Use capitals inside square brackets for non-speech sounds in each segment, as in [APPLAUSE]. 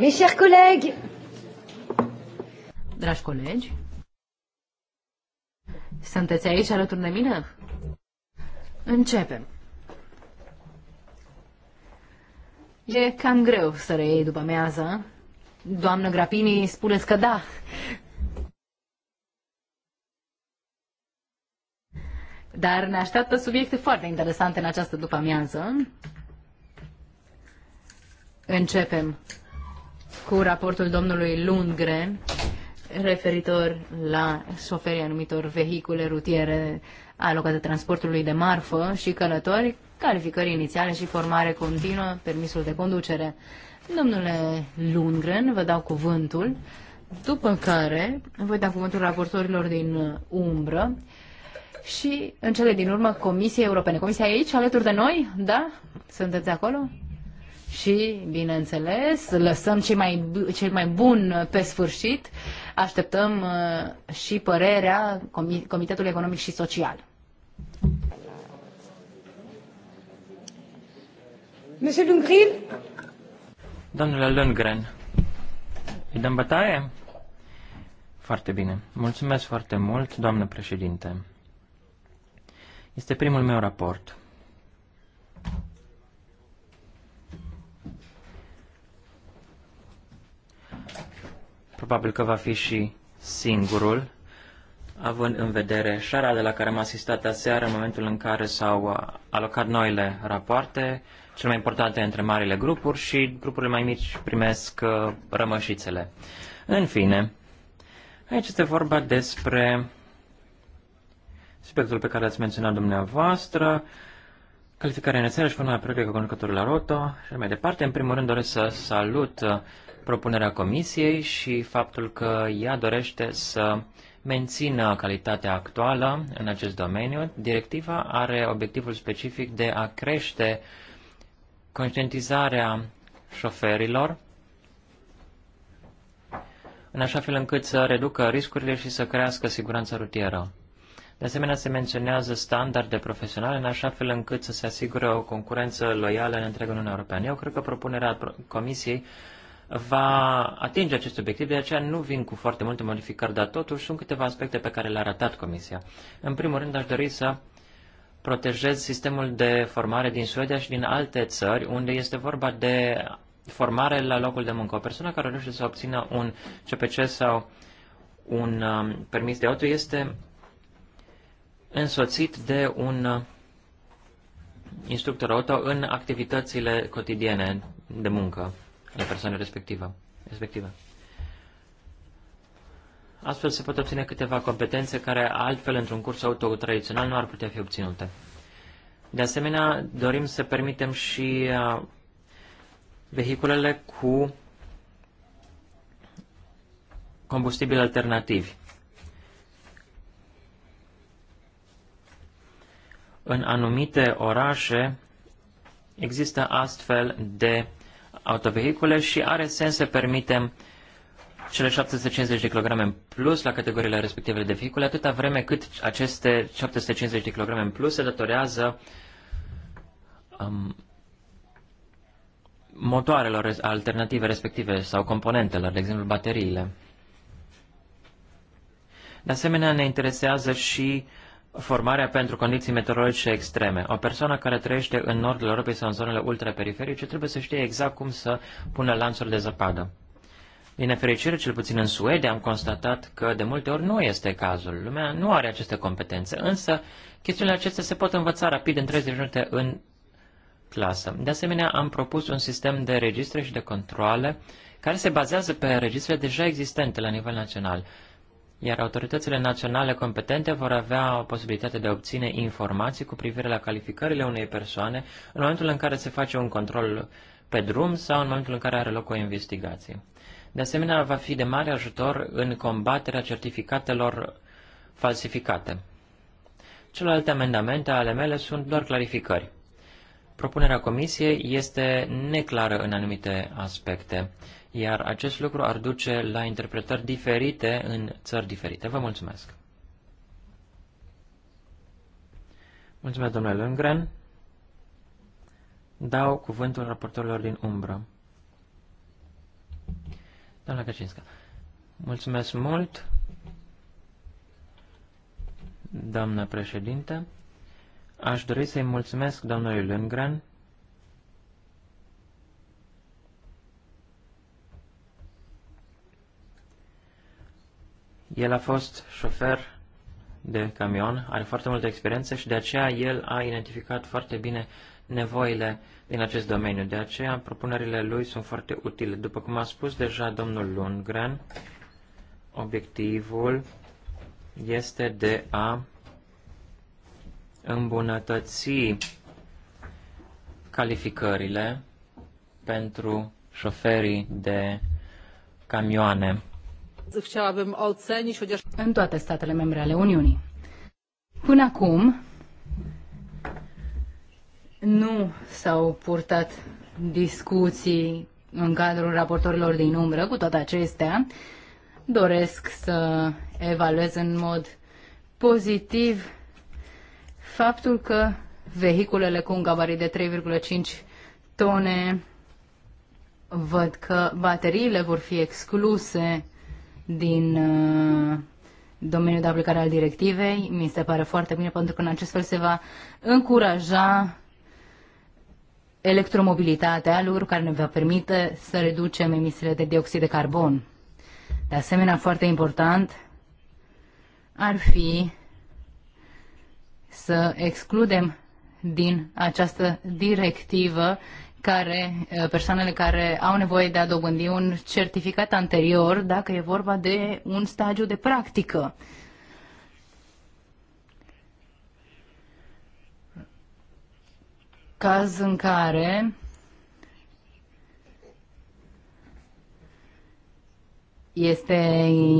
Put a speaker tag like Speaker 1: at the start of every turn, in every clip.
Speaker 1: Mes chers collègues. Dragi colegi, sunteți aici alături de mine? Începem. E cam greu să reiei după mează. Doamnă Grapini, spuneți că da. Dar ne așteaptă subiecte foarte interesante în această după amiază. Începem cu raportul domnului Lundgren referitor la soferii anumitor vehicule rutiere alocate transportului de marfă și călători, calificări inițiale și formare continuă, permisul de conducere. Domnule Lundgren, vă dau cuvântul, după care voi da cuvântul raportorilor din umbră și, în cele din urmă, Comisia Europene. Comisia e aici, alături de noi? Da? Sunteți acolo? și, bineînțeles, lăsăm cel mai, cel mai bun pe sfârșit, așteptăm uh, și părerea Comitetului Economic și
Speaker 2: Social. Monsieur Lundgren?
Speaker 3: Domnule Lundgren, îi dăm bătaie? Foarte bine. Mulțumesc foarte mult, doamnă președinte. Este primul meu raport. Probabil că va fi și singurul, având în vedere șara de la care am asistat aseară în momentul în care s-au uh, alocat noile rapoarte, cel mai importante între marile grupuri și grupurile mai mici primesc uh, rămășițele. În fine, aici este vorba despre subiectul pe care l-ați menționat dumneavoastră, calificarea inițială și formarea proiectului conducătorul la roto și mai departe. În primul rând doresc să salut uh, propunerea comisiei și faptul că ea dorește să mențină calitatea actuală în acest domeniu. Directiva are obiectivul specific de a crește conștientizarea șoferilor în așa fel încât să reducă riscurile și să crească siguranța rutieră. De asemenea, se menționează standarde profesionale în așa fel încât să se asigure o concurență loială în întreaga Uniune Europeană. Eu cred că propunerea Comisiei va atinge acest obiectiv, de aceea nu vin cu foarte multe modificări, dar totuși sunt câteva aspecte pe care le-a arătat Comisia. În primul rând, aș dori să protejez sistemul de formare din Suedia și din alte țări, unde este vorba de formare la locul de muncă. O persoană care reușește să obțină un CPC sau un um, permis de auto este însoțit de un um, instructor auto în activitățile cotidiene de muncă la persoana respectivă, respectivă. Astfel se pot obține câteva competențe care altfel într-un curs auto tradițional nu ar putea fi obținute. De asemenea, dorim să permitem și uh, vehiculele cu combustibili alternativi. În anumite orașe există astfel de autovehicule și are sens să permitem cele 750 de kg în plus la categoriile respective de vehicule, atâta vreme cât aceste 750 de kg în plus se datorează um, motoarelor alternative respective sau componentelor, de exemplu bateriile. De asemenea, ne interesează și formarea pentru condiții meteorologice extreme. O persoană care trăiește în nordul Europei sau în zonele ultraperiferice trebuie să știe exact cum să pună lanțuri de zăpadă. Din nefericire, cel puțin în Suedia, am constatat că de multe ori nu este cazul. Lumea nu are aceste competențe, însă chestiunile acestea se pot învăța rapid în 30 minute în clasă. De asemenea, am propus un sistem de registre și de controle care se bazează pe registre deja existente la nivel național iar autoritățile naționale competente vor avea posibilitatea de a obține informații cu privire la calificările unei persoane în momentul în care se face un control pe drum sau în momentul în care are loc o investigație. De asemenea, va fi de mare ajutor în combaterea certificatelor falsificate. Celelalte amendamente ale mele sunt doar clarificări. Propunerea comisiei este neclară în anumite aspecte iar acest lucru ar duce la interpretări diferite în țări diferite. Vă mulțumesc! Mulțumesc, domnule Lundgren. Dau cuvântul raportorilor din umbră. Doamna Căcinscă, mulțumesc mult, doamnă președinte. Aș dori să-i mulțumesc domnului Lundgren El a fost șofer de camion, are foarte multă experiență și de aceea el a identificat foarte bine nevoile din acest domeniu. De aceea propunerile lui sunt foarte utile. După cum a spus deja domnul Lundgren, obiectivul este de a îmbunătăți calificările pentru șoferii de camioane
Speaker 1: în toate statele membre ale Uniunii. Până acum nu s-au purtat discuții în cadrul raportorilor din umbră cu toate acestea. Doresc să evaluez în mod pozitiv faptul că vehiculele cu un gabarit de 3,5 tone văd că bateriile vor fi excluse din uh, domeniul de aplicare al directivei. Mi se pare foarte bine pentru că în acest fel se va încuraja electromobilitatea, lor care ne va permite să reducem emisiile de dioxid de carbon. De asemenea, foarte important ar fi să excludem din această directivă care, eh, persoanele care au nevoie de a dobândi un certificat anterior dacă e vorba de un stagiu de practică. Caz în care este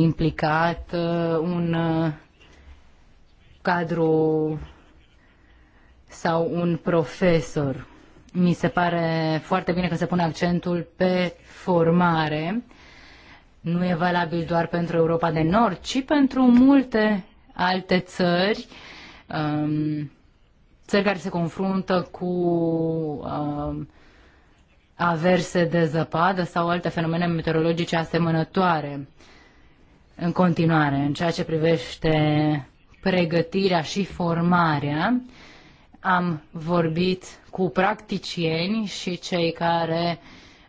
Speaker 1: implicat eh, un eh, cadru sau un profesor. Mi se pare foarte bine că se pune accentul pe formare. Nu e valabil doar pentru Europa de Nord, ci pentru multe alte țări, um, țări care se confruntă cu um, averse de zăpadă sau alte fenomene meteorologice asemănătoare. În continuare, în ceea ce privește pregătirea și formarea, am vorbit cu practicieni și cei care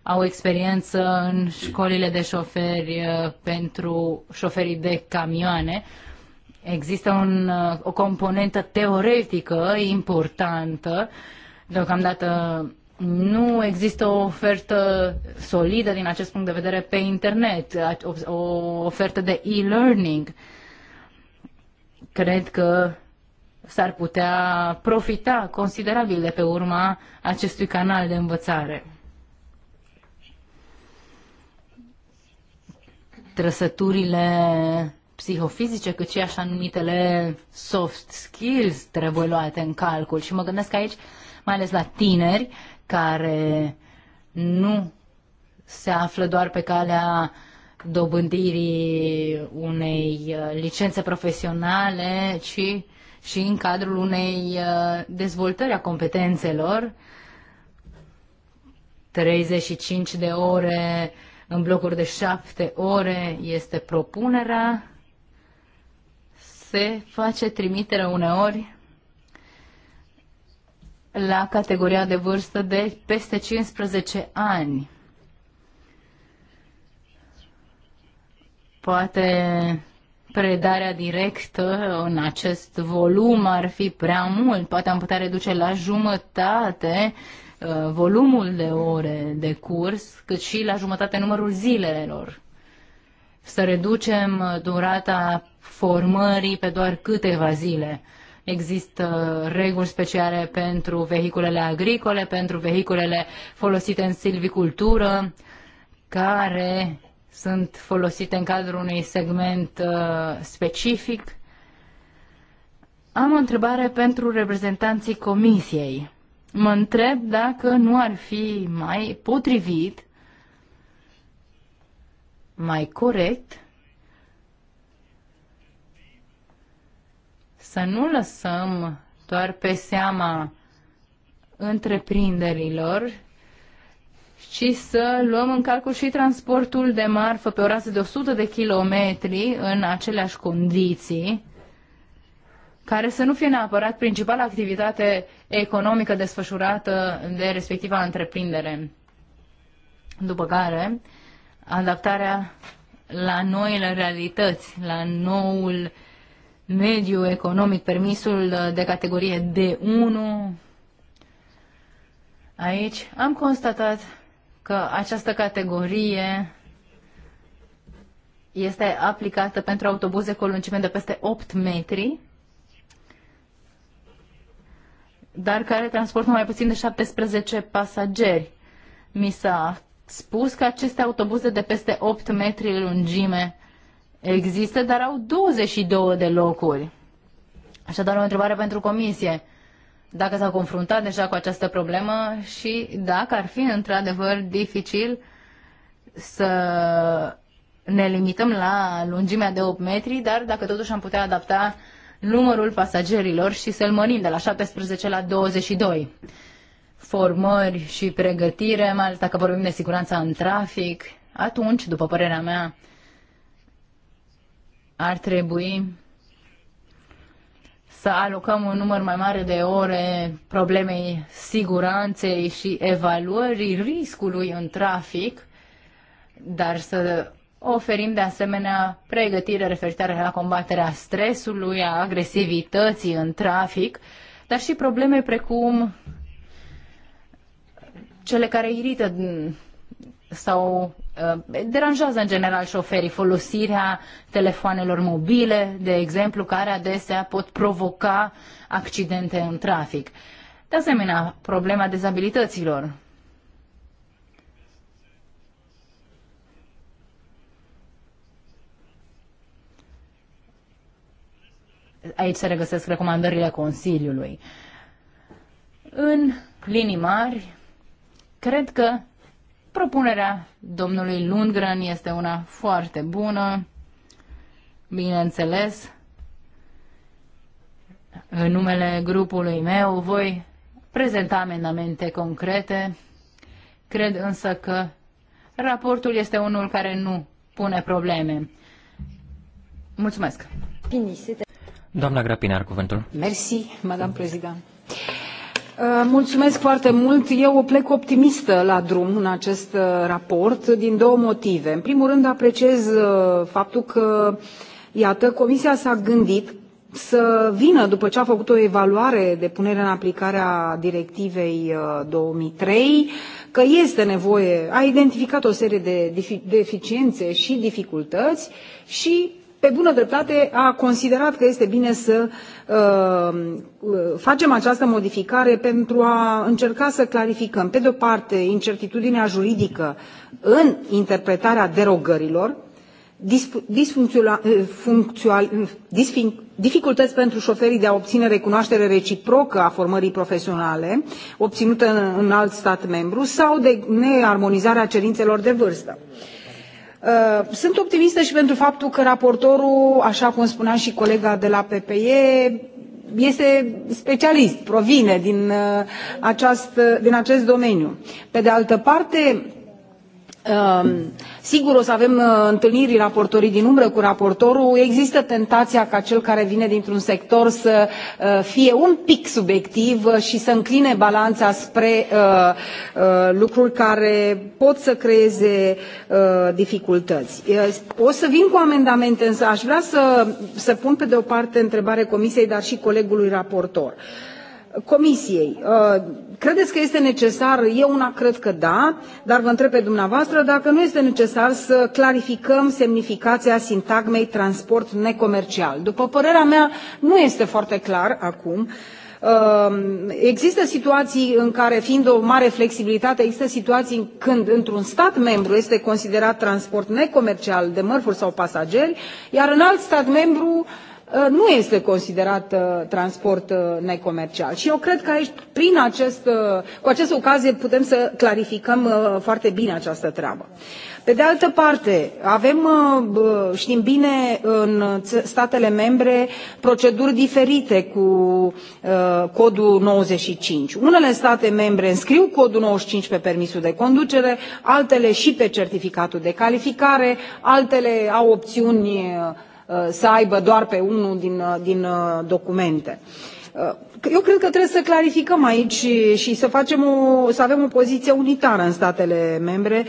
Speaker 1: au experiență în școlile de șoferi uh, pentru șoferii de camioane. Există un, uh, o componentă teoretică importantă. Deocamdată nu există o ofertă solidă din acest punct de vedere pe internet, o ofertă de e-learning. Cred că s-ar putea profita considerabil de pe urma acestui canal de învățare. Trăsăturile psihofizice, cât și așa numitele soft skills trebuie luate în calcul. Și mă gândesc aici mai ales la tineri care nu se află doar pe calea dobândirii unei uh, licențe profesionale, ci și în cadrul unei uh, dezvoltări a competențelor, 35 de ore în blocuri de 7 ore este propunerea, se face trimitere uneori la categoria de vârstă de peste 15 ani. Poate predarea directă în acest volum ar fi prea mult. Poate am putea reduce la jumătate uh, volumul de ore de curs, cât și la jumătate numărul zilelor. Să reducem durata formării pe doar câteva zile. Există reguli speciale pentru vehiculele agricole, pentru vehiculele folosite în silvicultură, care sunt folosite în cadrul unui segment uh, specific. Am o întrebare pentru reprezentanții comisiei. Mă întreb dacă nu ar fi mai potrivit, mai corect, să nu lăsăm doar pe seama întreprinderilor și să luăm în calcul și transportul de marfă pe o rază de 100 de kilometri în aceleași condiții, care să nu fie neapărat principala activitate economică desfășurată de respectiva întreprindere. După care, adaptarea la noile realități, la noul mediu economic, permisul de categorie D1. Aici am constatat că această categorie este aplicată pentru autobuze cu o lungime de peste 8 metri, dar care transportă mai puțin de 17 pasageri. Mi s-a spus că aceste autobuze de peste 8 metri lungime există, dar au 22 de locuri. Așadar, o întrebare pentru comisie dacă s-au confruntat deja cu această problemă și dacă ar fi într-adevăr dificil să ne limităm la lungimea de 8 metri, dar dacă totuși am putea adapta numărul pasagerilor și să-l mărim de la 17 la 22. Formări și pregătire, mai ales dacă vorbim de siguranța în trafic, atunci, după părerea mea, ar trebui să alocăm un număr mai mare de ore problemei siguranței și evaluării riscului în trafic, dar să oferim de asemenea pregătire referitoare la combaterea stresului, a agresivității în trafic, dar și probleme precum cele care irită sau uh, deranjează în general șoferii folosirea telefoanelor mobile, de exemplu, care adesea pot provoca accidente în trafic. De asemenea, problema dezabilităților. Aici se regăsesc recomandările Consiliului. În linii mari, cred că Propunerea domnului Lundgren este una foarte bună, bineînțeles. În numele grupului meu voi prezenta amendamente concrete. Cred însă că raportul este unul care nu pune probleme.
Speaker 2: Mulțumesc.
Speaker 3: Doamna Grapina, are cuvântul.
Speaker 2: Mersi, madame președinte. Uh, mulțumesc foarte mult. Eu plec optimistă la drum în acest uh, raport din două motive. În primul rând apreciez uh, faptul că, iată, Comisia s-a gândit să vină după ce a făcut o evaluare de punere în aplicare a directivei 2003, că este nevoie, a identificat o serie de deficiențe și dificultăți și pe bună dreptate a considerat că este bine să uh, facem această modificare pentru a încerca să clarificăm, pe de-o parte, incertitudinea juridică în interpretarea derogărilor, uh, uh, dificultăți pentru șoferii de a obține recunoaștere reciprocă a formării profesionale obținută în alt stat membru sau de nearmonizarea cerințelor de vârstă. Uh, sunt optimistă și pentru faptul că raportorul, așa cum spunea și colega de la PPE, este specialist, provine uh, din acest, domeniu. Pe de altă parte, Um, sigur o să avem uh, întâlniri raportorii din umbră cu raportorul există tentația ca cel care vine dintr un sector să uh, fie un pic subiectiv uh, și să încline balanța spre lucruri care pot să creeze dificultăți. o să vin cu amendamente însă aș vrea să, să pun pe de o parte întrebare comisiei dar și colegului raportor. Uh, Comisiei, uh, credeți că este necesar? Eu una cred că da, dar vă întreb pe dumneavoastră dacă nu este necesar să clarificăm semnificația sintagmei transport necomercial. După părerea mea, nu este foarte clar acum. Uh, există situații în care, fiind o mare flexibilitate, există situații când într-un stat membru este considerat transport necomercial de mărfuri sau pasageri, iar în alt stat membru uh, Uh, nu este considerat uh, transport uh, necomercial. Și eu cred că aici, prin acest, cu această ocazie, putem să clarificăm foarte bine această treabă. Pe de altă parte, avem, știm bine, în statele membre proceduri diferite cu codul 95. Unele state membre înscriu codul 95 pe permisul de conducere, altele și pe certificatul de calificare, altele au opțiuni Uh, să aibă doar pe unul din, uh, din uh, documente. Eu cred că trebuie să clarificăm aici și să, facem o, să avem o poziție unitară în statele membre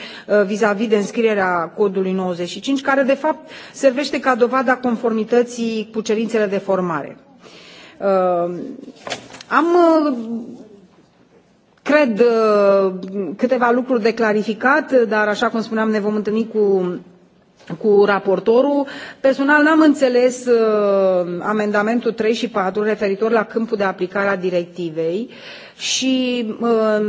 Speaker 2: vis-a-vis de înscrierea codului 95, care de fapt servește ca dovada conformității cu cerințele de formare. Am cred câteva lucruri de clarificat, dar așa cum spuneam ne vom întâlni cu cu raportorul. Personal n-am înțeles uh, amendamentul 3 și 4 referitor la câmpul de aplicare a directivei și uh,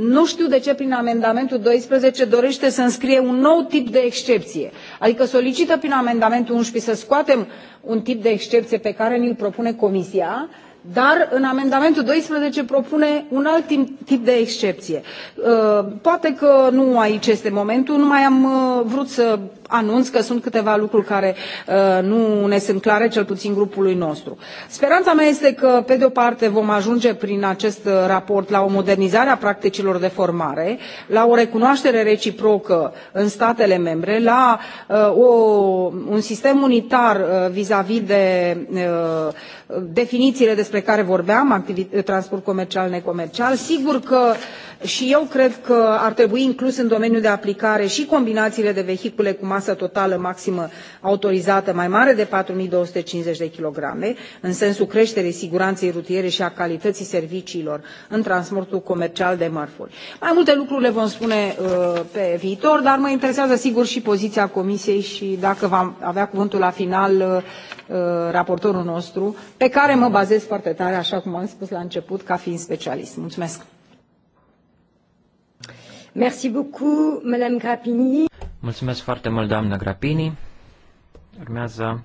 Speaker 2: nu știu de ce prin amendamentul 12 dorește să înscrie un nou tip de excepție. Adică solicită prin amendamentul 11 să scoatem un tip de excepție pe care ni-l propune Comisia, dar în amendamentul 12 propune un alt tip de excepție. Uh, poate că nu aici este momentul, nu mai am uh, vrut să anunț că sunt câteva lucruri care uh, nu ne sunt clare, cel puțin grupului nostru. Speranța mea este că, pe de o parte, vom ajunge prin acest uh, raport la o modernizare a practicilor de formare, la o recunoaștere reciprocă în statele membre, la uh, o, un sistem unitar vis-a-vis de definițiile despre care vorbeam, transport comercial, necomercial. Sigur că și eu cred că ar trebui inclus în domeniul de aplicare și combinațiile de vehicule cu masă totală maximă autorizată mai mare de patru două sute cincizeci de kilograme în sensul creșterii siguranței rutiere și a calității serviciilor în transportul comercial de mărfuri. mai multe lucruri le vom spune uh, pe viitor dar mă interesează sigur și poziția comisiei și dacă va avea cuvântul la final uh, raportorul nostru pe care mă bazez foarte tare așa cum am spus la început ca fiind specialist. mulțumesc. Merci beaucoup, Madame Grappini.
Speaker 3: Mulțumesc foarte mult, doamnă Grappini. Urmează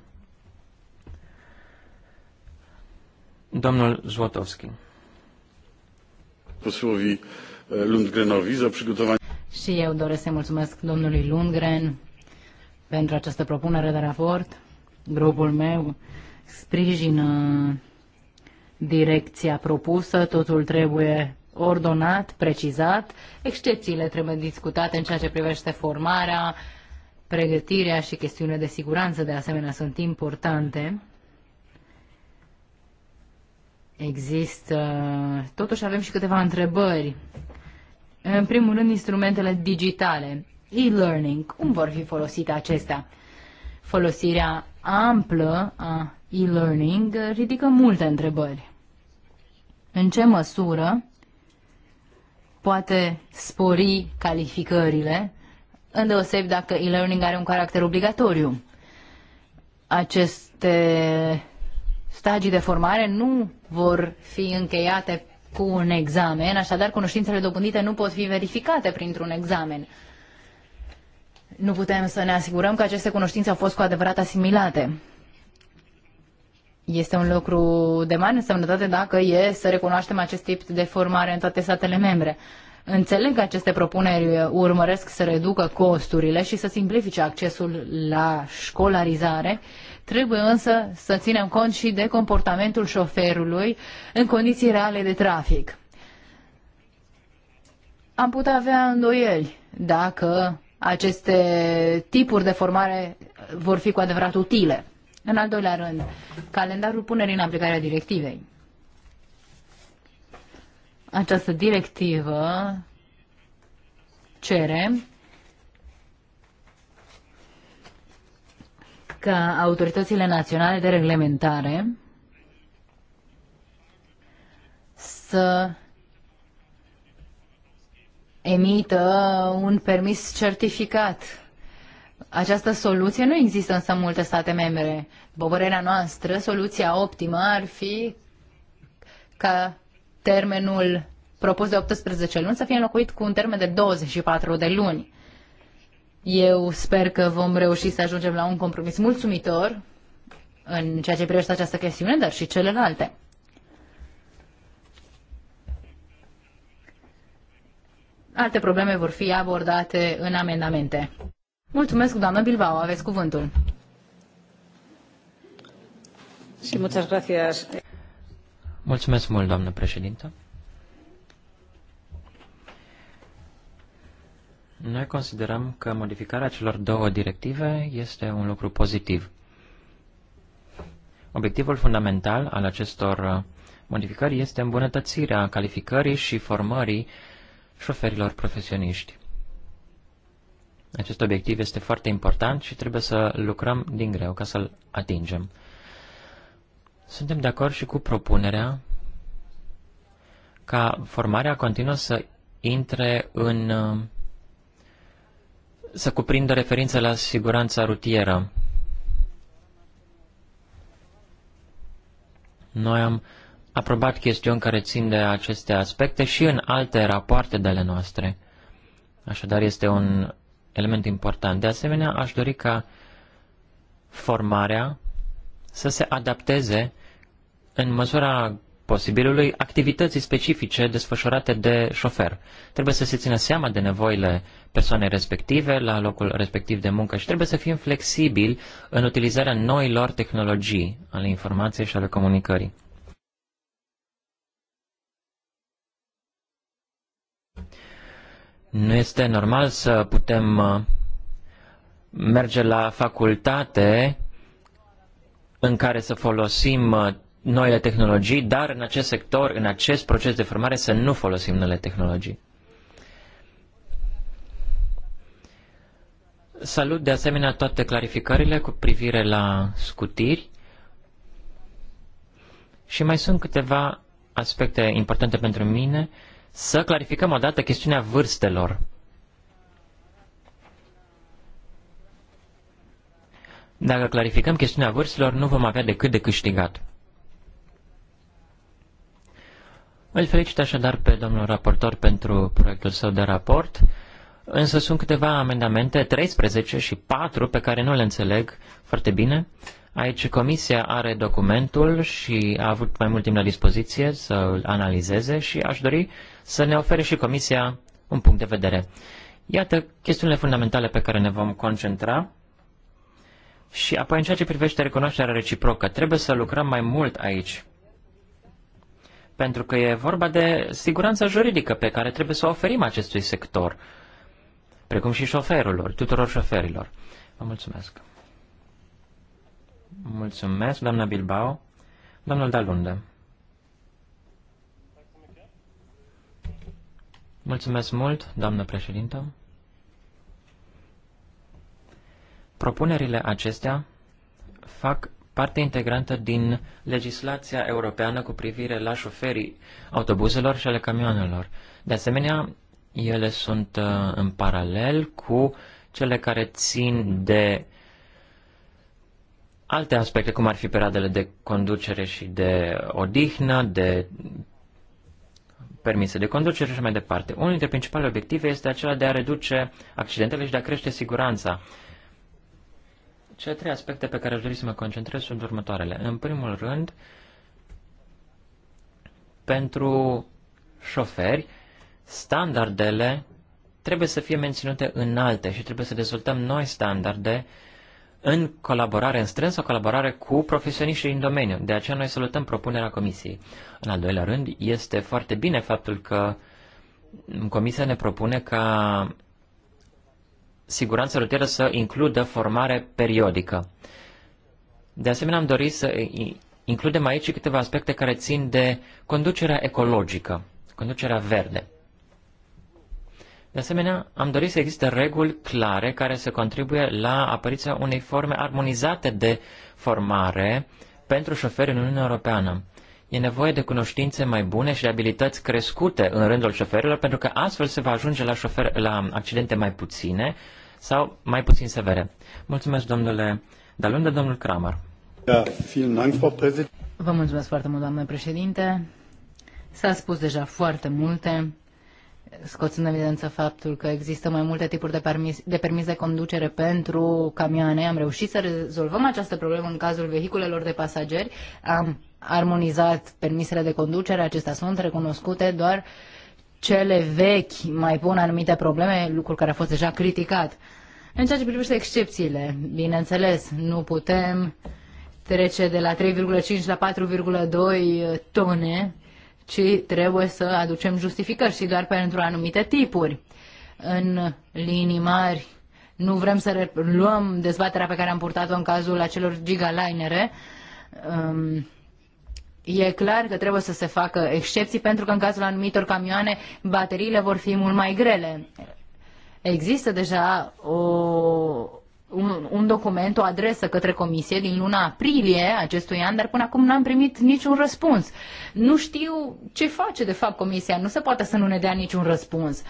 Speaker 3: domnul Złotowski. Posłowi Lundgrenowi za przygotowanie.
Speaker 1: Și eu doresc să mulțumesc domnului Lundgren pentru această propunere de raport. Grupul meu sprijină direcția propusă, totul trebuie ordonat, precizat. Excepțiile trebuie discutate în ceea ce privește formarea, pregătirea și chestiunile de siguranță, de asemenea, sunt importante. Există. Totuși avem și câteva întrebări. În primul rând, instrumentele digitale, e-learning, cum vor fi folosite acestea? Folosirea amplă a e-learning ridică multe întrebări. În ce măsură poate spori calificările, îndeosebi dacă e-learning are un caracter obligatoriu. Aceste stagii de formare nu vor fi încheiate cu un examen, așadar cunoștințele dobândite nu pot fi verificate printr-un examen. Nu putem să ne asigurăm că aceste cunoștințe au fost cu adevărat asimilate. Este un lucru de mare însemnătate dacă e să recunoaștem acest tip de formare în toate statele membre. Înțeleg că aceste propuneri urmăresc să reducă costurile și să simplifice accesul la școlarizare, trebuie însă să ținem cont și de comportamentul șoferului în condiții reale de trafic. Am putea avea îndoieli dacă aceste tipuri de formare vor fi cu adevărat utile. În al doilea rând, calendarul punerii în aplicare a directivei. Această directivă cere ca autoritățile naționale de reglementare să emită un permis certificat această soluție nu există însă în multe state membre. După părerea noastră, soluția optimă ar fi ca termenul propus de 18 luni să fie înlocuit cu un termen de 24 de luni. Eu sper că vom reuși să ajungem la un compromis mulțumitor în ceea ce privește această chestiune, dar și celelalte. Alte probleme vor fi abordate în amendamente. Mulțumesc, doamnă Bilbao. Aveți cuvântul. Sí, muchas gracias.
Speaker 3: Mulțumesc mult, doamnă președintă. Noi considerăm că modificarea celor două directive este un lucru pozitiv. Obiectivul fundamental al acestor uh, modificări este îmbunătățirea calificării și formării șoferilor profesioniști. Acest obiectiv este foarte important și trebuie să lucrăm din greu ca să-l atingem. Suntem de acord și cu propunerea ca formarea continuă să intre în... să cuprindă referință la siguranța rutieră. Noi am aprobat chestiuni care țin de aceste aspecte și în alte rapoarte de ale noastre. Așadar, este un element important. De asemenea, aș dori ca formarea să se adapteze în măsura posibilului activității specifice desfășurate de șofer. Trebuie să se țină seama de nevoile persoanei respective la locul respectiv de muncă și trebuie să fim flexibili în utilizarea noilor tehnologii ale informației și ale comunicării. Nu este normal să putem uh, merge la facultate în care să folosim uh, noile tehnologii, dar în acest sector, în acest proces de formare, să nu folosim noile tehnologii. Salut de asemenea toate clarificările cu privire la scutiri și mai sunt câteva aspecte importante pentru mine să clarificăm odată chestiunea vârstelor. Dacă clarificăm chestiunea vârstelor, nu vom avea decât de câștigat. Îl felicit așadar pe domnul raportor pentru proiectul său de raport, însă sunt câteva amendamente, 13 și 4, pe care nu le înțeleg foarte bine. Aici comisia are documentul și a avut mai mult timp la dispoziție să îl analizeze și aș dori să ne ofere și comisia un punct de vedere. Iată chestiunile fundamentale pe care ne vom concentra și apoi în ceea ce privește recunoașterea reciprocă, trebuie să lucrăm mai mult aici. Pentru că e vorba de siguranța juridică pe care trebuie să o oferim acestui sector, precum și șoferilor, tuturor șoferilor. Vă mulțumesc! Mulțumesc, doamna Bilbao. Domnul Dalunde. Mulțumesc mult, doamnă președintă. Propunerile acestea fac parte integrantă din legislația europeană cu privire la șoferii autobuzelor și ale camioanelor. De asemenea, ele sunt uh, în paralel cu cele care țin de alte aspecte, cum ar fi perioadele de conducere și de odihnă, de permise de conducere și mai departe. Unul dintre principalele obiective este acela de a reduce accidentele și de a crește siguranța. Cele trei aspecte pe care aș dori să mă concentrez sunt următoarele. În primul rând, pentru șoferi, standardele trebuie să fie menținute înalte și trebuie să dezvoltăm noi standarde uh, în colaborare, în strânsă colaborare cu profesioniștii din domeniu. De aceea noi salutăm propunerea comisiei. În al doilea rând, este foarte bine faptul că comisia ne propune ca siguranța rutieră să includă formare periodică. De asemenea, am dorit să includem aici câteva aspecte care țin de conducerea ecologică, conducerea verde. De asemenea, am dorit să existe reguli clare care să contribuie la apariția unei forme armonizate de formare pentru șoferi în Uniunea Europeană. E nevoie de cunoștințe mai bune și de abilități crescute în rândul șoferilor, pentru că astfel se va ajunge la, șofer, la accidente mai puține sau mai puțin severe. Mulțumesc, domnule Dalunde, domnul Kramer.
Speaker 1: Da, Vă mulțumesc foarte mult, doamnă președinte. S-a spus deja foarte multe scoți în evidență faptul că există mai multe tipuri de permis de, permis de conducere pentru camioane. Am reușit să rezolvăm această problemă în cazul vehiculelor de pasageri. Am armonizat permisele de conducere, acestea sunt recunoscute, doar cele vechi mai pun anumite probleme, lucruri care a fost deja criticat. În ceea ce privește excepțiile, bineînțeles, nu putem trece de la 3,5 la 4,2 tone ci trebuie să aducem justificări și doar pentru anumite tipuri. În linii mari, nu vrem să luăm dezbaterea pe care am purtat-o în cazul acelor gigalinere. Um, e clar că trebuie să se facă excepții pentru că în cazul anumitor camioane bateriile vor fi mult mai grele. Există deja o, un, un document, o adresă către comisie din luna aprilie acestui an, dar până acum n-am primit niciun răspuns. Nu știu ce face de fapt comisia, nu se poate să nu ne dea niciun răspuns.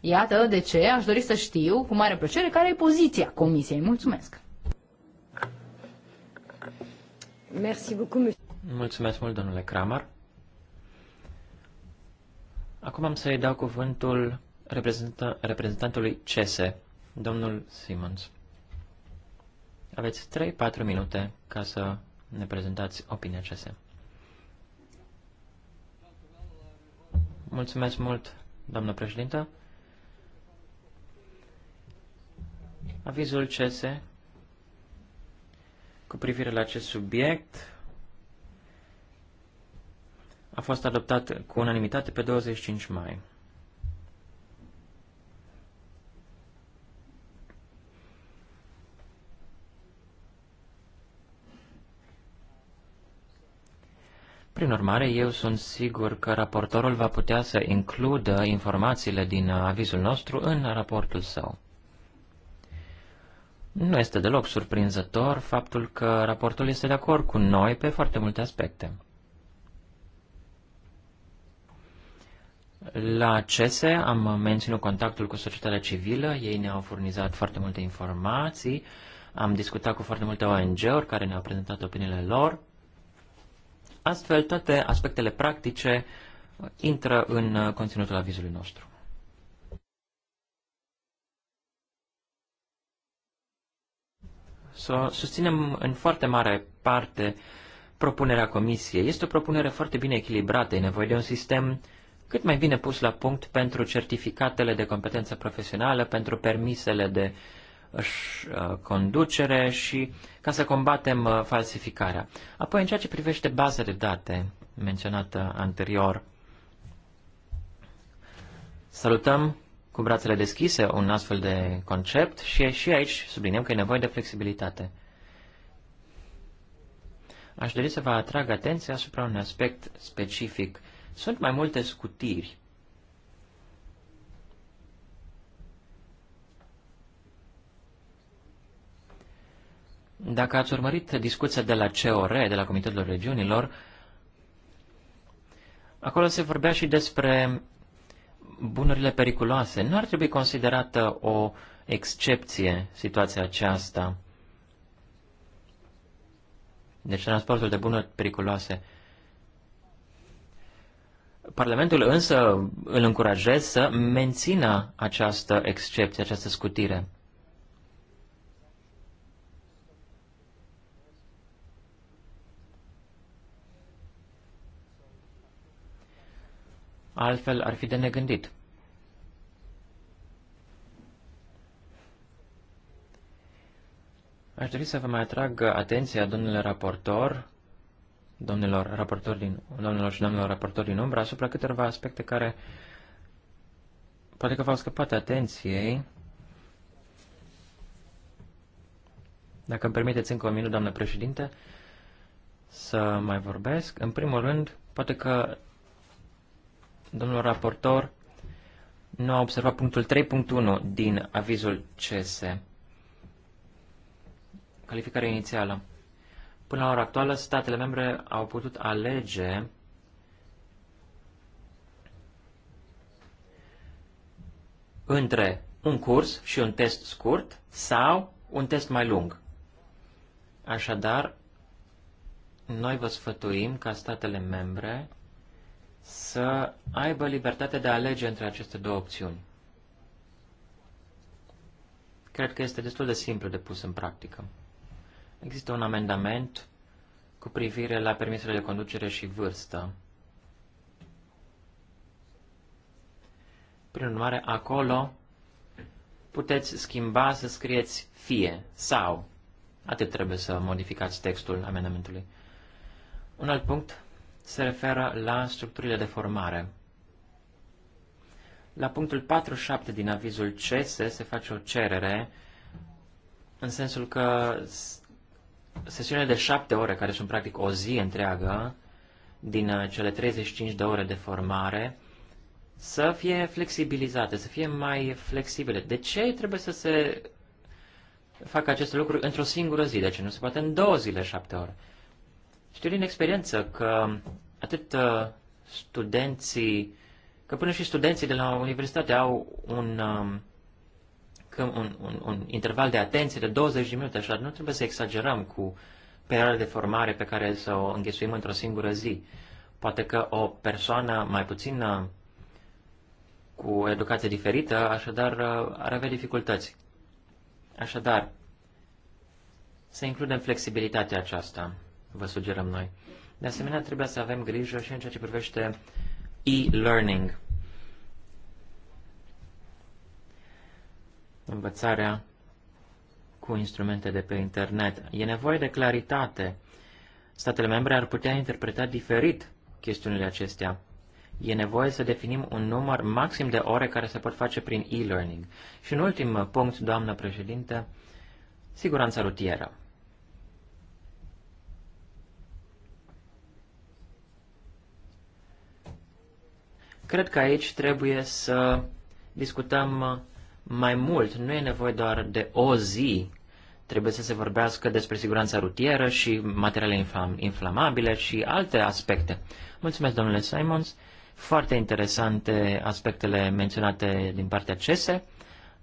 Speaker 1: Iată de ce aș dori să știu cu mare plăcere care e poziția comisiei. Mulțumesc!
Speaker 2: Merci beaucoup,
Speaker 3: Mulțumesc mult, domnule Kramer. Acum am să-i dau cuvântul reprezentantului CESE, domnul Simons. Aveți 3-4 minute ca să ne prezentați opinia CS. Mulțumesc mult, doamnă președintă. Avizul CS cu privire la acest subiect a fost adoptat cu unanimitate pe 25 mai. Prin urmare, eu sunt sigur că raportorul va putea să includă informațiile din avizul nostru în raportul său. Nu este deloc surprinzător faptul că raportul este de acord cu noi pe foarte multe aspecte. La CESE am menținut contactul cu societatea civilă, ei ne-au furnizat foarte multe informații, am discutat cu foarte multe ONG-uri care ne-au prezentat opiniile lor Astfel, toate aspectele practice uh, intră în uh, conținutul avizului nostru. Să susținem în foarte mare parte propunerea comisiei. Este o propunere foarte bine echilibrată. E nevoie de un sistem cât mai bine pus la punct pentru certificatele de competență profesională, pentru permisele de uh, Uh, conducere și ca să combatem uh, falsificarea. Apoi, în ceea ce privește baza de date menționată anterior, salutăm cu brațele deschise un astfel de concept și, și aici subliniem că e nevoie de flexibilitate. Aș dori să vă atrag atenția asupra unui aspect specific. Sunt mai multe scutiri Dacă ați urmărit discuția de la COR, de la Comitetul Regiunilor, acolo se vorbea și despre bunurile periculoase. Nu ar trebui considerată o excepție situația aceasta. Deci transportul de bunuri periculoase. Parlamentul însă îl încurajez să mențină această excepție, această scutire. Altfel ar fi de negândit. Aș dori să vă mai atrag atenția, domnule raportor, domnilor, raportori din, domnilor și domnilor raportori din umbră, asupra câteva aspecte care poate că v-au scăpat atenției. Dacă îmi permiteți încă o minut, doamnă președinte, să mai vorbesc. În primul rând, poate că Domnul raportor nu a observat punctul 3.1 din avizul CS. Calificarea inițială. Până la ora actuală, statele membre au putut alege între un curs și un test scurt sau un test mai lung. Așadar, noi vă sfătuim ca statele membre să aibă libertatea de a alege între aceste două opțiuni. Cred că este destul de simplu de pus în practică. Există un amendament cu privire la permisele de conducere și vârstă. Prin urmare, acolo puteți schimba să scrieți fie sau. Atât trebuie să modificați textul amendamentului. Un alt punct se referă la structurile de formare. La punctul 47 din avizul CESE se face o cerere în sensul că sesiunile de 7 ore, care sunt practic o zi întreagă, din uh, cele 35 de ore de formare, să fie flexibilizate, să fie mai flexibile. De ce trebuie să se facă aceste lucruri într-o singură zi? De deci ce nu se poate în două zile șapte ore? Știu din experiență că atât uh, studenții, că până și studenții de la universitate au un, um, un, un, un interval de atenție de 20 de minute, așa, nu trebuie să exagerăm cu perioada de formare pe care să o înghesuim într-o singură zi. Poate că o persoană mai puțin cu o educație diferită, așadar uh, ar avea dificultăți. Așadar, să includem flexibilitatea aceasta vă sugerăm noi. De asemenea, trebuie să avem grijă și în ceea ce privește e-learning. Învățarea cu instrumente de pe internet. E nevoie de claritate. Statele membre ar putea interpreta diferit chestiunile acestea. E nevoie să definim un număr maxim de ore care se pot face prin e-learning. Și în ultim punct, doamnă președinte, siguranța rutieră. Cred că aici trebuie să discutăm mai mult. Nu e nevoie doar de o zi. Trebuie să se vorbească despre siguranța rutieră și materiale inflamabile și alte aspecte. Mulțumesc, domnule Simons. Foarte interesante aspectele menționate din partea CESE.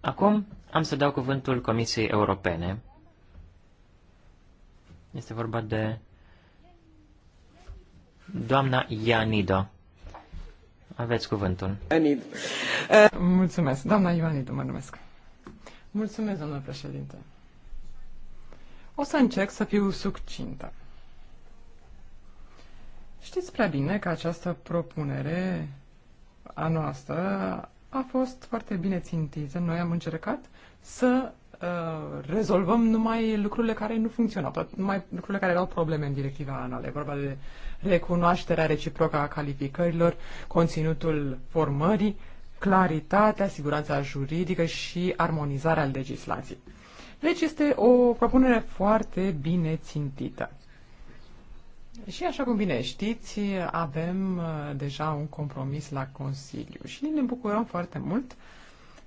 Speaker 3: Acum am să dau cuvântul Comisiei Europene. Este vorba de doamna Ianido. Aveți cuvântul.
Speaker 4: Mulțumesc. Doamna Ioanidu, mă numesc. Mulțumesc, domnule președinte. O să încerc să fiu succintă. Știți prea bine că această propunere a noastră a fost foarte bine țintită. Noi am încercat să Uh, rezolvăm numai lucrurile care nu funcționau, numai lucrurile care erau probleme în directiva anală. E vorba de recunoașterea reciprocă a calificărilor, conținutul formării, claritatea, siguranța juridică și armonizarea legislației. Deci este o propunere foarte bine țintită. Și așa cum bine știți, avem uh, deja un compromis la Consiliu și ne bucurăm foarte mult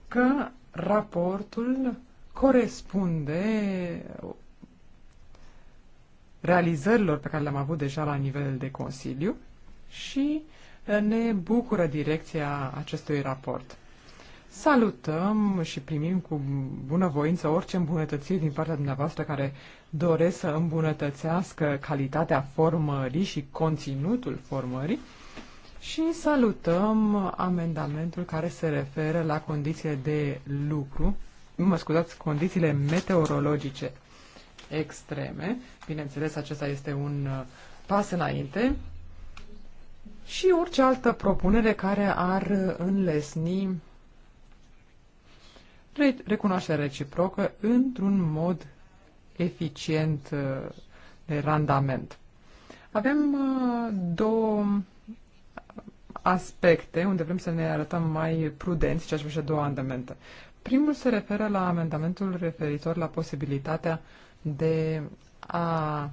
Speaker 4: că raportul corespunde realizărilor pe care le-am avut deja la nivel de Consiliu și uh, ne bucură direcția acestui raport. Salutăm și primim cu bunăvoință orice îmbunătățiri din partea dumneavoastră care doresc să îmbunătățească calitatea formării și conținutul formării și salutăm amendamentul care se referă la condiții de lucru mă scuzați, condițiile meteorologice extreme. Bineînțeles, acesta este un uh, pas înainte și orice altă propunere care ar uh, înlesni recunoașterea reciprocă într-un mod eficient uh, de randament. Avem două aspecte unde vrem să ne arătăm mai prudenți ceea ce privește două andamente. Primul se referă la amendamentul referitor la posibilitatea de a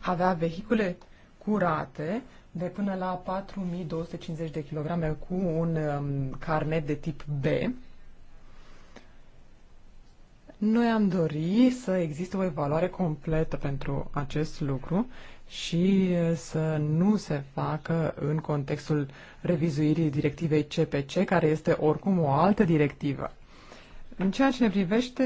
Speaker 4: avea vehicule curate de până la 4250 de kg cu un um, carnet de tip B. Noi am dori să existe o evaluare completă pentru acest lucru și să nu se facă în contextul revizuirii directivei CPC, care este oricum o altă directivă. În ceea ce ne privește,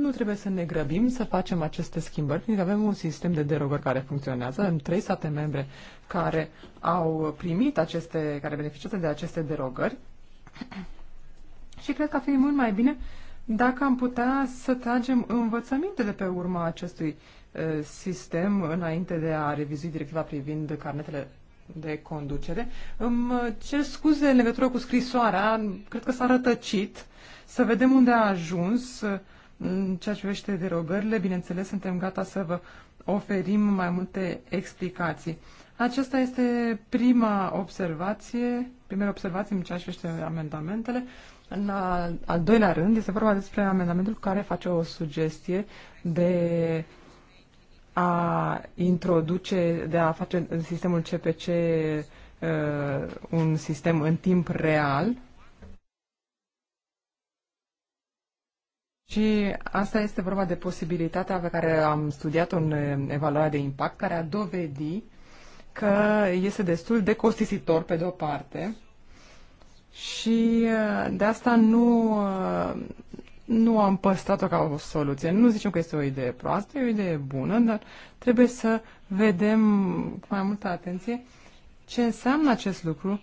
Speaker 4: nu trebuie să ne grăbim să facem aceste schimbări, pentru că avem un sistem de derogări care funcționează. Avem trei state membre care au primit aceste, care beneficiază de aceste derogări [CLEARS THROAT] și cred că ar fi mult mai bine dacă am putea să tragem învățăminte de pe urma acestui Uh, sistem înainte de a revizui directiva privind carnetele de conducere. Îmi uh, cer scuze în legătură cu scrisoarea, cred că s-a rătăcit, să vedem unde a ajuns uh, în ceea ce privește derogările. Bineînțeles, suntem gata să vă oferim mai multe explicații. Aceasta este prima observație, primele observații în ceea ce privește amendamentele. În al, al doilea rând, este vorba despre amendamentul care face o sugestie de a introduce, de a face în sistemul CPC uh, un sistem în timp real. Și asta este vorba de posibilitatea pe care am studiat-o în evaluarea de impact, care a dovedit că este destul de costisitor pe de-o parte și uh, de asta nu, uh, nu am păstrat-o ca o soluție. Nu zicem că este o idee proastă, e o idee bună, dar trebuie să vedem cu mai multă atenție ce înseamnă acest lucru,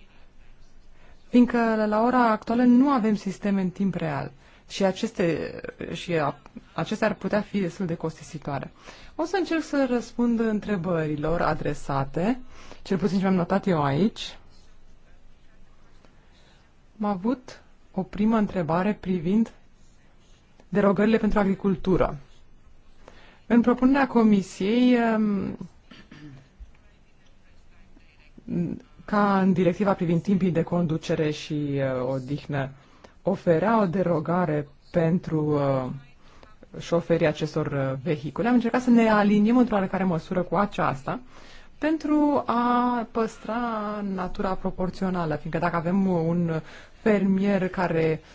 Speaker 4: fiindcă la ora actuală nu avem sisteme în timp real și aceste, și a, acestea ar putea fi destul de costisitoare. O să încerc să răspund întrebărilor adresate, cel puțin ce am notat eu aici. Am avut o primă întrebare privind derogările pentru agricultură. În propunerea comisiei, um, ca în directiva privind timpii de conducere și uh, odihnă, oferea o derogare pentru uh, șoferii acestor uh, vehicule. Am încercat să ne aliniem într-o oarecare măsură cu aceasta pentru a păstra natura proporțională, fiindcă dacă avem un fermier care uh,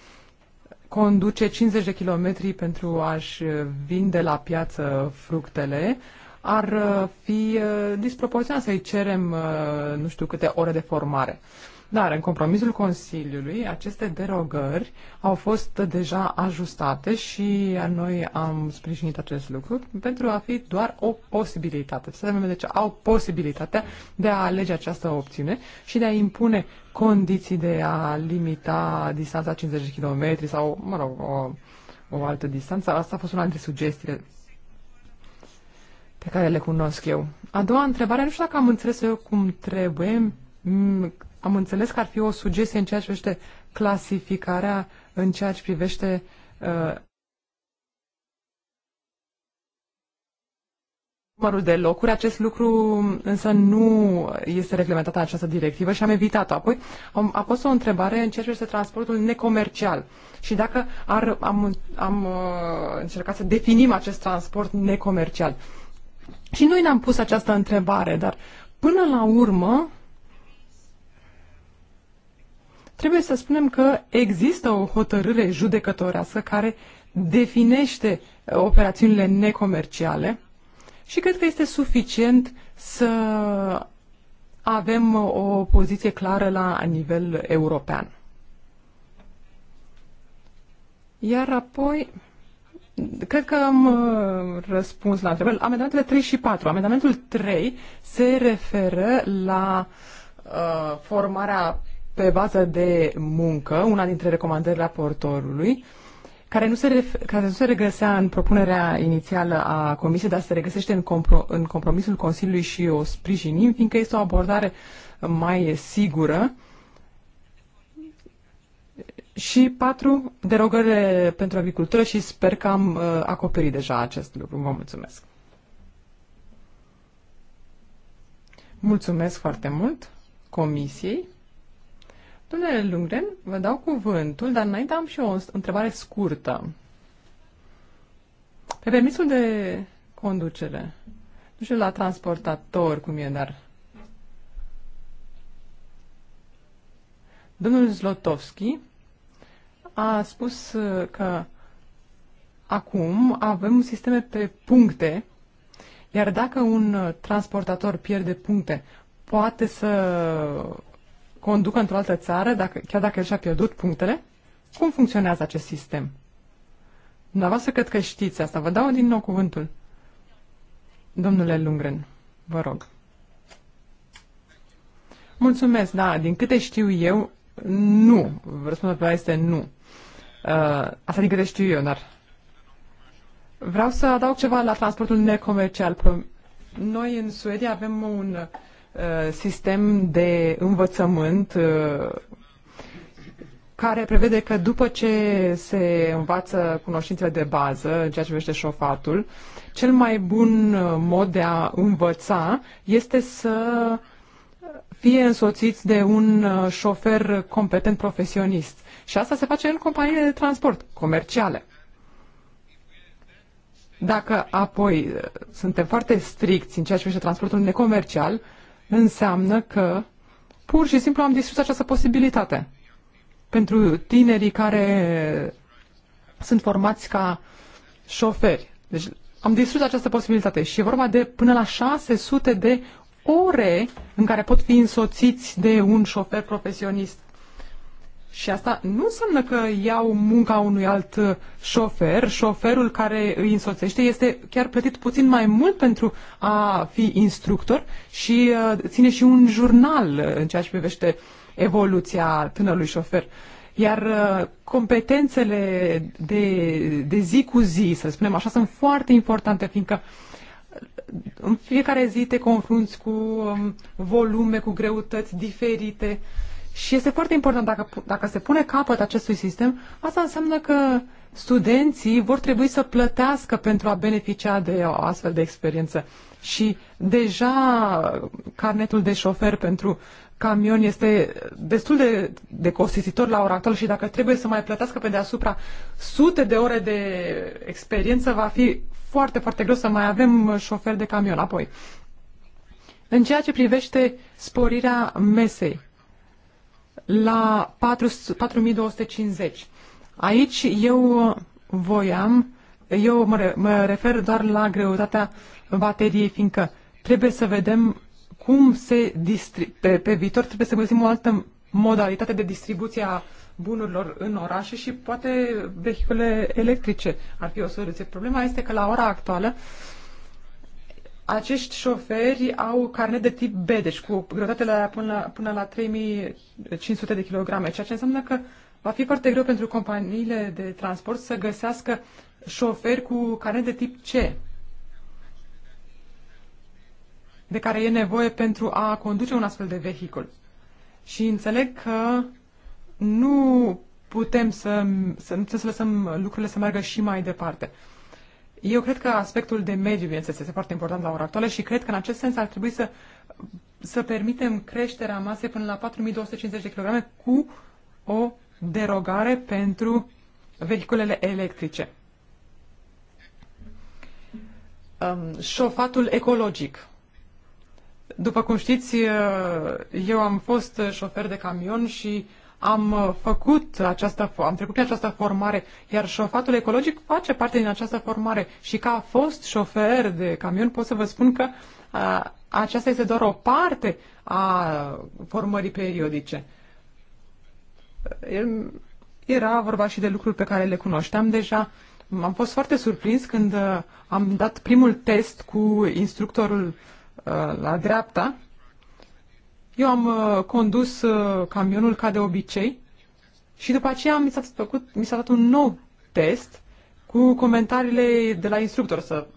Speaker 4: conduce 50 de kilometri pentru a-și uh, vinde la piață fructele, ar uh, fi uh, disproporționat să-i cerem nu știu câte ore de formare. Dar în compromisul Consiliului, aceste derogări au fost deja ajustate și noi am sprijinit acest lucru pentru a fi doar o posibilitate. Să vedem de deci, ce au posibilitatea de a alege această opțiune și de a impune condiții de a limita distanța 50 de km sau, mă rog, o, o altă distanță. Asta a fost una dintre sugestiile pe care le cunosc eu. A doua întrebare, nu știu dacă am înțeles eu cum trebuie, am înțeles că ar fi o sugestie în ceea ce privește clasificarea, în ceea ce privește uh, numărul de locuri. Acest lucru însă nu este reglementat în această directivă și am evitat-o. Apoi am, a fost o întrebare în ceea ce privește transportul necomercial și dacă ar, am, am uh, încercat să definim acest transport necomercial. Și noi ne-am pus această întrebare, dar până la urmă Trebuie să spunem că există o hotărâre judecătorească care definește uh, operațiunile necomerciale și cred că este suficient să avem uh, o poziție clară la nivel european. Iar apoi, cred că am uh, răspuns la întrebări. Amendamentele 3 și 4. Amendamentul 3 se referă la uh, formarea pe bază de muncă, una dintre recomandările raportorului, care nu, se care nu se regăsea în propunerea inițială a Comisiei, dar se regăsește în, compro- în compromisul Consiliului și o sprijinim, fiindcă este o abordare mai sigură. Și patru, derogările pentru agricultură și sper că am uh, acoperit deja acest lucru. Vă mulțumesc. Mulțumesc foarte mult Comisiei. Domnule Lungren, vă dau cuvântul, dar înainte am și o întrebare scurtă. Pe permisul de conducere, nu știu la transportator cum e, dar... Domnul Zlotovski a spus uh, că acum avem sisteme pe puncte, iar dacă un uh, transportator pierde puncte, poate să conducă într-o altă țară, dacă, chiar dacă el și-a pierdut punctele? Cum funcționează acest sistem? Dumneavoastră cred că știți asta. Vă dau din nou cuvântul. Domnule Lungren, vă rog. Mulțumesc, da, din câte știu eu, nu. Răspunsul pe este nu. Uh, asta din câte știu eu, dar... Vreau să adaug ceva la transportul necomercial. Noi în Suedia avem un Uh, sistem de învățământ uh, care prevede că după ce se învață cunoștințele de bază în ceea ce privește șofatul, cel mai bun uh, mod de a învăța este să fie însoțiți de un șofer competent profesionist. Și asta se face în companiile de transport comerciale. Dacă apoi suntem foarte stricți în ceea ce privește transportul necomercial, înseamnă că pur și simplu am distrus această posibilitate. Pentru tinerii care sunt formați ca șoferi. Deci am distrus această posibilitate și e vorba de până la 600 de ore în care pot fi însoțiți de un șofer profesionist. Și asta nu înseamnă că iau munca unui alt uh, șofer. Șoferul care îi însoțește este chiar plătit puțin mai mult pentru a fi instructor și uh, ține și un jurnal uh, în ceea ce privește evoluția tânărului șofer. Iar competențele de, de zi cu zi, să spunem așa, sunt foarte importante, fiindcă în fiecare zi te confrunți cu um, volume, cu greutăți diferite și este foarte important, dacă, dacă se pune capăt acestui sistem, asta înseamnă că studenții vor trebui să plătească pentru a beneficia de o astfel de experiență. Și deja carnetul de șofer pentru camion este destul de, de costisitor la ora actuală și dacă trebuie să mai plătească pe deasupra sute de ore de experiență, va fi foarte, foarte greu să mai avem șofer de camion apoi. În ceea ce privește sporirea mesei, la 4, 4250. Aici eu voiam, eu mă, mă refer doar la greutatea bateriei, fiindcă trebuie să vedem cum se distri- pe, pe viitor trebuie să găsim o altă modalitate de distribuție a bunurilor în orașe și poate vehicule electrice ar fi o soluție. Problema este că la ora actuală uh, acești șoferi au carnet de tip B, deci cu greutate la, până, până la 3500 de kilograme, ceea ce înseamnă că va fi foarte greu pentru companiile de transport să găsească șoferi cu carnet de tip C, de care e nevoie pentru a conduce un astfel de vehicul. Și înțeleg că nu putem să, să, să lăsăm lucrurile să meargă și mai departe. Eu cred că aspectul de mediu, bineînțeles, este foarte important la ora actuală și cred că în acest sens ar trebui să, să permitem creșterea masei până la 4250 de kg cu o derogare pentru vehiculele electrice. Um, șofatul ecologic. După cum știți, uh, eu am fost șofer de camion și am uh, făcut această, am trecut prin această formare, iar șofatul ecologic face parte din această formare. Și ca fost șofer de camion pot să vă spun că a, uh, aceasta este doar o parte a formării periodice. Era vorba și de lucruri pe care le cunoșteam deja. Am fost foarte surprins când uh, am dat primul test cu instructorul la dreapta eu am uh, condus uh, camionul ca de obicei și după aceea mi s-a făcut, mi s-a dat un nou test cu comentariile de la instructor să,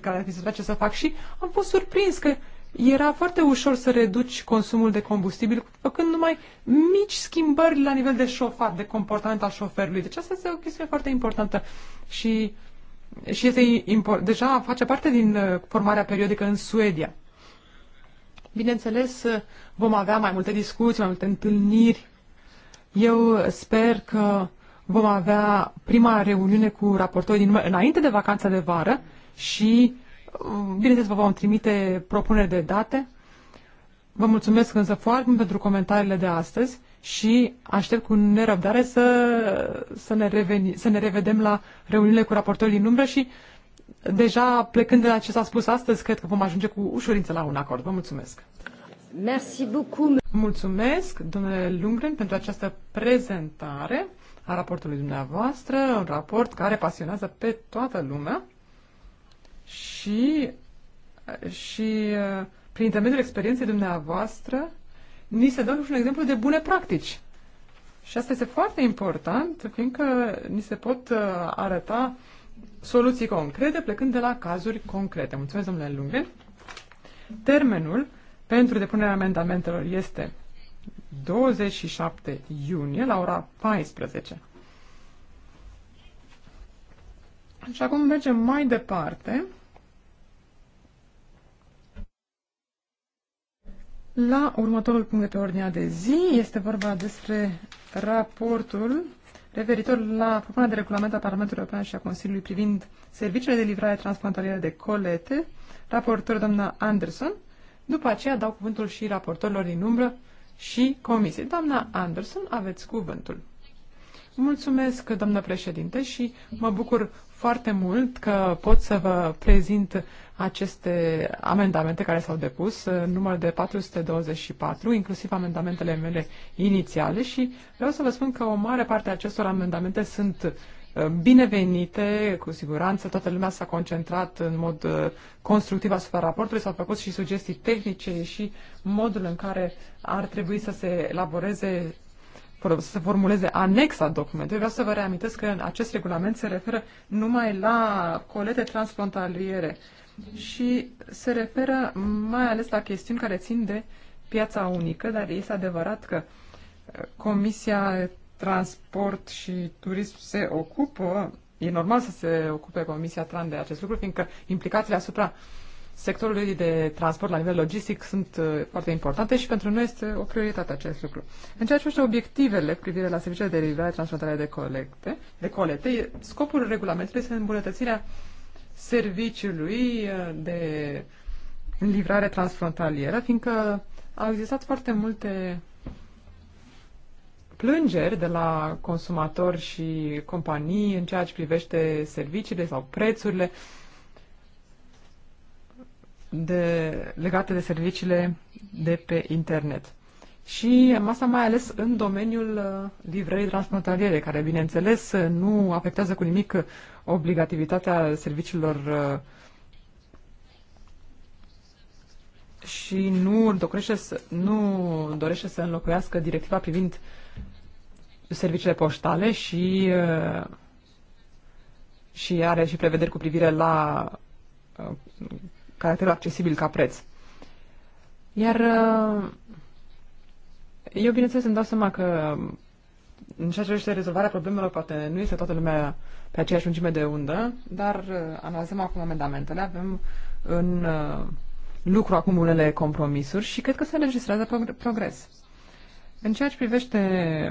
Speaker 4: care mi se face să fac și am fost surprins că era foarte ușor să reduci consumul de combustibil făcând numai mici schimbări la nivel de șofat, de comportament al șoferului. Deci asta este o chestie foarte importantă și, și este deja face parte din uh, formarea periodică în Suedia. Bineînțeles, vom avea mai multe discuții, mai multe întâlniri. Eu sper că vom avea prima reuniune cu raportorii din, înainte de vacanța de vară și, bineînțeles, vă vom trimite propuneri de date. Vă mulțumesc însă foarte mult pentru comentariile de astăzi și aștept cu nerăbdare să, să, ne, reveni, să ne revedem la reuniunile cu raportorii din umbră și deja plecând de la ce s-a spus astăzi, cred că vom ajunge cu ușurință la un acord. Vă mulțumesc!
Speaker 2: Merci beaucoup.
Speaker 4: Mulțumesc, domnule Lundgren, pentru această prezentare a raportului dumneavoastră, un raport care pasionează pe toată lumea și, și uh, prin intermediul experienței dumneavoastră ni se dă un exemplu de bune practici. Și asta este foarte important, fiindcă ni se pot uh, arăta uh, soluții concrete, plecând de la cazuri concrete. Mulțumesc, domnule Lungren. Termenul pentru depunerea amendamentelor este 27 iunie la ora 14. Și acum mergem mai departe la următorul punct de pe ordinea de zi. Este vorba despre raportul referitor la propunerea de regulament a Parlamentului European și a Consiliului privind serviciile de livrare transfrontalieră de colete, raportor doamna Anderson. După aceea dau cuvântul și raportorilor din umbră și comisie. Doamna Anderson, aveți cuvântul. Mulțumesc, doamnă președinte, și mă bucur foarte mult că pot să vă prezint aceste amendamente care s-au depus, număr de 424, inclusiv amendamentele mele inițiale și vreau să vă spun că o mare parte a acestor amendamente sunt uh, binevenite, cu siguranță toată lumea s-a concentrat în mod uh, constructiv asupra raportului, s-au făcut și sugestii tehnice și modul în care ar trebui să se elaboreze să se formuleze anexa documentului. Vreau să vă reamintesc că acest regulament se referă numai la colete transfrontaliere și se referă mai ales la chestiuni care țin de piața unică, dar este adevărat că uh, Comisia Transport și Turism se ocupă, e normal să se ocupe Comisia Tran de acest lucru, fiindcă implicațiile asupra uh, sectorului de transport la nivel logistic sunt uh, foarte importante și pentru noi este o prioritate acest lucru. În ceea ce privește obiectivele cu privire la serviciile de livrare transfrontaliere de colecte, de colete, scopul regulamentului este îmbunătățirea serviciului uh, de livrare transfrontalieră, fiindcă au existat foarte multe plângeri de la consumatori și companii în ceea ce privește serviciile sau prețurile uh, de, legate de serviciile de pe internet. Și asta mai ales în domeniul uh, livrării transfrontaliere, care, bineînțeles, uh, nu afectează cu nimic uh, obligativitatea serviciilor și nu dorește să, nu dorește să înlocuiască directiva privind serviciile poștale și, și are și prevederi cu privire la caracterul accesibil ca preț. Iar uh, eu, bineînțeles, îmi dau seama că um, în ceea ce privește rezolvarea problemelor, poate nu este toată lumea pe aceeași lungime de undă, dar uh, analizăm acum amendamentele. Avem în uh, lucru acum unele compromisuri și cred că se înregistrează progres. În ceea ce privește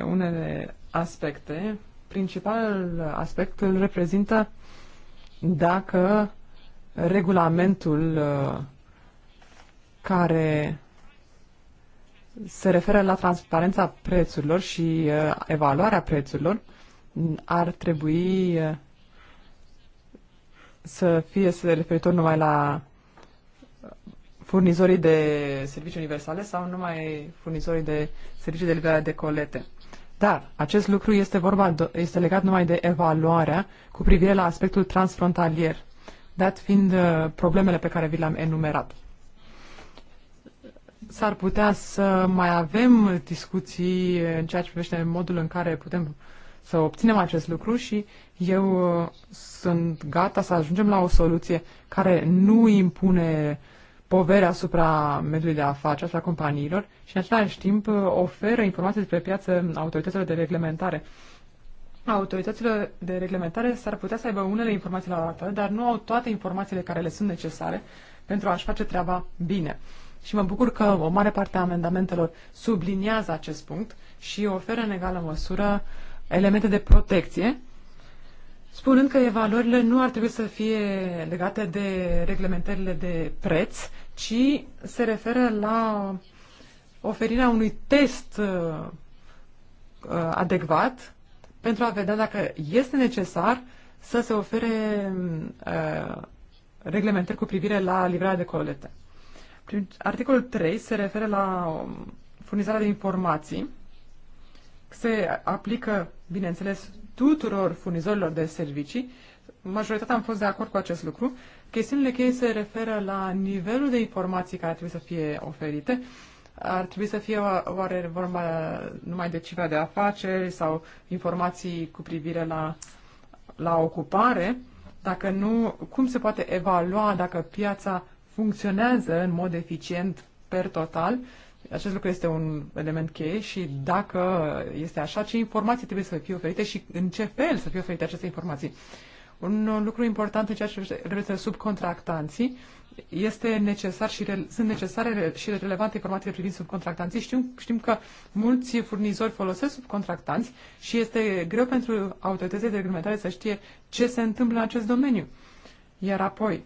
Speaker 4: unele aspecte, principalul aspect îl reprezintă dacă regulamentul uh, care se referă la transparența prețurilor și uh, evaluarea prețurilor ar trebui uh, să fie să referitor numai la furnizorii de servicii universale sau numai furnizorii de servicii de livrare de colete. Dar acest lucru este, vorba, este legat numai de evaluarea cu privire la aspectul transfrontalier dat fiind uh, problemele pe care vi le-am enumerat. S-ar putea să mai avem discuții în ceea ce privește modul în care putem să obținem acest lucru și eu uh, sunt gata să ajungem la o soluție care nu impune povere asupra mediului de afaceri, asupra companiilor și în același timp uh, oferă informații despre piață autorităților de reglementare autoritățile de reglementare s-ar putea să aibă unele informații la o dată, dar nu au toate informațiile care le sunt necesare pentru a-și face treaba bine. Și mă bucur că o mare parte a amendamentelor subliniază acest punct și oferă în egală măsură elemente de protecție, spunând că evaluările nu ar trebui să fie legate de reglementările de preț, ci se referă la oferirea unui test uh, adecvat pentru a vedea dacă este necesar să se ofere uh, reglementări cu privire la livrarea de colete. Articolul 3 se referă la um, furnizarea de informații. Se aplică, bineînțeles, tuturor furnizorilor de servicii. Majoritatea am fost de acord cu acest lucru. Chestiunile cheie se referă la nivelul de informații care trebuie să fie oferite, ar trebui să fie oare vorba numai de cifra de afaceri sau informații cu privire la, la ocupare? Dacă nu, cum se poate evalua dacă piața funcționează în mod eficient per total? Acest lucru este un element cheie și dacă este așa, ce informații trebuie să fie oferite și în ce fel să fie oferite aceste informații? Un lucru important în ceea ce privește subcontractanții, uh, este necesar și re, sunt necesare și relevante informațiile privind subcontractanții. Știm, știm că mulți furnizori folosesc subcontractanți și este greu pentru autoritățile de reglementare să știe ce se întâmplă în acest domeniu. Iar apoi,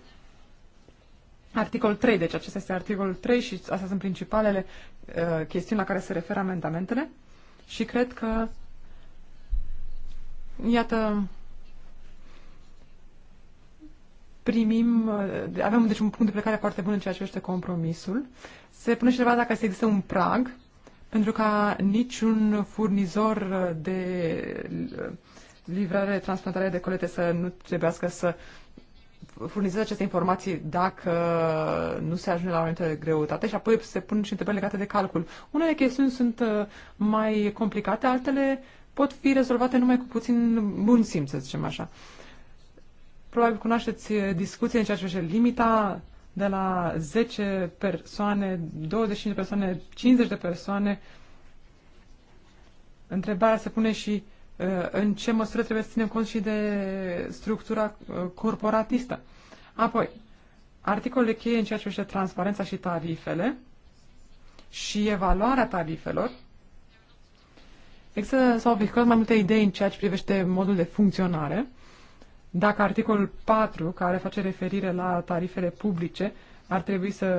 Speaker 4: articol 3, deci acesta este articolul 3 și astea sunt principalele uh, chestiuni la care se referă amendamentele și cred că, iată, primim, eh, avem deci un punct de plecare foarte bun în ceea ce este compromisul. Se pune și întrebarea dacă există un prag, pentru ca niciun furnizor eh, de eh, livrare transplantare de colete să nu trebuiască să furnizeze aceste informații dacă nu se ajunge la o anumită greutate și apoi se pun și întrebări legate de calcul. Unele chestiuni sunt mai complicate, altele pot fi rezolvate numai cu puțin bun simț, să zicem așa. Probabil cunoașteți eh, discuții în ceea ce privește limita de la 10 persoane, 25 de persoane, 50 de persoane. Întrebarea se pune și eh, în ce măsură trebuie să ținem cont și de structura eh, corporatistă. Apoi, articolele cheie în ceea ce privește transparența și tarifele și evaluarea tarifelor. Există, s-au vehiculat mai multe idei în ceea ce privește modul de funcționare dacă articolul 4, care face referire la tarifele publice, ar trebui să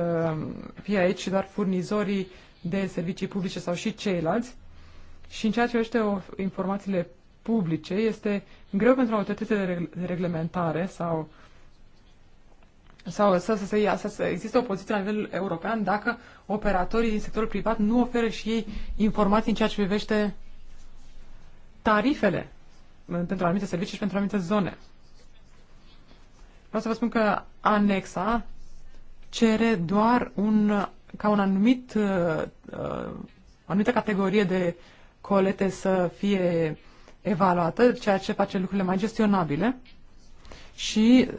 Speaker 4: fie aici și doar furnizorii de servicii publice sau și ceilalți. Și în ceea ce este informațiile publice, este greu pentru autoritățile de reglementare sau sau să, să, se ia, să, să există o poziție la nivel european dacă operatorii din sectorul privat nu oferă și ei informații în ceea ce privește tarifele pentru anumite servicii și pentru anumite zone. Vreau să vă spun că anexa cere doar un, ca un anumit, uh, uh, anumită categorie de colete să fie evaluată, ceea ce face lucrurile mai gestionabile și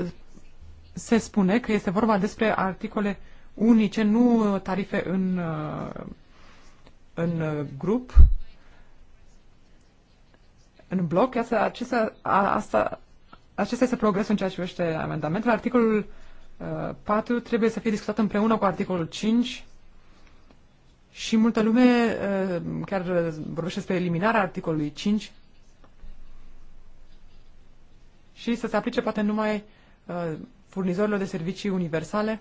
Speaker 4: se spune că este vorba despre articole unice, nu tarife în, uh, în grup, în bloc. Asta, acesta, asta, acesta este progresul în ceea ce privește amendamentele. Articolul uh, 4 trebuie să fie discutat împreună cu articolul 5 și multă lume uh, chiar vorbește despre eliminarea articolului 5 și să se aplice poate numai uh, furnizorilor de servicii universale.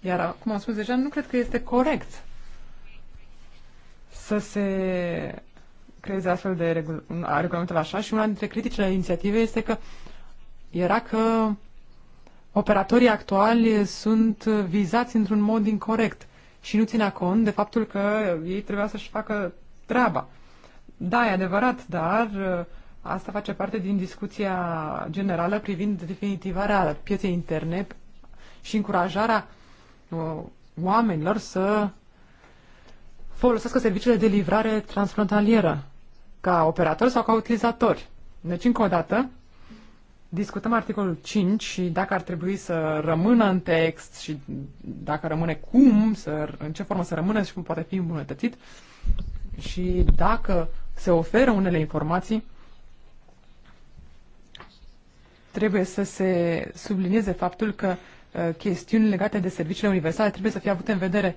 Speaker 4: Iar, cum am spus deja, nu cred că este corect să se creeze astfel de regulamentul așa și una dintre criticile inițiativei este că uh, era că operatorii actuali sunt vizați într-un mod incorrect și nu ținea cont de faptul că ei trebuia să-și facă treaba. Da, e adevărat, dar uh, asta face parte din discuția generală privind definitivarea pieței interne și încurajarea uh, oamenilor să folosească serviciile de livrare transfrontalieră ca operator sau ca utilizator Deci, încă o dată, discutăm articolul 5 și dacă ar trebui să rămână în text și dacă rămâne cum, să, în ce formă să rămână și cum poate fi îmbunătățit și dacă se oferă unele informații, trebuie să se sublinieze faptul că ă, chestiuni legate de serviciile universale trebuie să fie avute în vedere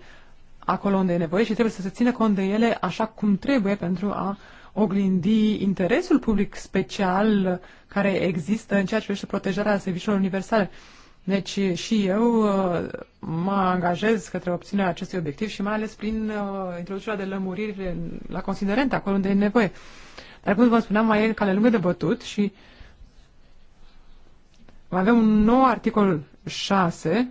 Speaker 4: acolo unde e nevoie și trebuie să se țină cont de ele așa cum trebuie pentru a uh, oglindi interesul public special care există în ceea ce privește protejarea serviciilor universale. Deci și eu uh, mă angajez către obținerea acestui obiectiv și mai ales prin uh, introducerea de lămuriri la considerente, acolo unde e nevoie. Dar cum vă spuneam, mai e cale lungă de bătut și mai avem un nou articol 6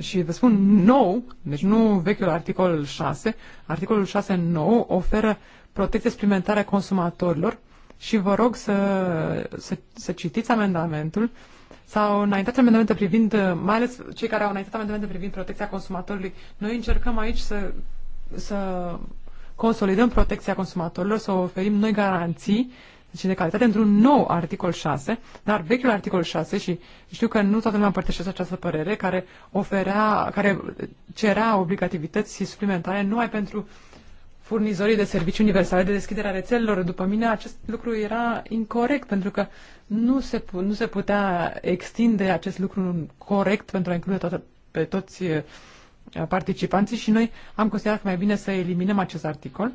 Speaker 4: și vă spun nou, deci nu vechiul articol 6, articolul 6 nou oferă protecție suplimentară a consumatorilor și vă rog să, să, să citiți amendamentul sau înaintați amendamente privind, mai ales cei care au înaintat amendamente privind protecția consumatorului. Noi încercăm aici să, să consolidăm protecția consumatorilor, să oferim noi garanții deci de calitate într-un nou articol 6, dar vechiul articol 6 și știu că nu toată lumea împărtășește această părere care oferea, care cerea obligativități suplimentare numai pentru furnizorii de servicii universale de deschidere a rețelelor. După mine, acest lucru era incorrect, pentru că nu se, nu se putea extinde acest lucru corect pentru a include toată, pe toți eh, participanții și noi am considerat că mai bine să eliminăm acest articol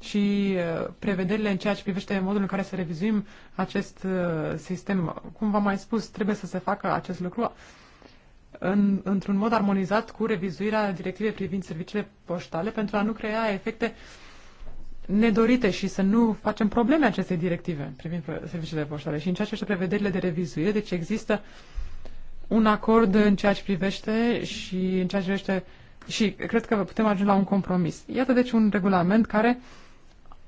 Speaker 4: și eh, prevederile în ceea ce privește modul în care să revizuim acest eh, sistem. Cum v-am mai spus, trebuie să se facă acest lucru în, într-un mod armonizat cu revizuirea directivei privind serviciile poștale pentru a nu crea efecte nedorite și să nu facem probleme acestei directive privind serviciile poștale. Și în ceea ce este prevederile de revizuire, deci există un acord în ceea ce privește și în ceea ce privește și cred că putem ajunge la un compromis. Iată deci un regulament care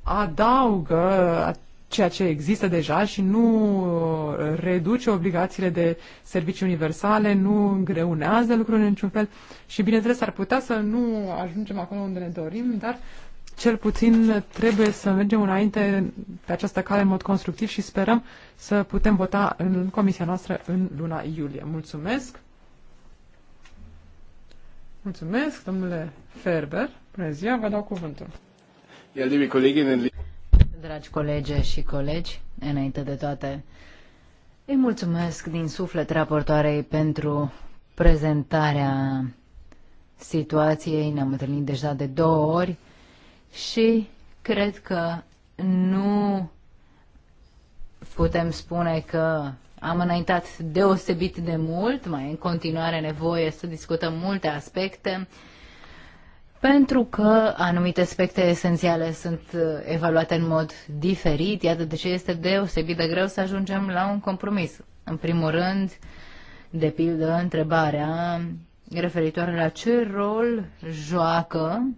Speaker 4: adaugă ceea ce există deja și nu uh, reduce obligațiile de servicii universale, nu greunează lucrurile în niciun fel și, bineînțeles, ar putea să nu ajungem acolo unde ne dorim, dar cel puțin trebuie să mergem înainte pe această cale în mod constructiv și sperăm să putem vota în comisia noastră în luna iulie. Mulțumesc! Mulțumesc, domnule Ferber. Bună
Speaker 1: ziua, vă dau cuvântul. Dragi colege și colegi, înainte de toate, îi mulțumesc din suflet raportoarei pentru prezentarea situației. Ne-am întâlnit deja de două ori și cred că nu putem spune că am înaintat deosebit de mult, mai în continuare nevoie să discutăm multe aspecte, pentru că anumite aspecte esențiale sunt uh, evaluate în mod diferit, iată de ce este deosebit de greu să ajungem la un compromis. În primul rând, de pildă, întrebarea referitoare la ce rol joacă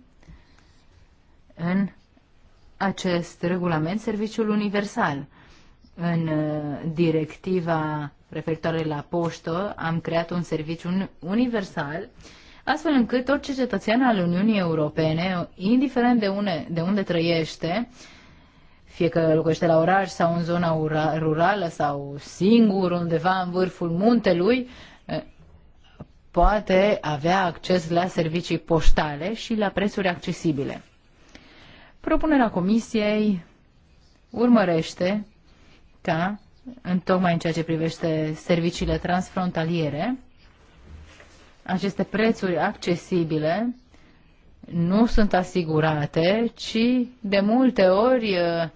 Speaker 1: în acest regulament serviciul universal. În uh, directiva referitoare la poștă am creat un serviciu universal astfel încât orice cetățean al Uniunii Europene, indiferent de, une, de unde trăiește, fie că locuiește la oraș sau în zona rurală sau singur undeva în vârful muntelui, eh, poate avea acces la servicii poștale și la prețuri accesibile. Propunerea Comisiei urmărește ca, în tocmai în ceea ce privește serviciile transfrontaliere, aceste prețuri accesibile nu sunt asigurate, ci de multe ori uh,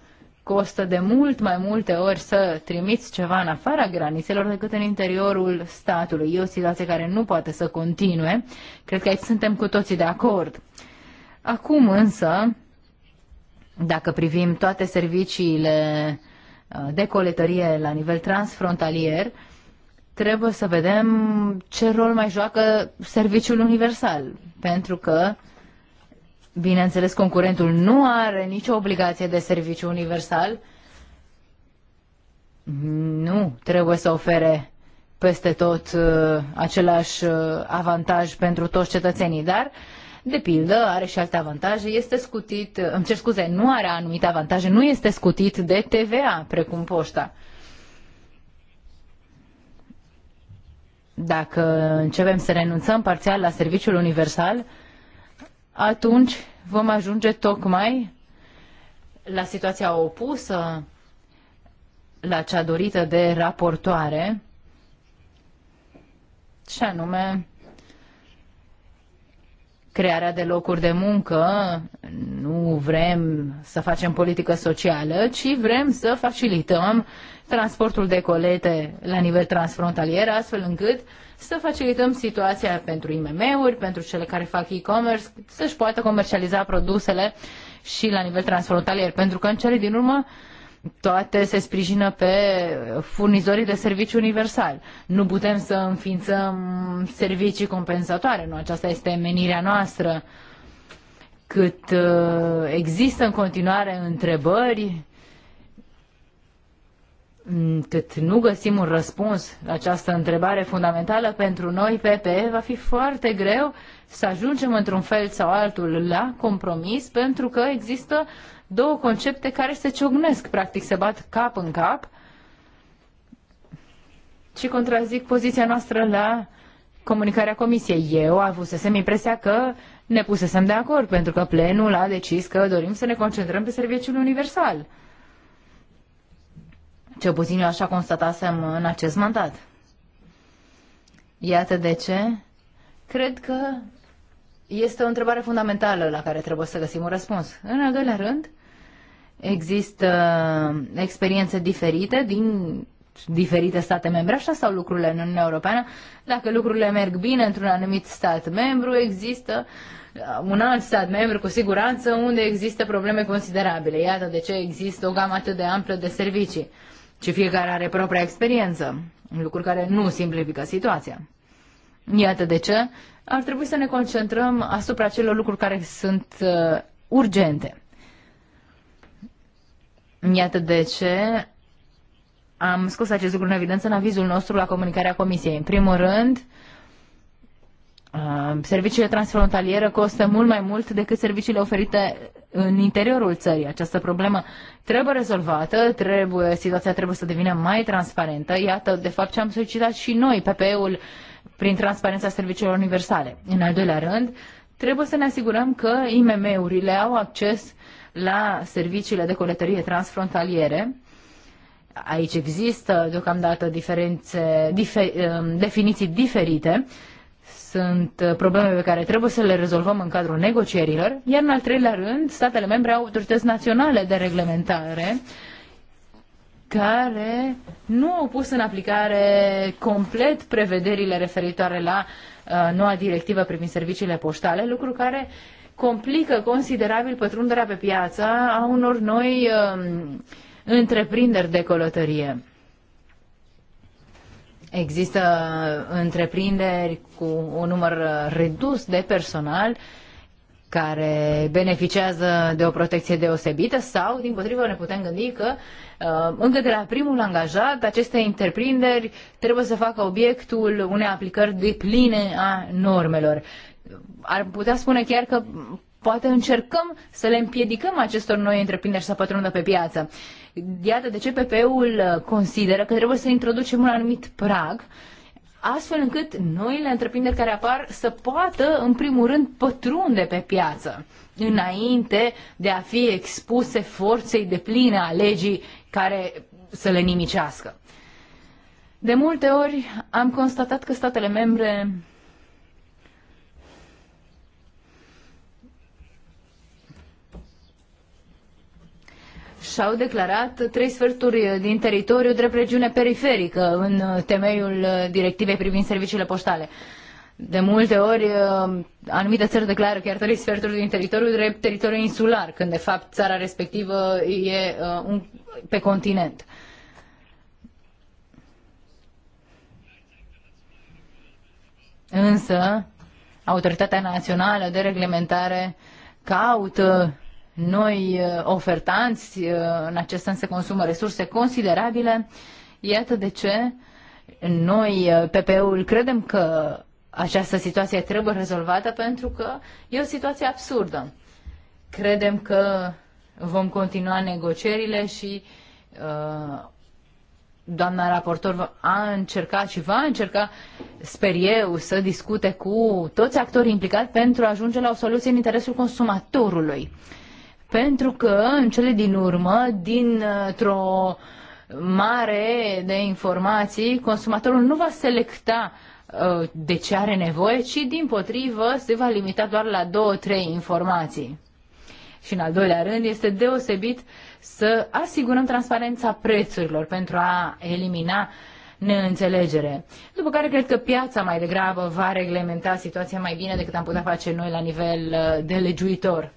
Speaker 1: costă de mult mai multe ori să trimiți ceva în afara granițelor decât în interiorul statului. E o situație care nu poate să continue. Cred că aici suntem cu toții de acord. Acum însă, dacă privim toate serviciile uh, de coletărie la nivel transfrontalier, trebuie să vedem ce rol mai joacă serviciul universal, pentru că Bineînțeles, concurentul nu are nicio obligație de serviciu universal. Nu trebuie să ofere peste tot uh, același uh, avantaj pentru toți cetățenii, dar, de pildă, are și alte avantaje, este scutit, îmi cer scuze, nu are anumite avantaje, nu este scutit de TVA, precum poșta. Dacă începem să renunțăm parțial la serviciul universal, atunci vom ajunge tocmai la situația opusă la cea dorită de raportoare, și anume crearea de locuri de muncă. Nu vrem să facem politică socială, ci vrem să facilităm transportul de colete la nivel transfrontalier, astfel încât să facilităm situația pentru IMM-uri, pentru cele care fac e-commerce, să-și poată comercializa produsele și la nivel transfrontalier, pentru că în cele din urmă toate se sprijină pe furnizorii de servicii universal. Nu putem să înființăm servicii compensatoare, nu? Aceasta este menirea noastră. Cât uh, există în continuare întrebări, cât nu găsim un răspuns la această întrebare fundamentală pentru noi, PPE, va fi foarte greu să ajungem într-un fel sau altul la compromis, pentru că există două concepte care se ciognesc, practic se bat cap în cap și contrazic poziția noastră la comunicarea comisiei. Eu avusesem impresia că ne pusesem de acord, pentru că plenul a decis că dorim să ne concentrăm pe serviciul universal. Cel puțin eu așa constatasem în acest mandat. Iată de ce. Cred că este o întrebare fundamentală la care trebuie să găsim un răspuns. În al doilea rând, există experiențe diferite din diferite state membre, așa sau lucrurile în Uniunea Europeană. Dacă lucrurile merg bine într-un anumit stat membru, există un alt stat membru, cu siguranță, unde există probleme considerabile. Iată de ce există o gamă atât de amplă de servicii ci fiecare are propria experiență, lucruri care nu simplifică situația. Iată de ce ar trebui să ne concentrăm asupra celor lucruri care sunt uh, urgente. Iată de ce am scos acest lucru în evidență în avizul nostru la comunicarea Comisiei. În primul rând, uh, serviciile transfrontaliere costă mult mai mult decât serviciile oferite în interiorul țării. Această problemă trebuie rezolvată, trebuie, situația trebuie să devină mai transparentă. Iată, de fapt, ce am solicitat și noi, PPE-ul, prin transparența serviciilor universale. În al doilea rând, trebuie să ne asigurăm că IMM-urile au acces la serviciile de colătărie transfrontaliere. Aici există deocamdată diferențe, dife, um, definiții diferite sunt uh, probleme pe care trebuie să le rezolvăm în cadrul negocierilor, iar în al treilea rând, statele membre au autorități naționale de reglementare care nu au pus în aplicare complet prevederile referitoare la uh, noua directivă privind serviciile poștale, lucru care complică considerabil pătrunderea pe piață a unor noi uh, întreprinderi de colătărie. Există întreprinderi cu un număr redus de personal care beneficiază de o protecție deosebită sau, din potrivă, ne putem gândi că uh, încă de la primul angajat, aceste întreprinderi trebuie să facă obiectul unei aplicări de pline a normelor. Ar putea spune chiar că poate încercăm să le împiedicăm acestor noi întreprinderi să pătrundă pe piață. Iată de ce PP-ul uh, consideră că trebuie să introducem un anumit prag astfel încât noile întreprinderi care apar să poată, în primul rând, pătrunde pe piață, înainte de a fi expuse forței de plină a legii care să le nimicească. De multe ori am constatat că statele membre și-au declarat trei sferturi din teritoriu drept regiune periferică în temeiul directivei privind serviciile poștale. De multe ori, anumite țări declară chiar trei sferturi din teritoriu drept teritoriu insular, când de fapt țara respectivă e uh, pe continent. Însă, Autoritatea Națională de Reglementare caută noi uh, ofertanți, uh, în acest sens se consumă resurse considerabile. Iată de ce noi, uh, pp ul credem că această situație trebuie rezolvată pentru că e o situație absurdă. Credem că vom continua negocierile și uh, doamna raportor a încercat și va încerca, sper eu, să discute cu toți actorii implicați pentru a ajunge la o soluție în interesul consumatorului pentru că în cele din urmă, dintr-o mare de informații, consumatorul nu va selecta uh, de ce are nevoie, ci din potrivă se va limita doar la două, trei informații. Și în al doilea rând este deosebit să asigurăm transparența prețurilor pentru a elimina neînțelegere. După care cred că piața mai degrabă va reglementa situația mai bine decât am putea face noi la nivel uh, de legiuitor.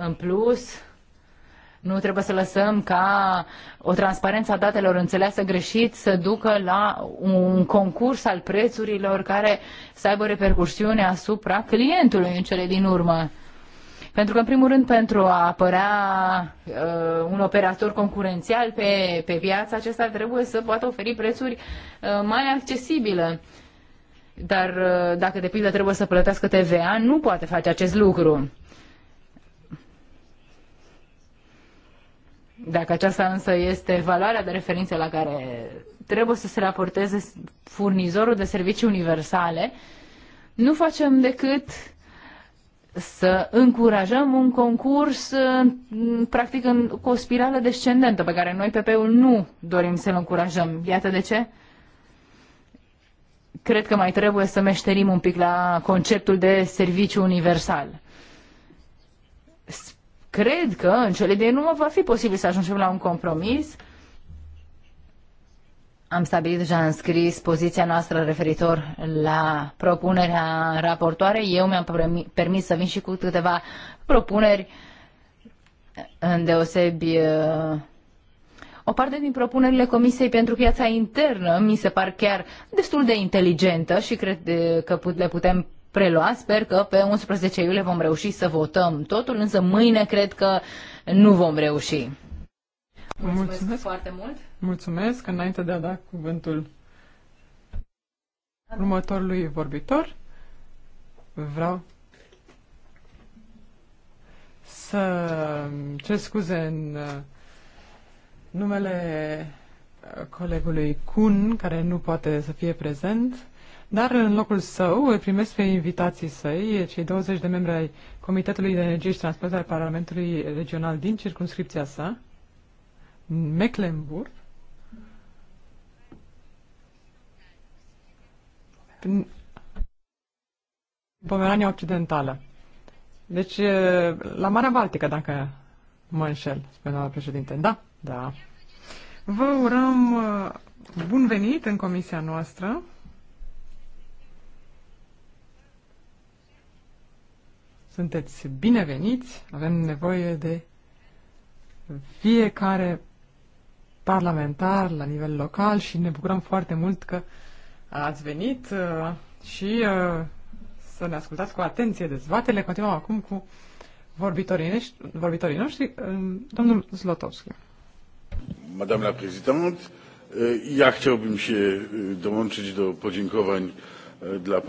Speaker 1: În plus, nu trebuie să lăsăm ca o transparență a datelor înțeleasă greșit să ducă la un concurs al prețurilor care să aibă repercursiune asupra clientului în cele din urmă. Pentru că, în primul rând, pentru a apărea uh, un operator concurențial pe, pe piață, acesta trebuie să poată oferi prețuri uh, mai accesibile. Dar uh, dacă, de pildă, trebuie să plătească TVA, nu poate face acest lucru. Dacă aceasta însă este valoarea de referință la care trebuie să se raporteze furnizorul de servicii universale, nu facem decât să încurajăm un concurs practic în, cu o spirală descendentă pe care noi PP-ul nu dorim să-l încurajăm. Iată de ce. Cred că mai trebuie să meșterim un pic la conceptul de serviciu universal cred că în cele din urmă va fi posibil să ajungem la un compromis. Am stabilit deja în scris poziția noastră referitor la propunerea raportoare. Eu mi-am permis să vin și cu câteva propuneri deosebi uh, o parte din propunerile Comisiei pentru piața internă mi se par chiar destul de inteligentă și cred uh, că le putem prelua. Sper că pe 11 iulie vom reuși să votăm totul, însă mâine cred că nu vom reuși.
Speaker 4: Mulțumesc, Mulțumesc foarte mult! Mulțumesc! Înainte de a da cuvântul următorului vorbitor, vreau să cer scuze în uh, numele uh, colegului Kun, care nu poate să fie prezent. Dar în locul său îi primesc pe invitații săi, cei 20 de membri ai Comitetului de Energie și Transport al Parlamentului Regional din circunscripția sa, Mecklenburg, Pomerania Occidentală. Deci, la Marea Baltică, dacă mă înșel, spune doamna președinte. Da, da. Vă urăm uh, bun venit în comisia noastră. Sunteți bineveniți, avem nevoie de fiecare parlamentar la nivel local și ne bucurăm foarte mult că ați venit uh, și uh, să ne ascultați cu atenție dezbatele. Continuăm acum cu vorbitorii, vorbitorii noștri, um, domnul Zlotowski.
Speaker 3: Madame la Présidente, uh, ja chciałbym się dołączyć do
Speaker 4: podziękowań dla...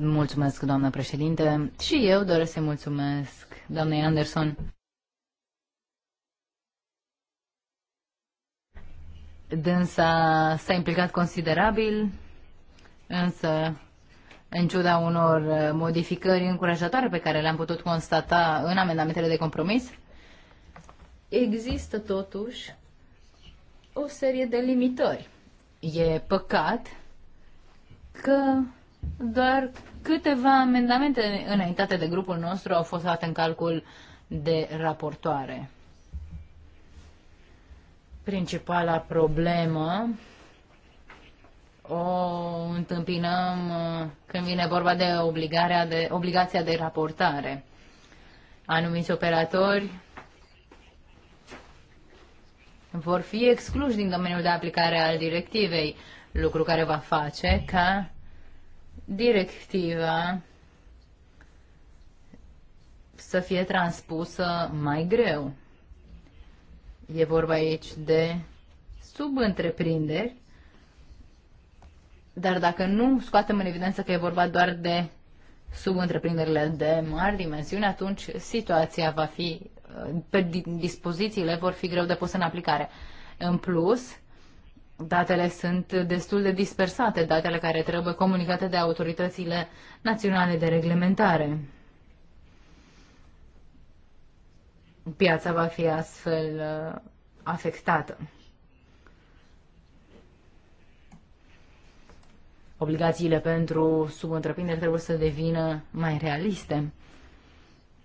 Speaker 1: Mulțumesc, doamnă președinte. Și eu doresc să mulțumesc doamnei Anderson. Dânsa s-a implicat considerabil, însă în ciuda unor modificări încurajatoare pe care le-am putut constata în amendamentele de compromis, există totuși o serie de limitări. E păcat că doar câteva amendamente înaintate de grupul nostru au fost luate în calcul de raportoare. Principala problemă o întâmpinăm uh, când vine vorba de, obligarea de obligația de raportare. Anumiți operatori vor fi excluși din domeniul de aplicare al directivei, lucru care va face ca directiva să fie transpusă mai greu. E vorba aici de subîntreprinderi, dar dacă nu scoatem în evidență că e vorba doar de subîntreprinderile de mari dimensiuni, atunci situația va fi, pe dispozițiile vor fi greu de pus în aplicare. În plus, datele sunt destul de dispersate, datele care trebuie comunicate de autoritățile naționale de reglementare. Piața va fi astfel uh, afectată. Obligațiile pentru subîntreprinderi trebuie să devină mai realiste.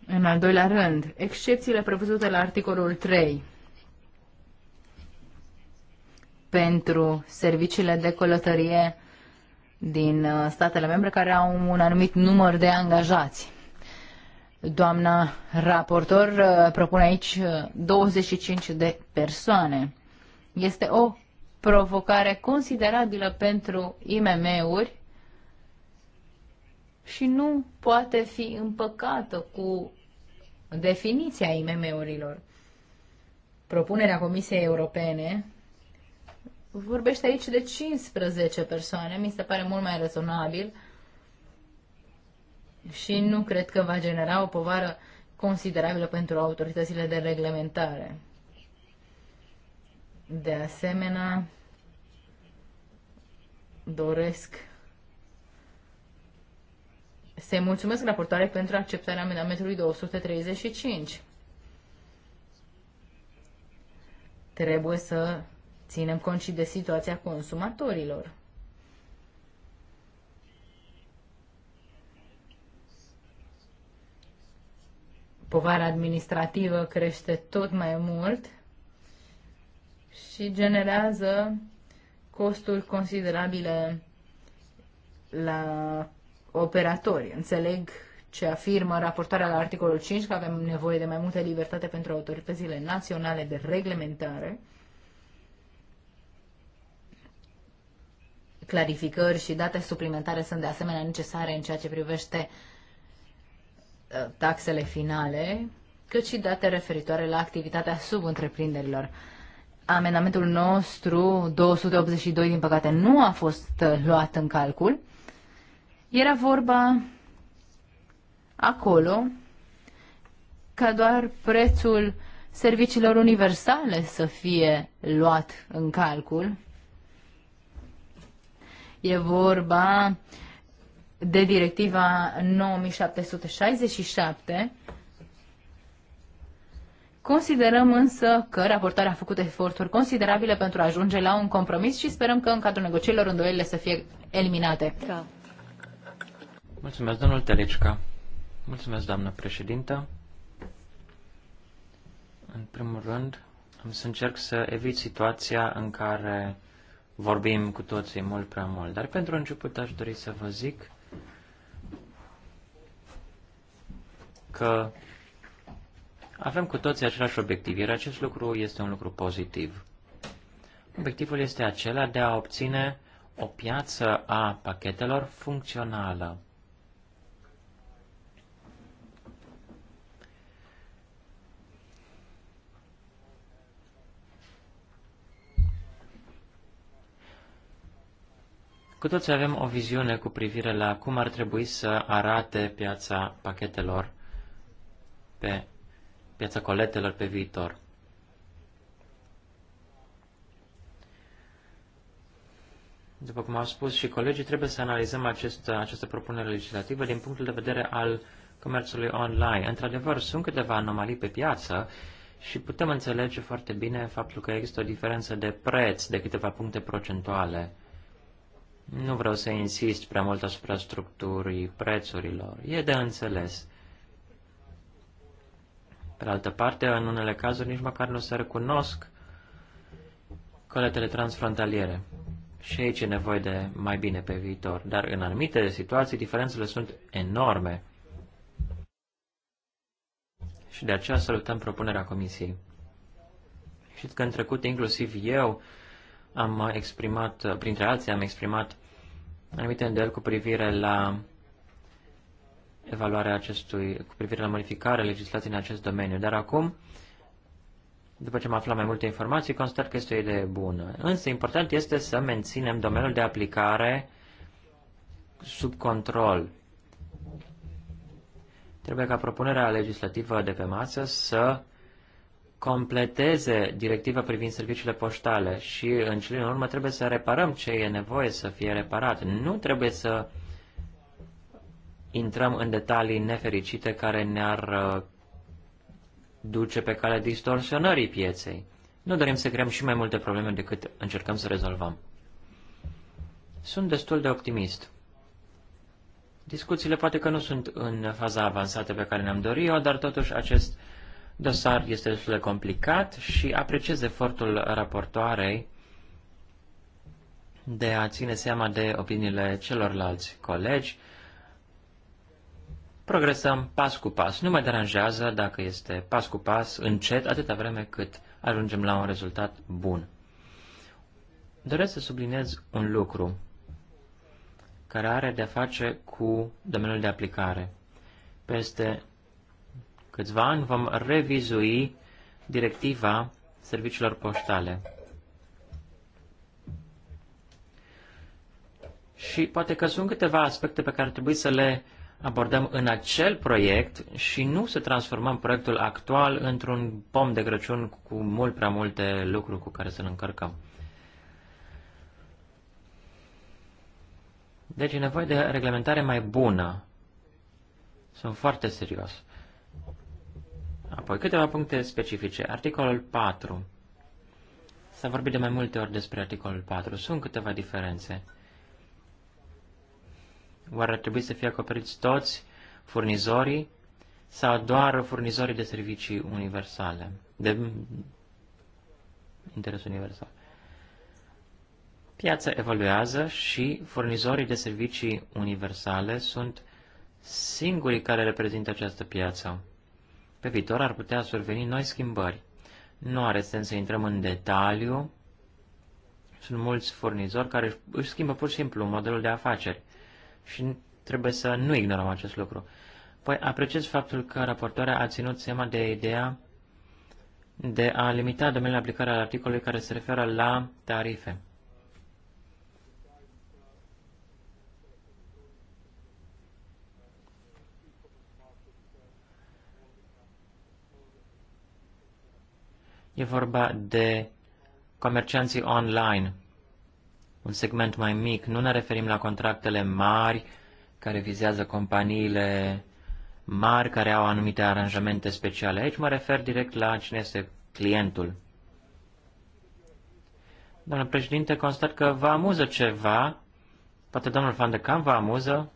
Speaker 1: În al doilea rând, excepțiile prevăzute la articolul 3 pentru serviciile de călătorie din uh, statele membre care au un anumit număr de angajați. Doamna raportor uh, propune aici 25 uh, de persoane. Este o provocare considerabilă pentru IMM-uri și nu poate fi împăcată cu definiția IMM-urilor. Propunerea Comisiei Europene vorbește aici de 15 persoane, mi se pare mult mai rezonabil și nu cred că va genera o povară considerabilă pentru autoritățile de reglementare. De asemenea, doresc să mulțumesc raportoare pentru acceptarea amendamentului 235. Trebuie să ținem cont și de situația consumatorilor. povara administrativă crește tot mai mult și generează costuri considerabile la operatori. Înțeleg ce afirmă raportarea la articolul 5, că avem nevoie de mai multă libertate pentru autoritățile naționale de reglementare, clarificări și date suplimentare sunt de asemenea necesare în ceea ce privește uh, taxele finale, cât și date referitoare la activitatea subîntreprinderilor. Amendamentul nostru, 282, din păcate, nu a fost uh, luat în calcul. Era vorba acolo ca doar prețul serviciilor universale să fie luat în calcul, E vorba de directiva 9767. Considerăm însă că raportarea a făcut eforturi considerabile pentru a ajunge la un compromis și sperăm că în cadrul negocierilor îndoielile să fie eliminate. Da.
Speaker 3: Mulțumesc, domnul Telecca. Mulțumesc, doamnă președintă. În primul rând, am să încerc să evit situația în care vorbim cu toții mult prea mult. Dar pentru început aș dori să vă zic că avem cu toții același obiectiv, iar acest lucru este un lucru pozitiv. Obiectivul este acela de a obține o piață a pachetelor funcțională. Cu toți avem o viziune cu privire la cum ar trebui să arate piața pachetelor pe piața coletelor pe viitor. După cum au spus și colegii, trebuie să analizăm acest, această propunere legislativă din punctul de vedere al comerțului online. Într-adevăr, sunt câteva anomalii pe piață și putem înțelege foarte bine faptul că există o diferență de preț de câteva puncte procentuale nu vreau să insist prea mult asupra structurii prețurilor. E de înțeles. Pe altă parte, în unele cazuri nici măcar nu se recunosc coletele transfrontaliere. Și aici e nevoie de mai bine pe viitor. Dar în anumite situații diferențele sunt enorme. Și de aceea salutăm propunerea Comisiei. Știți că în trecut inclusiv eu am exprimat, printre alții am exprimat anumite îndoieli cu privire la evaluarea acestui, cu privire la modificarea legislației în acest domeniu. Dar acum, după ce am aflat mai multe informații, constat că este o idee bună. Însă important este să menținem domeniul de aplicare sub control. Trebuie ca propunerea legislativă de pe masă să completeze directiva privind serviciile poștale și în cele din urmă trebuie să reparăm ce e nevoie să fie reparat. Nu trebuie să intrăm în detalii nefericite care ne-ar uh, duce pe calea distorsionării pieței. Nu dorim să creăm și mai multe probleme decât încercăm să rezolvăm. Sunt destul de optimist. Discuțiile poate că nu sunt în faza avansată pe care ne-am dorit-o, dar totuși acest Dosar este destul de complicat și apreciez efortul raportoarei de a ține seama de opiniile celorlalți colegi. Progresăm pas cu pas. Nu mă deranjează dacă este pas cu pas, încet, atâta vreme cât ajungem la un rezultat bun. Doresc să subliniez un lucru care are de-a face cu domeniul de aplicare. Peste câțiva ani vom revizui directiva serviciilor poștale. Și poate că sunt câteva aspecte pe care trebuie să le abordăm în acel proiect și nu să transformăm proiectul actual într-un pom de Crăciun cu mult prea multe lucruri cu care să-l încărcăm. Deci e nevoie de reglementare mai bună. Sunt foarte serios. Apoi câteva puncte specifice. Articolul 4. S-a vorbit de mai multe ori despre articolul 4. Sunt câteva diferențe. Oare ar trebui să fie acoperiți toți furnizorii sau doar furnizorii de servicii universale, de interes universal? Piața evoluează și furnizorii de servicii universale sunt singurii care reprezintă această piață pe viitor ar putea surveni noi schimbări. Nu are sens să intrăm în detaliu. Sunt mulți furnizori care își schimbă pur și simplu modelul de afaceri și trebuie să nu ignorăm acest lucru. Păi apreciez faptul că raportoarea a ținut seama de ideea de a limita domeniul aplicare al articolului care se referă la tarife. E vorba de comercianții online, un segment mai mic. Nu ne referim la contractele mari care vizează companiile mari care au anumite aranjamente speciale. Aici mă refer direct la cine este clientul. Domnul președinte, constat că vă amuză ceva. Poate domnul Van de Cam vă amuză.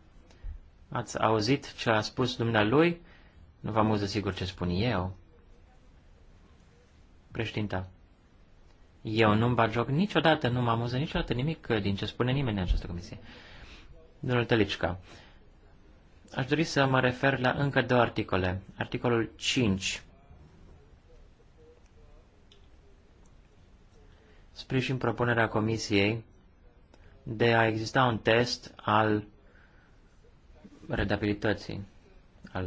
Speaker 3: Ați auzit ce a spus dumnealui? Nu vă amuză sigur ce spun eu preștinta. eu nu-mi bag joc niciodată, nu mă amuză niciodată nimic din ce spune nimeni în această comisie. Domnul Tălicica, aș dori să mă refer la încă două articole. Articolul 5. Sprijin propunerea comisiei de a exista un test al redabilității, al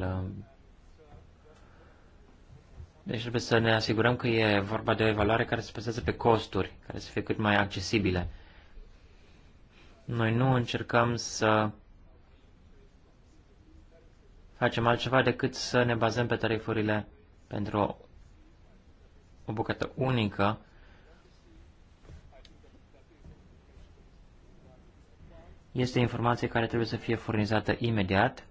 Speaker 3: deci trebuie să ne asigurăm că e vorba de o evaluare care se bazează pe costuri, care să fie cât mai accesibile. Noi nu încercăm să facem altceva decât să ne bazăm pe tarifurile pentru o bucată unică este informație care trebuie să fie furnizată imediat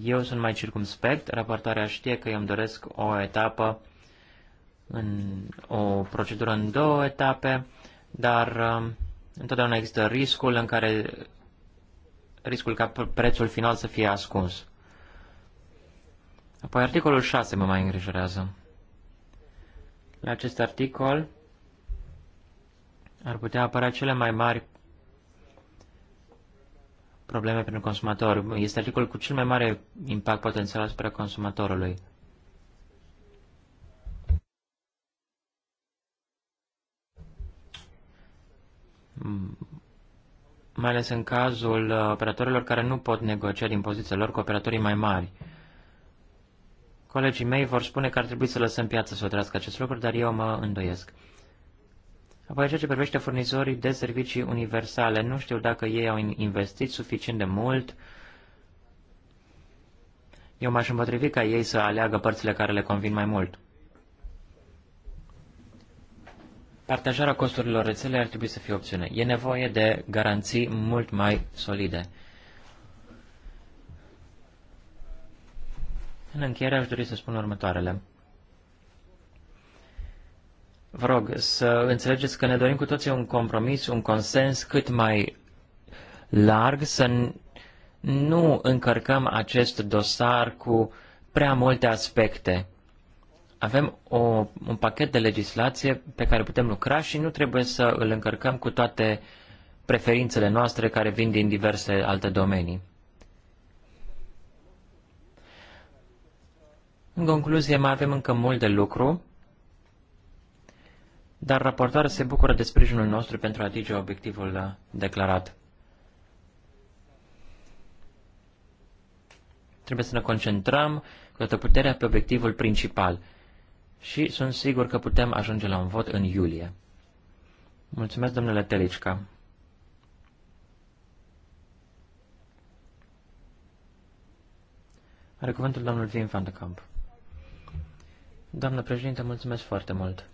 Speaker 3: eu sunt mai circumspect, raportarea știe că eu îmi doresc o etapă, în, o procedură în două etape, dar um, întotdeauna există riscul în care riscul ca prețul final să fie ascuns. Apoi articolul 6 mă mai îngrijorează. La acest articol ar putea apărea cele mai mari probleme pentru consumator. Este articolul cu cel mai mare impact potențial asupra consumatorului. mai ales în cazul uh, operatorilor care nu pot negocia din poziția lor cu operatorii mai mari. Colegii mei vor spune că ar trebui să lăsăm piața să o trăiască acest lucru, dar eu mă îndoiesc. Apoi, ceea ce privește furnizorii de servicii universale, nu știu dacă ei au investit suficient de mult. Eu m-aș împotrivi ca ei să aleagă părțile care le convin mai mult. Partajarea costurilor rețelei ar trebui să fie opțiune. E nevoie de garanții mult mai solide. În încheiere aș dori să spun următoarele. Vă rog să înțelegeți că ne dorim cu toții un compromis, un consens cât mai larg, să nu încărcăm acest dosar cu prea multe aspecte. Avem o, un pachet de legislație pe care putem lucra și nu trebuie să îl încărcăm cu toate preferințele noastre care vin din diverse alte domenii. În concluzie, mai avem încă mult de lucru dar raportoarea se bucură de sprijinul nostru pentru a atinge obiectivul uh, declarat. Trebuie să ne concentrăm cu toată puterea pe obiectivul principal și sunt sigur că putem ajunge la un vot în iulie. Mulțumesc, domnule Telicca. Are cuvântul domnul Vin van de Camp. Doamnă președinte, mulțumesc foarte mult.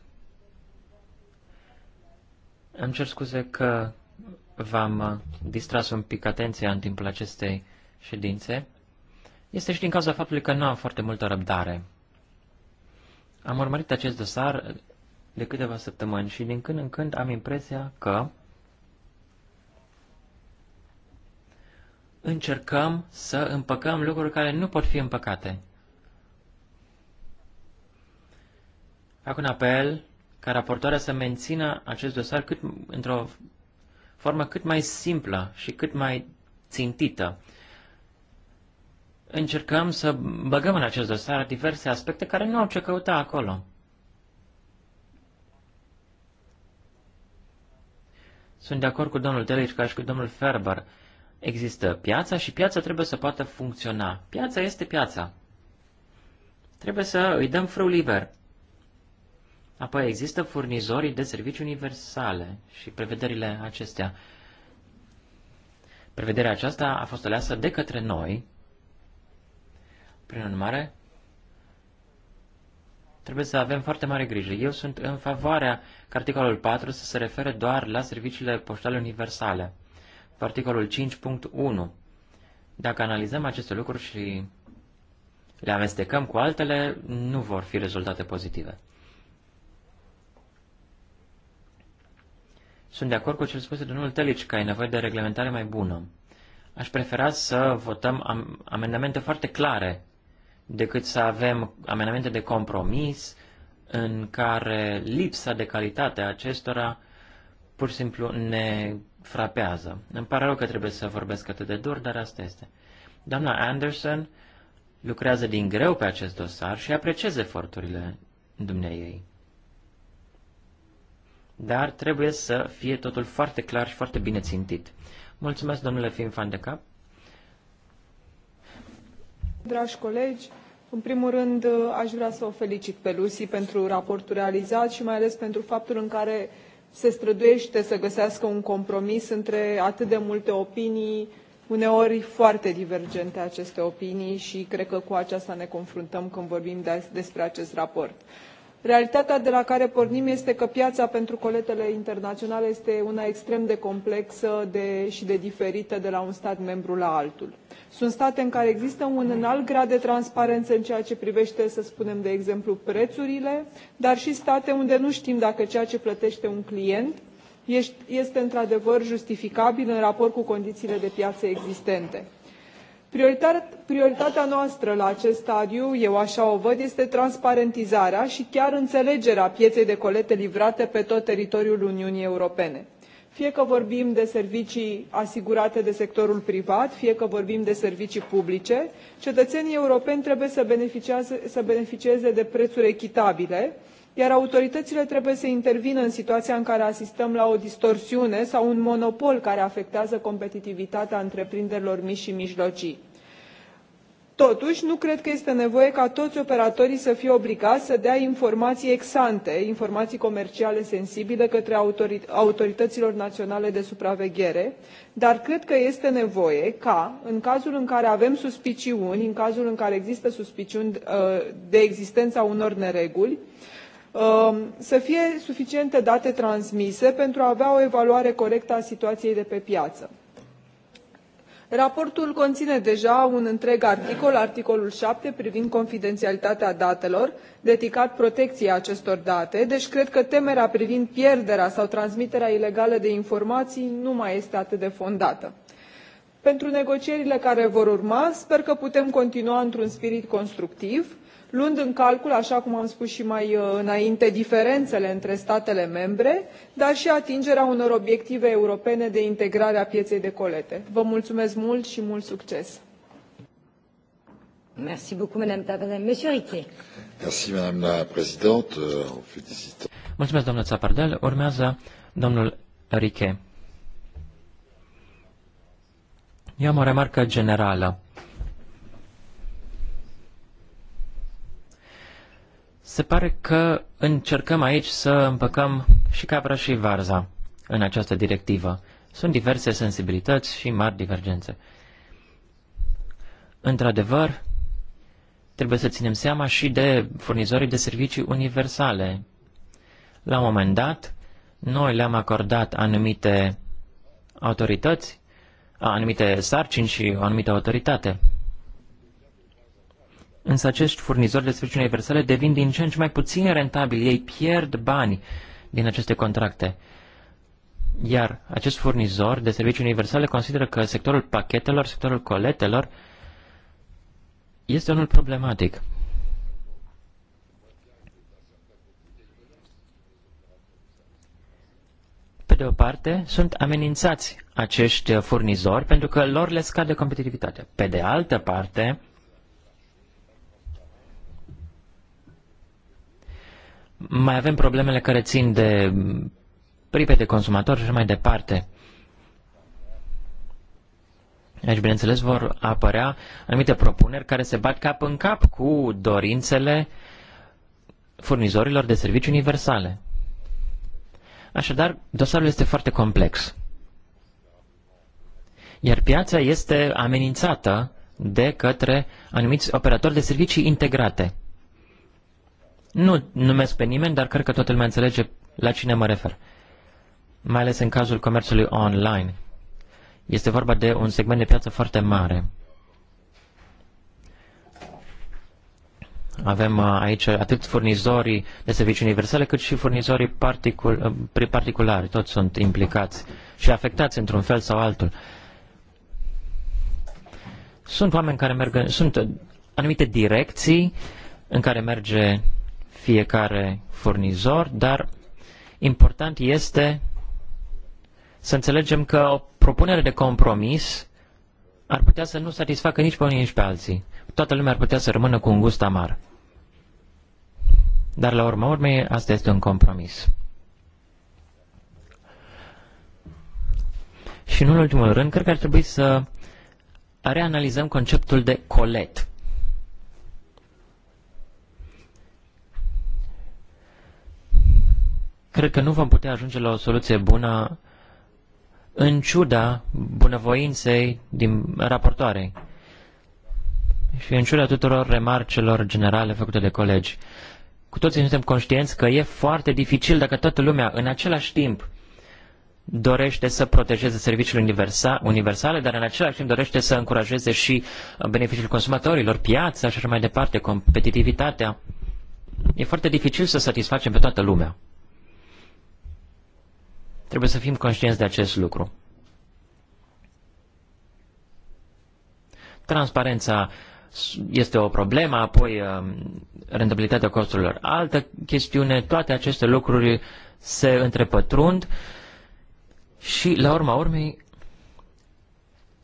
Speaker 3: Îmi cer scuze că v-am uh, distras un pic atenția în timpul acestei ședințe. Este și din cauza faptului că nu am foarte multă răbdare. Am urmărit acest dosar de câteva săptămâni și din când în când am impresia că încercăm să împăcăm lucruri care nu pot fi împăcate. Fac un apel ca raportoarea să mențină acest dosar cât, într-o formă cât mai simplă și cât mai țintită. Încercăm să băgăm în acest dosar diverse aspecte care nu au ce căuta acolo. Sunt de acord cu domnul ca și cu domnul Ferber. Există piața și piața trebuie să poată funcționa. Piața este piața. Trebuie să îi dăm frâu liber. Apoi există furnizorii de servicii universale și prevederile acestea. Prevederea aceasta a fost aleasă de către noi. Prin urmare, trebuie să avem foarte mare grijă. Eu sunt în favoarea că articolul 4 să se refere doar la serviciile poștale universale. Pe articolul 5.1. Dacă analizăm aceste lucruri și le amestecăm cu altele, nu vor fi rezultate pozitive. Sunt de acord cu ce spuse domnul Telici că ai nevoie de reglementare mai bună. Aș prefera să votăm am- amendamente foarte clare decât să avem amendamente de compromis în care lipsa de calitate a acestora pur și simplu ne frapează. Îmi pare rău că trebuie să vorbesc atât de dur, dar asta este. Doamna Anderson lucrează din greu pe acest dosar și apreciez eforturile ei dar trebuie să fie totul foarte clar și foarte bine țintit. Mulțumesc, domnule Fim Fan de Cap.
Speaker 5: Dragi colegi, în primul rând uh, aș vrea să o felicit pe Lucy pentru raportul realizat și mai ales pentru faptul în care se străduiește să găsească un compromis între atât de multe opinii, uneori foarte divergente aceste opinii și cred că cu aceasta ne confruntăm când vorbim despre acest raport realitatea de la care pornim este că piața pentru coletele internaționale este una extrem de complexă de, și de diferită de la un stat membru la altul. Sunt state în care există un înalt grad de transparență în ceea ce privește, să spunem, de exemplu, prețurile, dar și state unde nu știm dacă ceea ce plătește un client este într-adevăr justificabil în raport cu condițiile de piață existente Prioritatea noastră la acest stadiu, eu așa o văd, este transparentizarea și chiar înțelegerea pieței de colete livrate pe tot teritoriul Uniunii Europene. Fie că vorbim de servicii asigurate de sectorul privat, fie că vorbim de servicii publice, cetățenii europeni trebuie să beneficieze, să beneficieze de prețuri echitabile, iar autoritățile trebuie să intervină în situația în care asistăm la o distorsiune sau un monopol care afectează competitivitatea întreprinderilor mici și mijlocii. Totuși, nu cred că este nevoie ca toți operatorii să fie obligați să dea informații ex ante, informații comerciale sensibile către autorităților naționale de supraveghere, dar cred că este nevoie ca, în cazul în care avem suspiciuni, în cazul în care există suspiciuni uh, de existența unor nereguli, Um, să fie suficiente date transmise pentru a avea o evaluare corectă a situației de pe piață. Raportul conține deja un întreg articol, articolul 7, privind confidențialitatea datelor, dedicat protecției acestor date, deci cred că temerea privind pierderea sau transmiterea ilegală de informații nu mai este atât de fondată. Pentru negocierile care vor urma, sper că putem continua într-un spirit constructiv, luând în calcul, așa cum am spus și mai uh, înainte, diferențele între statele membre, dar și atingerea unor obiective europene de integrare a pieței de colete. Vă mulțumesc mult și mult succes! Merci beaucoup, Madame Tavernet.
Speaker 2: Monsieur Riquet.
Speaker 3: Merci, Madame la Présidente. Euh, on félicite. Mulțumesc, doamnă Țapardel. Urmează domnul Riquet. Eu am o remarcă generală. Se pare că încercăm aici să împăcăm și capra și varza în această directivă. Sunt diverse sensibilități și mari divergențe. Într-adevăr, trebuie să ținem seama și de furnizorii de servicii universale. La un moment dat, noi le-am acordat anumite autorități, anumite sarcini și o anumită autoritate. Însă acești furnizori de servicii universale devin din ce în ce mai puțin rentabili. Ei pierd bani din aceste contracte. Iar acest furnizor de servicii universale consideră că sectorul pachetelor, sectorul coletelor, este unul problematic. Pe de o parte, sunt amenințați acești furnizori pentru că lor le scade competitivitatea. Pe de altă parte, Mai avem problemele care țin de pripe de consumatori și mai departe. Aici, deci, bineînțeles, vor apărea anumite propuneri care se bat cap în cap cu dorințele furnizorilor de servicii universale. Așadar, dosarul este foarte complex. Iar piața este amenințată de către anumiți operatori de servicii integrate. Nu numesc pe nimeni, dar cred că toată lumea înțelege la cine mă refer. Mai ales în cazul comerțului online. Este vorba de un segment de piață foarte mare. Avem uh, aici atât furnizorii de servicii universale, cât și furnizorii particul uh, particulari. Toți sunt implicați și afectați într-un fel sau altul. Sunt oameni care merg, sunt uh, anumite direcții în care merge fiecare furnizor, dar important este să înțelegem că o propunere de compromis ar putea să nu satisfacă nici pe unii, nici pe alții. Toată lumea ar putea să rămână cu un gust amar. Dar la urma urmei, asta este un compromis. Și în ultimul rând, cred că ar trebui să reanalizăm conceptul de colet. cred că nu vom putea ajunge la o soluție bună în ciuda bunăvoinței din raportoare și în ciuda tuturor remarcelor generale făcute de colegi. Cu toții suntem conștienți că e foarte dificil dacă toată lumea în același timp dorește să protejeze serviciile universa, universale, dar în același timp dorește să încurajeze și beneficiul consumatorilor, piața și așa mai departe, competitivitatea. E foarte dificil să satisfacem pe toată lumea. Trebuie să fim conștienți de acest lucru. Transparența este o problemă, apoi um, rentabilitatea costurilor altă chestiune, toate aceste lucruri se întrepătrund și, la urma urmei,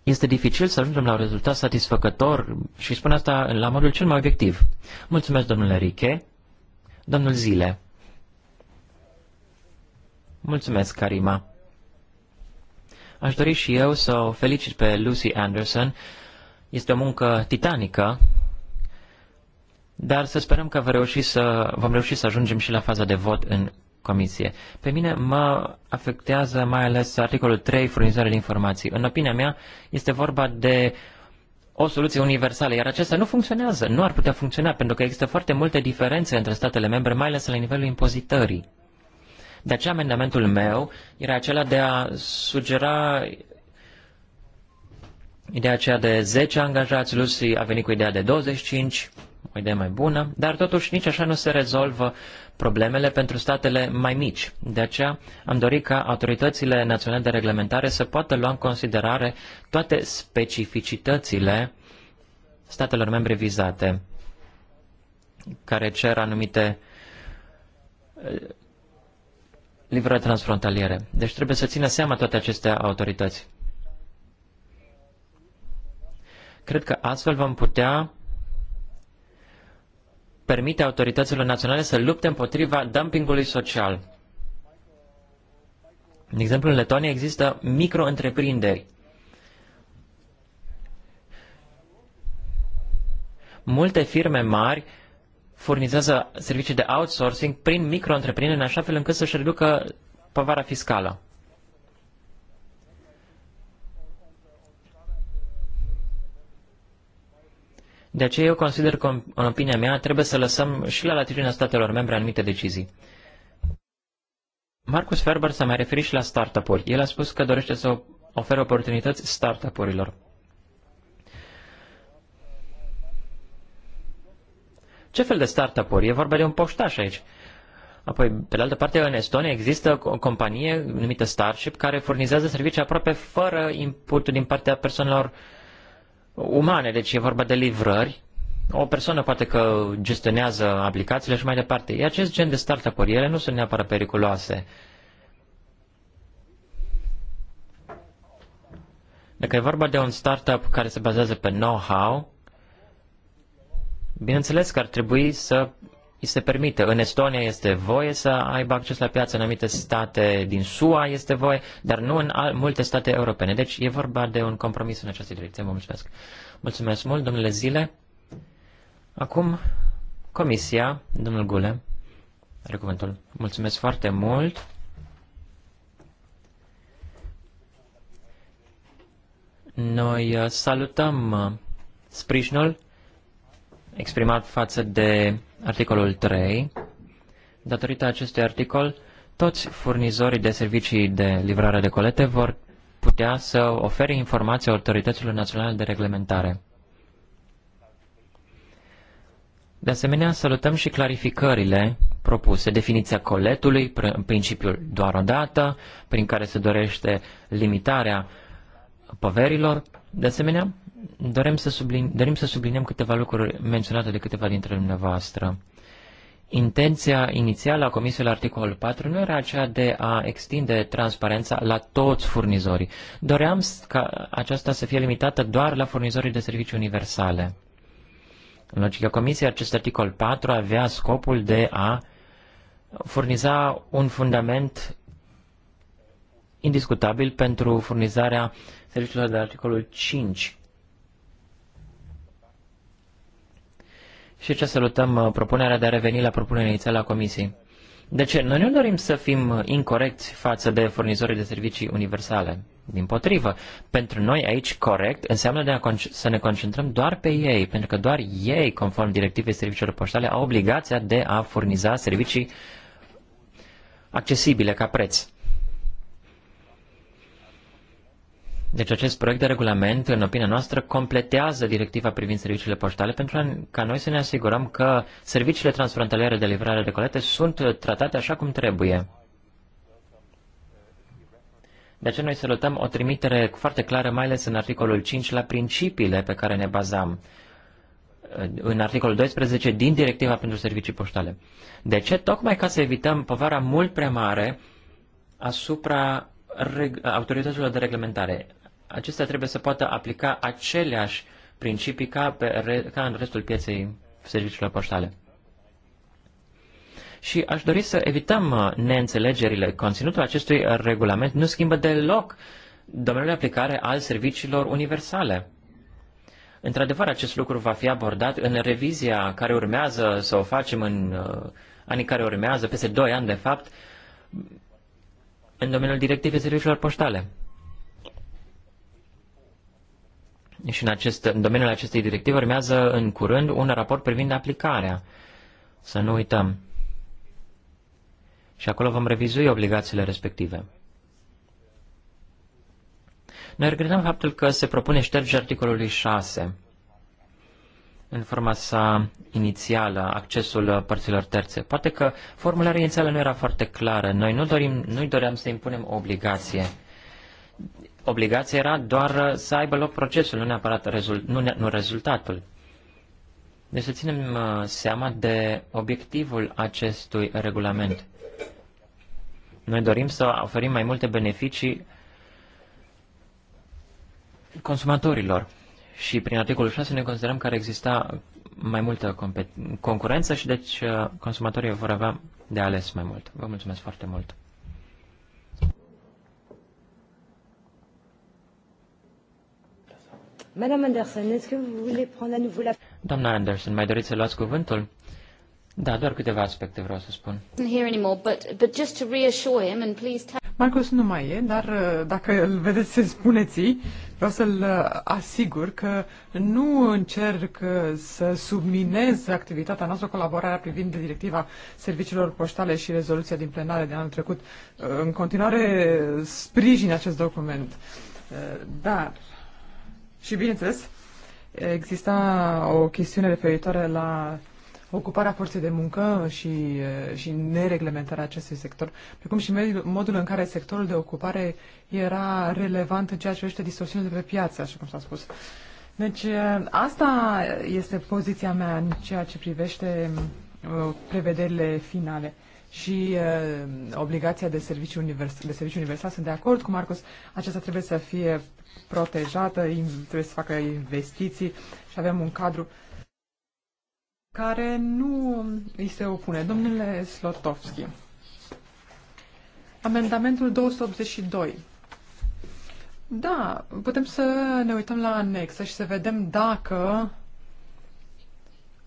Speaker 3: este dificil să ajungem la un rezultat satisfăcător și spun asta la modul cel mai obiectiv. Mulțumesc, domnule Riche. Domnul Zile. Mulțumesc, Karima. Aș dori și eu să o felicit pe Lucy Anderson. Este o muncă titanică, dar să sperăm că vom reuși să, vom reuși să ajungem și la faza de vot în comisie. Pe mine mă afectează mai ales articolul 3, furnizare de informații. În opinia mea, este vorba de o soluție universală, iar aceasta nu funcționează, nu ar putea funcționa, pentru că există foarte multe diferențe între statele membre, mai ales la nivelul impozitării. De aceea amendamentul meu era acela de a sugera ideea aceea de 10 angajați, Lucy a venit cu ideea de 25, o idee mai bună, dar totuși nici așa nu se rezolvă problemele pentru statele mai mici. De aceea am dorit ca autoritățile naționale de reglementare să poată lua în considerare toate specificitățile statelor membre vizate, care cer anumite livrări transfrontaliere. Deci trebuie să țină seama toate aceste autorități. Cred că astfel vom putea permite autorităților naționale să lupte împotriva dumpingului social. De exemplu, în Letonia există micro-întreprinderi. Multe firme mari uh, furnizează servicii de outsourcing prin micro în așa fel încât să-și reducă povara fiscală. De aceea eu consider că, în opinia mea, trebuie să lăsăm și la latitudinea statelor membre anumite decizii. Marcus Ferber s-a mai referit și la startup-uri. El a spus că dorește să oferă oportunități startup-urilor. Ce fel de startup-uri? E vorba de un poștaș aici. Apoi, pe de altă parte, în Estonia există o companie numită Starship care furnizează servicii aproape fără input din partea persoanelor umane. Deci e vorba de livrări. O persoană poate că gestionează aplicațiile și mai departe. E acest gen de startup-uri. Ele nu sunt neapărat periculoase. Dacă e vorba de un startup care se bazează pe know-how, Bineînțeles că ar trebui să îi se permită. În Estonia este voie să aibă acces la piață, în anumite state din SUA este voie, dar nu în multe state europene. Deci e vorba de un compromis în această direcție. Vă mulțumesc. Mulțumesc mult, domnule Zile. Acum, Comisia, domnul Gule, are cuvântul. Mulțumesc foarte mult. Noi uh, salutăm uh, sprijinul exprimat față de articolul 3. Datorită acestui articol, toți furnizorii de servicii de livrare de colete vor putea să ofere informații autorităților naționale de reglementare. De asemenea, salutăm și clarificările propuse, definiția coletului, principiul doar o dată, prin care se dorește limitarea poverilor. De asemenea, dorim să, sublin, dorim să subliniem câteva lucruri menționate de câteva dintre dumneavoastră. Intenția inițială a Comisiei la articolul 4 nu era aceea de a extinde transparența la toți furnizorii. Doream ca aceasta să fie limitată doar la furnizorii de servicii universale. În logica Comisiei, acest articol 4 avea scopul de a furniza un fundament indiscutabil pentru furnizarea serviciilor de articolul 5 Și ce salutăm uh, propunerea de a reveni la propunerea inițială a Comisiei. De ce? Noi nu dorim să fim uh, incorrecți față de furnizorii de servicii universale. Din potrivă, pentru noi aici corect înseamnă de a să ne concentrăm doar pe ei, pentru că doar ei, conform directivei serviciilor poștale, au obligația de a furniza servicii accesibile ca preț. Deci acest proiect de regulament, în opinia noastră, completează directiva privind serviciile poștale pentru ca noi să ne asigurăm că serviciile transfrontaliere de livrare de colete sunt tratate așa cum trebuie. De aceea noi salutăm o trimitere foarte clară, mai ales în articolul 5, la principiile pe care ne bazam în articolul 12 din Directiva pentru Servicii Poștale. De ce? Tocmai ca să evităm povara mult prea mare asupra autorităților de reglementare acestea trebuie să poată aplica aceleași principii ca, pe, ca în restul pieței serviciilor poștale. Și aș dori să evităm uh, neînțelegerile. Conținutul acestui uh, regulament nu schimbă deloc domeniul de aplicare al serviciilor universale. Într-adevăr, acest lucru va fi abordat în revizia care urmează să o facem în uh, anii care urmează, peste 2 ani de fapt, în domeniul directivei serviciilor poștale. și în, acest, în domeniul acestei directive urmează în curând un raport privind aplicarea. Să nu uităm. Și acolo vom revizui obligațiile respective. Noi regretăm faptul că se propune ștergerea articolului 6 în forma sa inițială, accesul părților terțe. Poate că formularea inițială nu era foarte clară. Noi nu, dorim, nu doream să impunem o obligație obligația era doar uh, să aibă loc procesul, nu neapărat rezult, nu, nu rezultatul. Deci să ținem uh, seama de obiectivul acestui regulament. Noi dorim să oferim mai multe beneficii consumatorilor. Și prin articolul 6 ne considerăm că ar exista mai multă concurență și deci uh, consumatorii vor avea de ales mai mult. Vă mulțumesc foarte mult!
Speaker 2: Madame Anderson, est-ce que vous voulez prendre à nouveau la...
Speaker 3: Doamna Anderson, mai doriți să luați cuvântul? Da, doar câteva aspecte vreau să spun.
Speaker 4: Marcus nu mai e, dar uh, dacă îl vedeți să spuneți vreau să-l uh, asigur că nu încerc uh, să subminez activitatea noastră, colaborarea privind directiva serviciilor poștale și rezoluția din plenare de anul trecut. În continuare sprijin acest document. Dar și bineînțeles, exista o chestiune referitoare la ocuparea forței de muncă și, eh, și nereglementarea acestui sector, precum și modul în care sectorul de ocupare era relevant în ceea ce privește distorsiunile pe piață, așa cum s-a spus. Deci, eh, asta este poziția mea în ceea ce privește eh, prevederile finale și uh, obligația de serviciu, univers, de serviciu universal. Sunt de acord cu Marcus. Aceasta trebuie să fie protejată, trebuie să facă investiții și avem un cadru care nu îi se opune. Domnule Slotovski, amendamentul 282. Da, putem să ne uităm la anexă și să vedem dacă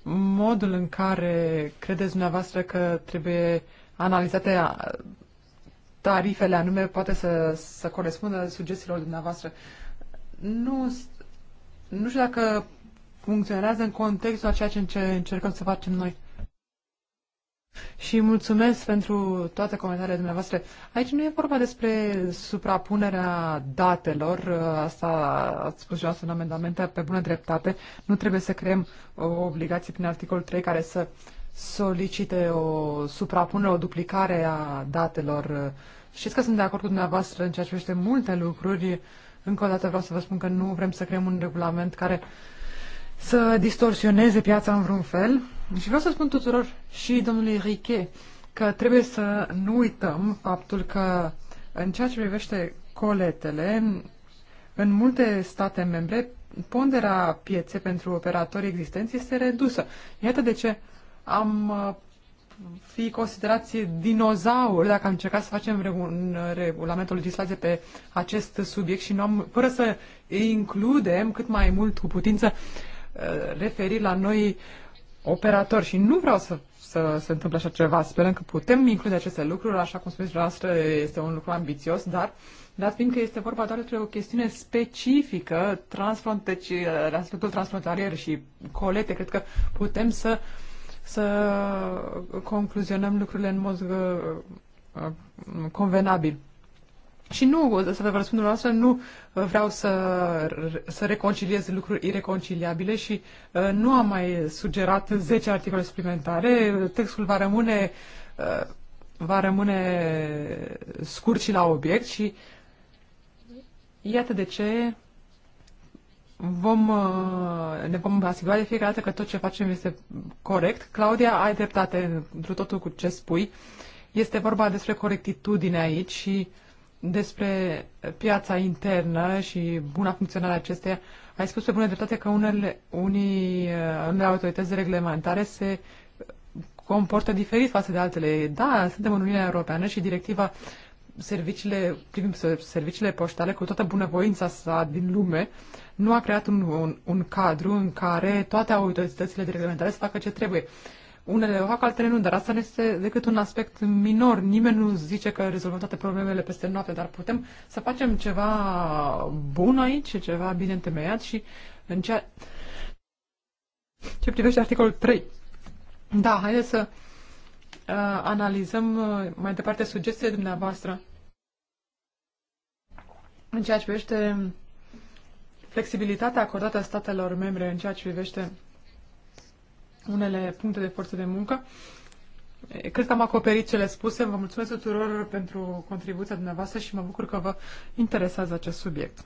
Speaker 4: modul în care credeți dumneavoastră că trebuie analizate tarifele anume, poate să, să corespundă sugestiilor dumneavoastră. Nu, nu știu dacă funcționează în contextul a ceea ce încercăm să facem noi. Și mulțumesc pentru toate comentariile dumneavoastră. Aici nu e vorba despre suprapunerea datelor, asta ați spus și în amendamente pe bună dreptate. Nu trebuie să creăm o obligație prin articolul 3 care să uh, solicite o suprapunere, o duplicare a datelor. Știți că sunt de acord cu dumneavoastră în ceea ce privește multe lucruri. Încă o dată vreau să vă spun că nu vrem să creăm un regulament care să distorsioneze piața în vreun fel. Și vreau să spun tuturor și domnului Riche că trebuie să nu uităm faptul că în ceea ce privește coletele, în multe state membre, ponderea pieței pentru operatorii existenți este redusă. Iată de ce am uh, fi considerați dinozauri dacă am încercat să facem un uh, regulament, o legislație pe acest subiect și nu am, fără să includem cât mai mult cu putință uh, referi la noi operatori și nu vreau să, să se întâmple așa ceva. Sperăm că putem include aceste lucruri, așa cum spuneți dumneavoastră, este un lucru ambițios, dar dar fiindcă este vorba doar despre o chestiune specifică, transfront, deci aspectul transfrontalier și colete, cred că putem să uh, să concluzionăm lucrurile în mod uh, uh, convenabil. Și nu, să vă răspund dumneavoastră, nu vreau să, să reconciliez lucruri ireconciliabile și uh, nu am mai sugerat 10 articole suplimentare. Textul va rămâne, uh, va rămâne scurt și la obiect și iată de ce vom, uh, ne vom asigura de fiecare dată că tot ce facem este corect. Claudia, ai dreptate într totul cu ce spui. Este vorba despre corectitudine aici și despre piața internă și buna funcționare acesteia. Ai spus pe bună dreptate că unele, unii, uh, unele autorități de reglementare se comportă diferit față de altele. Da, suntem în Uniunea Europeană și directiva serviciile, privind serviciile poștale cu toată bunăvoința sa din lume, nu a creat un, un, un cadru în care toate autoritățile de reglementare să facă ce trebuie. Unele o fac, altele nu, dar asta nu este decât un aspect minor. Nimeni nu zice că rezolvăm toate problemele peste noapte, dar putem să facem ceva bun aici, ceva bine întemeiat și în ceea ce privește articolul 3. Da, haideți să uh, analizăm uh, mai departe sugestiile dumneavoastră în ceea ce privește Flexibilitatea acordată statelor membre în ceea ce privește unele puncte de forță de muncă. Cred că am acoperit cele spuse. Vă mulțumesc tuturor pentru contribuția dumneavoastră și mă bucur că vă interesează acest subiect.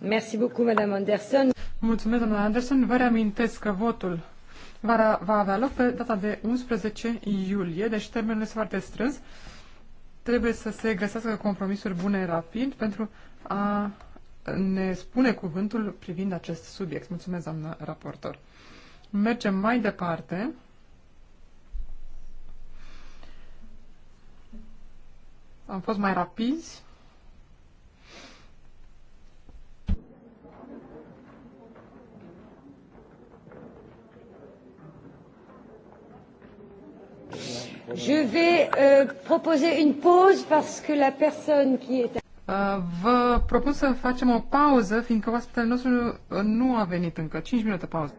Speaker 4: Merci beaucoup, Madame Anderson. Mulțumesc, doamna Anderson. Vă reamintesc că votul va, va avea loc pe data de 11 iulie, deci termenul este foarte strâns. Trebuie să se găsească compromisuri bune rapid pentru a ne spune cuvântul privind acest subiect. Mulțumesc, doamnă raportor. Mergem mai departe. Am fost mai rapizi.
Speaker 2: Je vais euh, proposer une pause parce que la personne qui est Uh, vă propun să facem
Speaker 4: o pauză, fiindcă oaspetele nostru nu a venit încă. 5 minute pauză.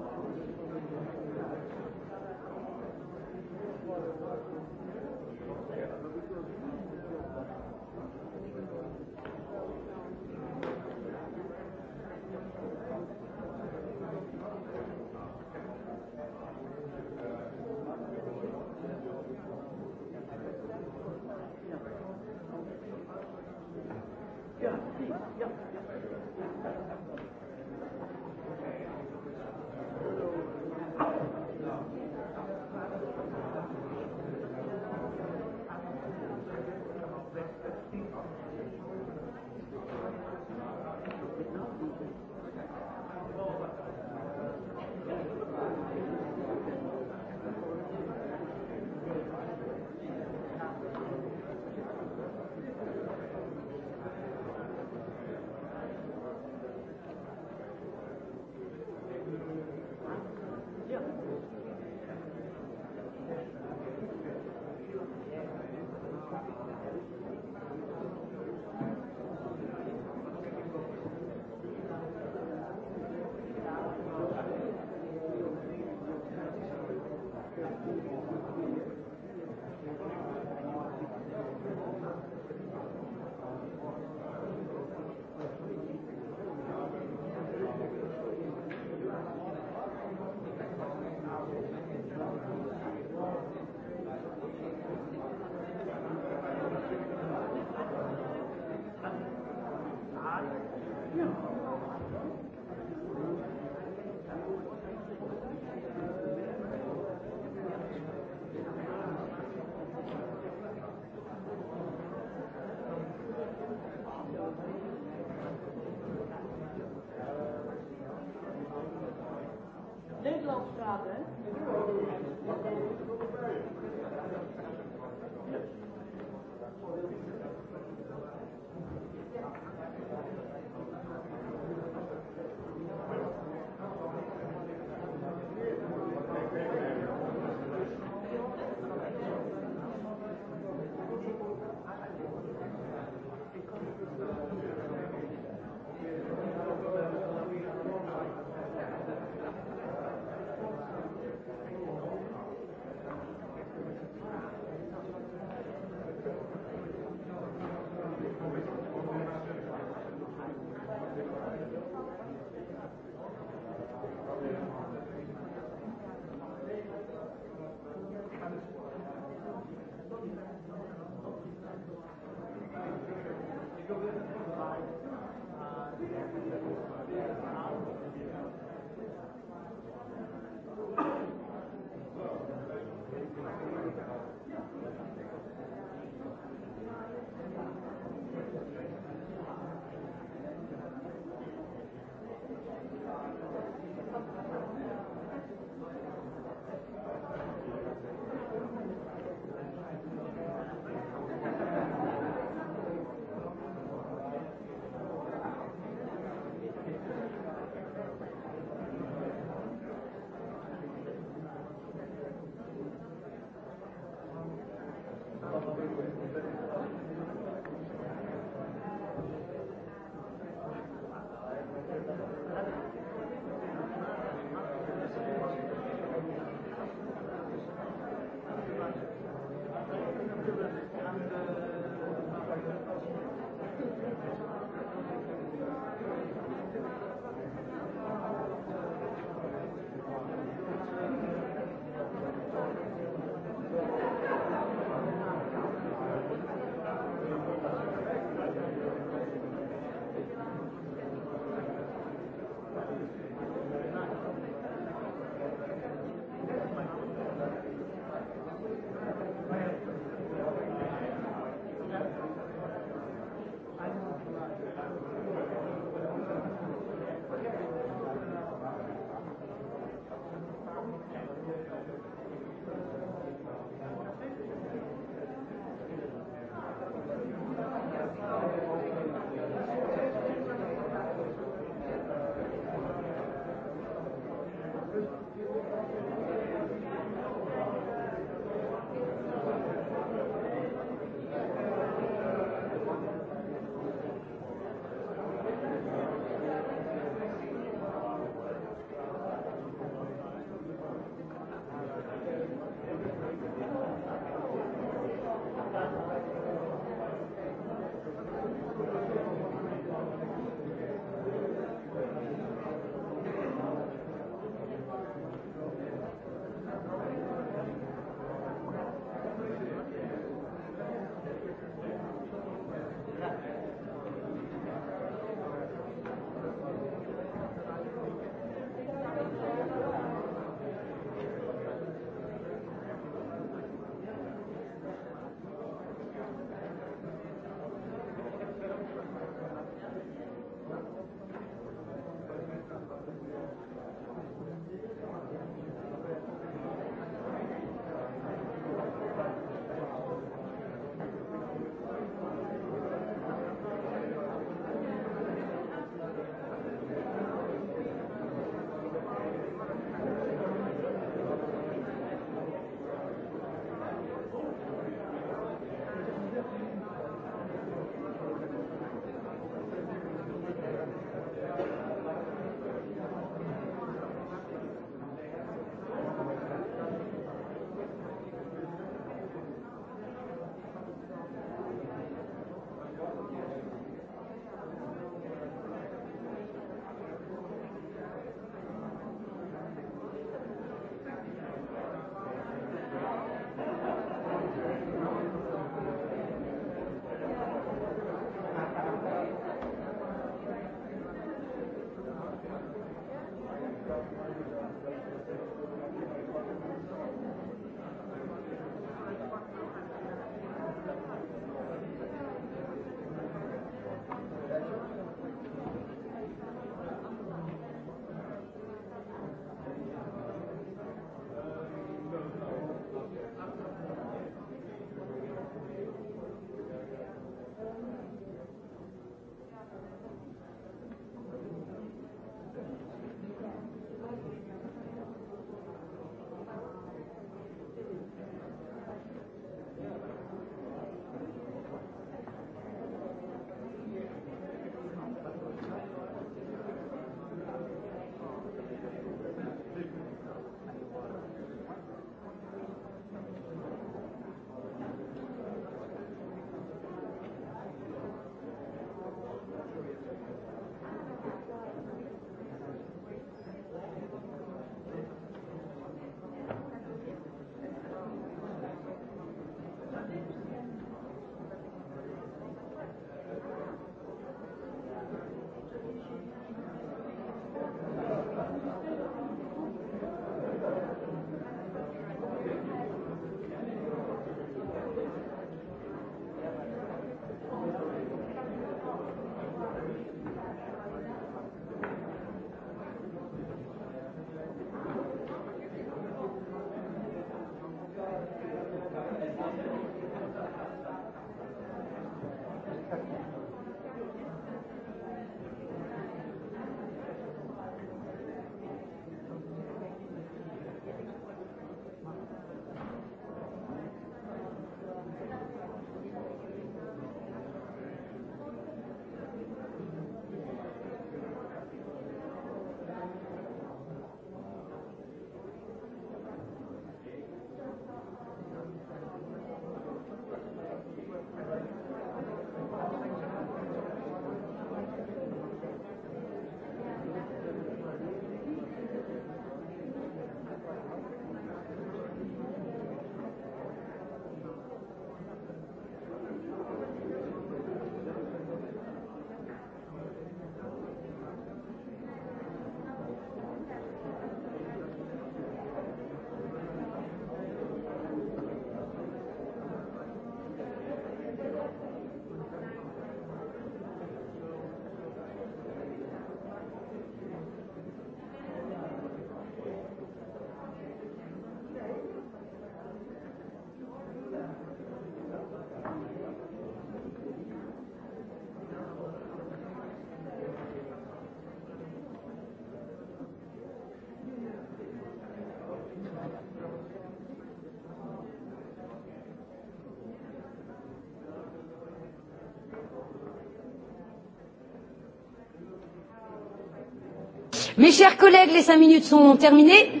Speaker 4: Mes
Speaker 2: chers collègues, les cinq minutes sont terminées.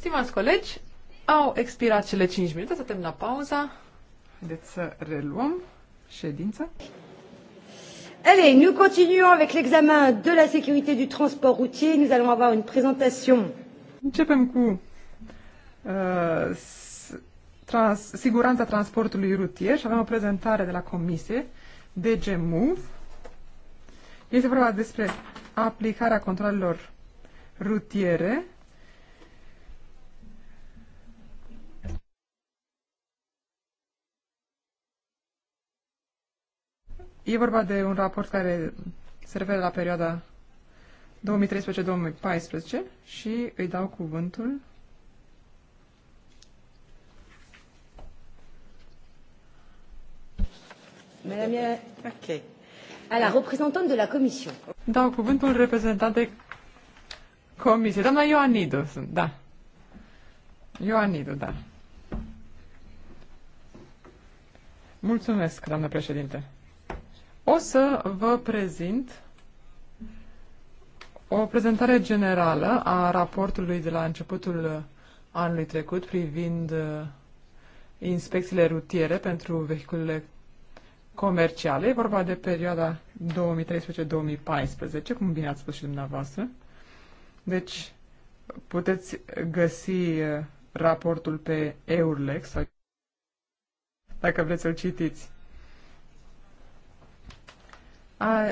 Speaker 4: Stimați colegi, au expirat cele 5 minute, să termină pauza. Haideți să reluăm ședința.
Speaker 6: Allez, nous continuons avec l'examen de la sécurité du
Speaker 4: transport routier. Nous allons avoir une présentation. Începem cu uh, trans, siguranța transportului rutier și avem o prezentare de la comisie DG Move. Este vorba despre aplicarea controlelor rutiere E vorba de un raport care se referă la perioada 2013-2014 și îi dau cuvântul Madame, Okay
Speaker 6: à la représentante de la Commission.
Speaker 4: Dau cuvântul de Comisie, Doamna Ioanidu, sunt, da. Ioanidu, da. Mulțumesc, doamnă președinte. O să vă prezint o prezentare generală a raportului de la începutul anului trecut privind uh, inspecțiile rutiere pentru vehiculele comerciale. E vorba de perioada 2013-2014, cum bine ați spus și dumneavoastră. Deci, puteți găsi uh, raportul pe Eurlex, sau dacă vreți să-l citiți. A,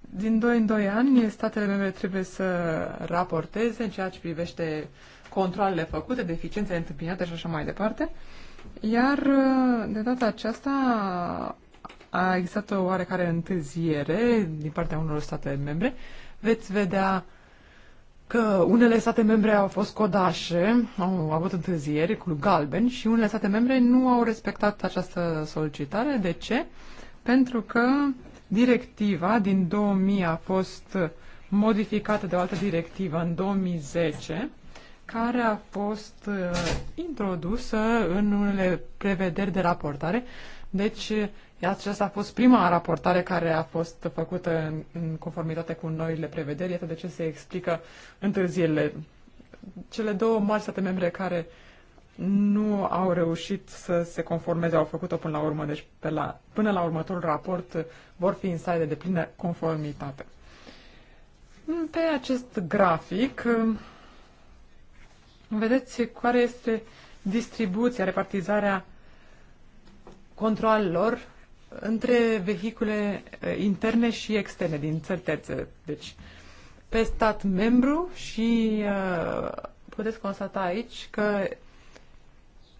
Speaker 4: din 2 în 2 ani, statele membre trebuie să raporteze în ceea ce privește controlele făcute, deficiențele întâmpinate și așa mai departe. Iar uh, de data aceasta a existat o oarecare întârziere din partea unor state membre. Veți vedea că unele state membre au fost codașe, au avut întârzieri cu galben și unele state membre nu au respectat această solicitare. De ce? Pentru că directiva din 2000 a fost modificată de o altă directivă în 2010 care a fost uh, introdusă în unele prevederi de raportare. Deci, aceasta a fost prima raportare care a fost făcută în, în conformitate cu noile prevederi. Iată de ce se explică întârzierile. Cele două mari state membre care nu au reușit să se conformeze, au făcut-o până la urmă, deci pe la, până la următorul raport vor fi în stare de plină conformitate. Pe acest grafic vedeți care este distribuția, repartizarea controalelor între vehicule interne și externe din terțe. Deci, pe stat membru și uh, puteți constata aici că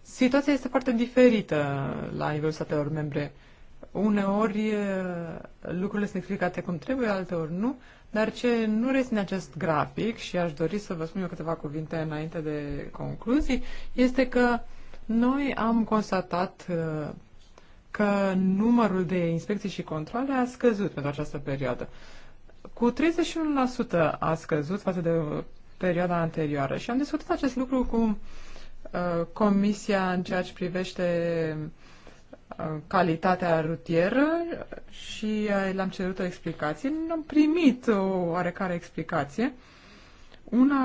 Speaker 4: situația este foarte diferită la nivelul statelor membre. Uneori lucrurile sunt explicate cum trebuie, alteori nu, dar ce nu reține acest grafic și aș dori să vă spun eu câteva cuvinte înainte de concluzii, este că noi am constatat că numărul de inspecții și controle a scăzut pentru această perioadă. Cu 31% a scăzut față de perioada anterioară și am discutat acest lucru cu uh, Comisia în ceea ce privește uh, calitatea rutieră și uh, le-am cerut o explicație. Am primit o oarecare explicație. Una,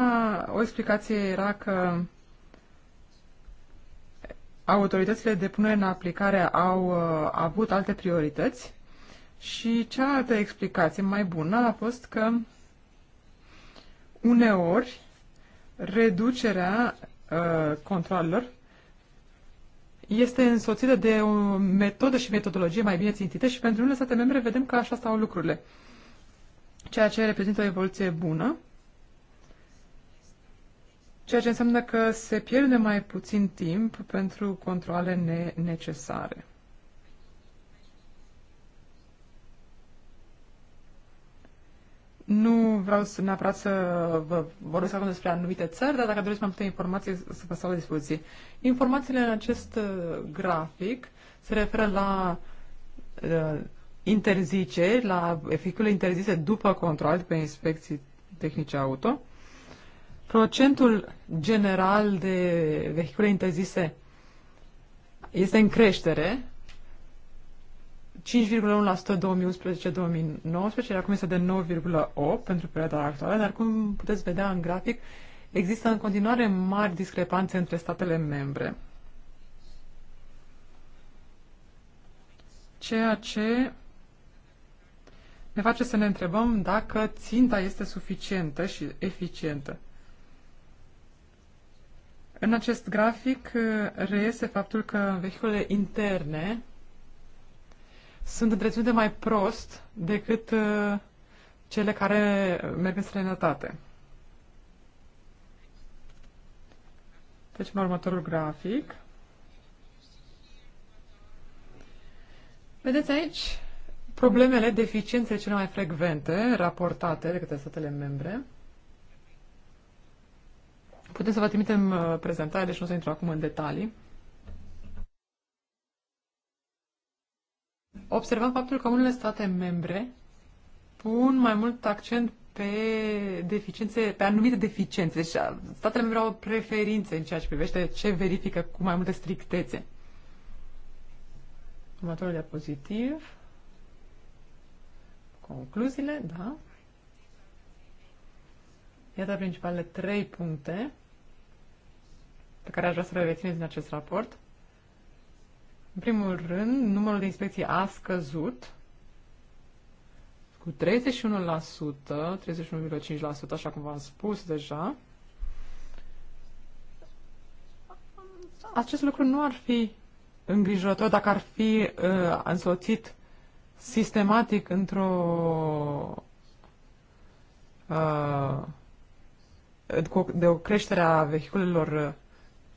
Speaker 4: o explicație era că autoritățile de punere în aplicare au uh, avut alte priorități și cealaltă explicație mai bună a fost că uneori reducerea uh, controlelor este însoțită de o metodă și metodologie mai bine țintită și pentru unele state membre vedem că așa stau lucrurile, ceea ce reprezintă o evoluție bună ceea ce înseamnă că se pierde mai puțin timp pentru controle ne necesare. Nu vreau să neapărat să vă vorbesc acum despre anumite țări, dar dacă doriți mai multe informații, să vă stau la dispoziție. Informațiile în acest uh, grafic se referă la uh, interzice, la efectele interzise după control, pe inspecții tehnice auto procentul general de vehicule interzise este în creștere. 5,1% 2011-2019, acum este de 9,8% pentru perioada actuală, dar cum puteți vedea în grafic, există în continuare mari discrepanțe între statele membre. Ceea ce ne face să ne întrebăm dacă ținta este suficientă și eficientă. În acest grafic uh, reiese faptul că vehiculele interne sunt întreținute mai prost decât uh, cele care merg în străinătate. Trecem la următorul grafic. Vedeți aici problemele, deficiențele cele mai frecvente raportate de către statele membre. Putem să vă trimitem uh, prezentarea, deci nu o să intru acum în detalii. Observăm faptul că unele state membre pun mai mult accent pe deficiențe, pe anumite deficiențe. Deci uh, statele membre au preferințe în ceea ce privește ce verifică cu mai multă strictețe. Următorul diapozitiv. Concluziile, da. Iată principalele trei puncte pe care aș vrea să le rețineți din acest raport. În primul rând, numărul de inspecții a scăzut cu 31%, 31,5%, așa cum v-am spus deja. Acest lucru nu ar fi îngrijorător dacă ar fi uh, însoțit sistematic într-o uh, de o creștere a vehiculelor uh,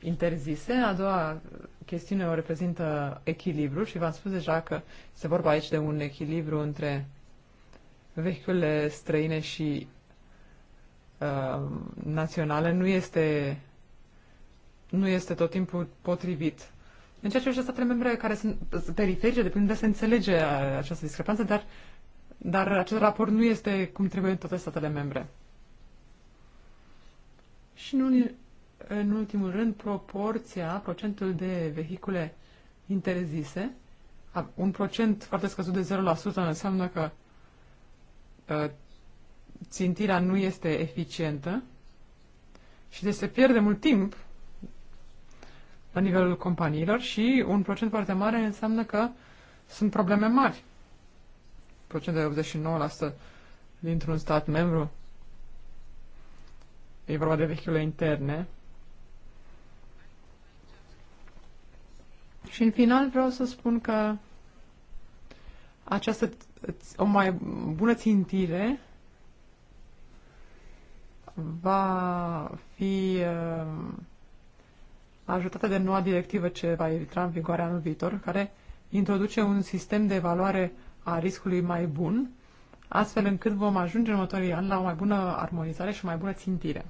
Speaker 4: interzise. A doua chestiune o reprezintă echilibru și v-am spus deja că se vorba aici de un echilibru între vehiculele străine și uh, naționale. Nu este, nu este tot timpul potrivit. În ceea ce privește statele membre care sunt periferice, de pildă, se înțelege uh, această discrepanță, dar, dar acest raport nu este cum trebuie în toate statele membre. Și nu în ultimul rând, proporția, procentul de vehicule interzise. Un procent foarte scăzut de 0% înseamnă că ă, țintirea nu este eficientă și de deci se pierde mult timp la nivelul companiilor și un procent foarte mare înseamnă că sunt probleme mari. Procent de 89% dintr-un stat membru. E vorba de vehicule interne. Și în final vreau să spun că această o mai bună țintire va fi uh, ajutată de noua directivă ce va intra în vigoare anul viitor, care introduce un sistem de evaluare a riscului mai bun, astfel încât vom ajunge în următorii ani la o mai bună armonizare și o mai bună țintire.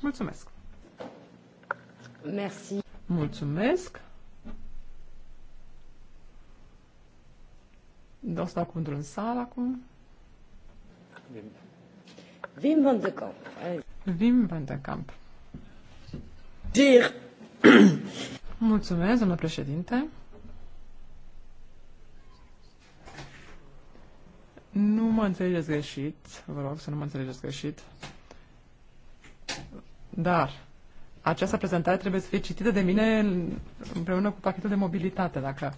Speaker 4: Mulțumesc!
Speaker 2: Merci.
Speaker 4: Mulțumesc! Dar să cu într-un sal acum. Wim van de Kamp. Wim van de Kamp. Dir. Mulțumesc, domnule președinte. Nu mă înțelegeți greșit, vă rog să nu mă înțelegeți greșit, dar această prezentare trebuie să fie citită de mine împreună cu pachetul de mobilitate. Dacă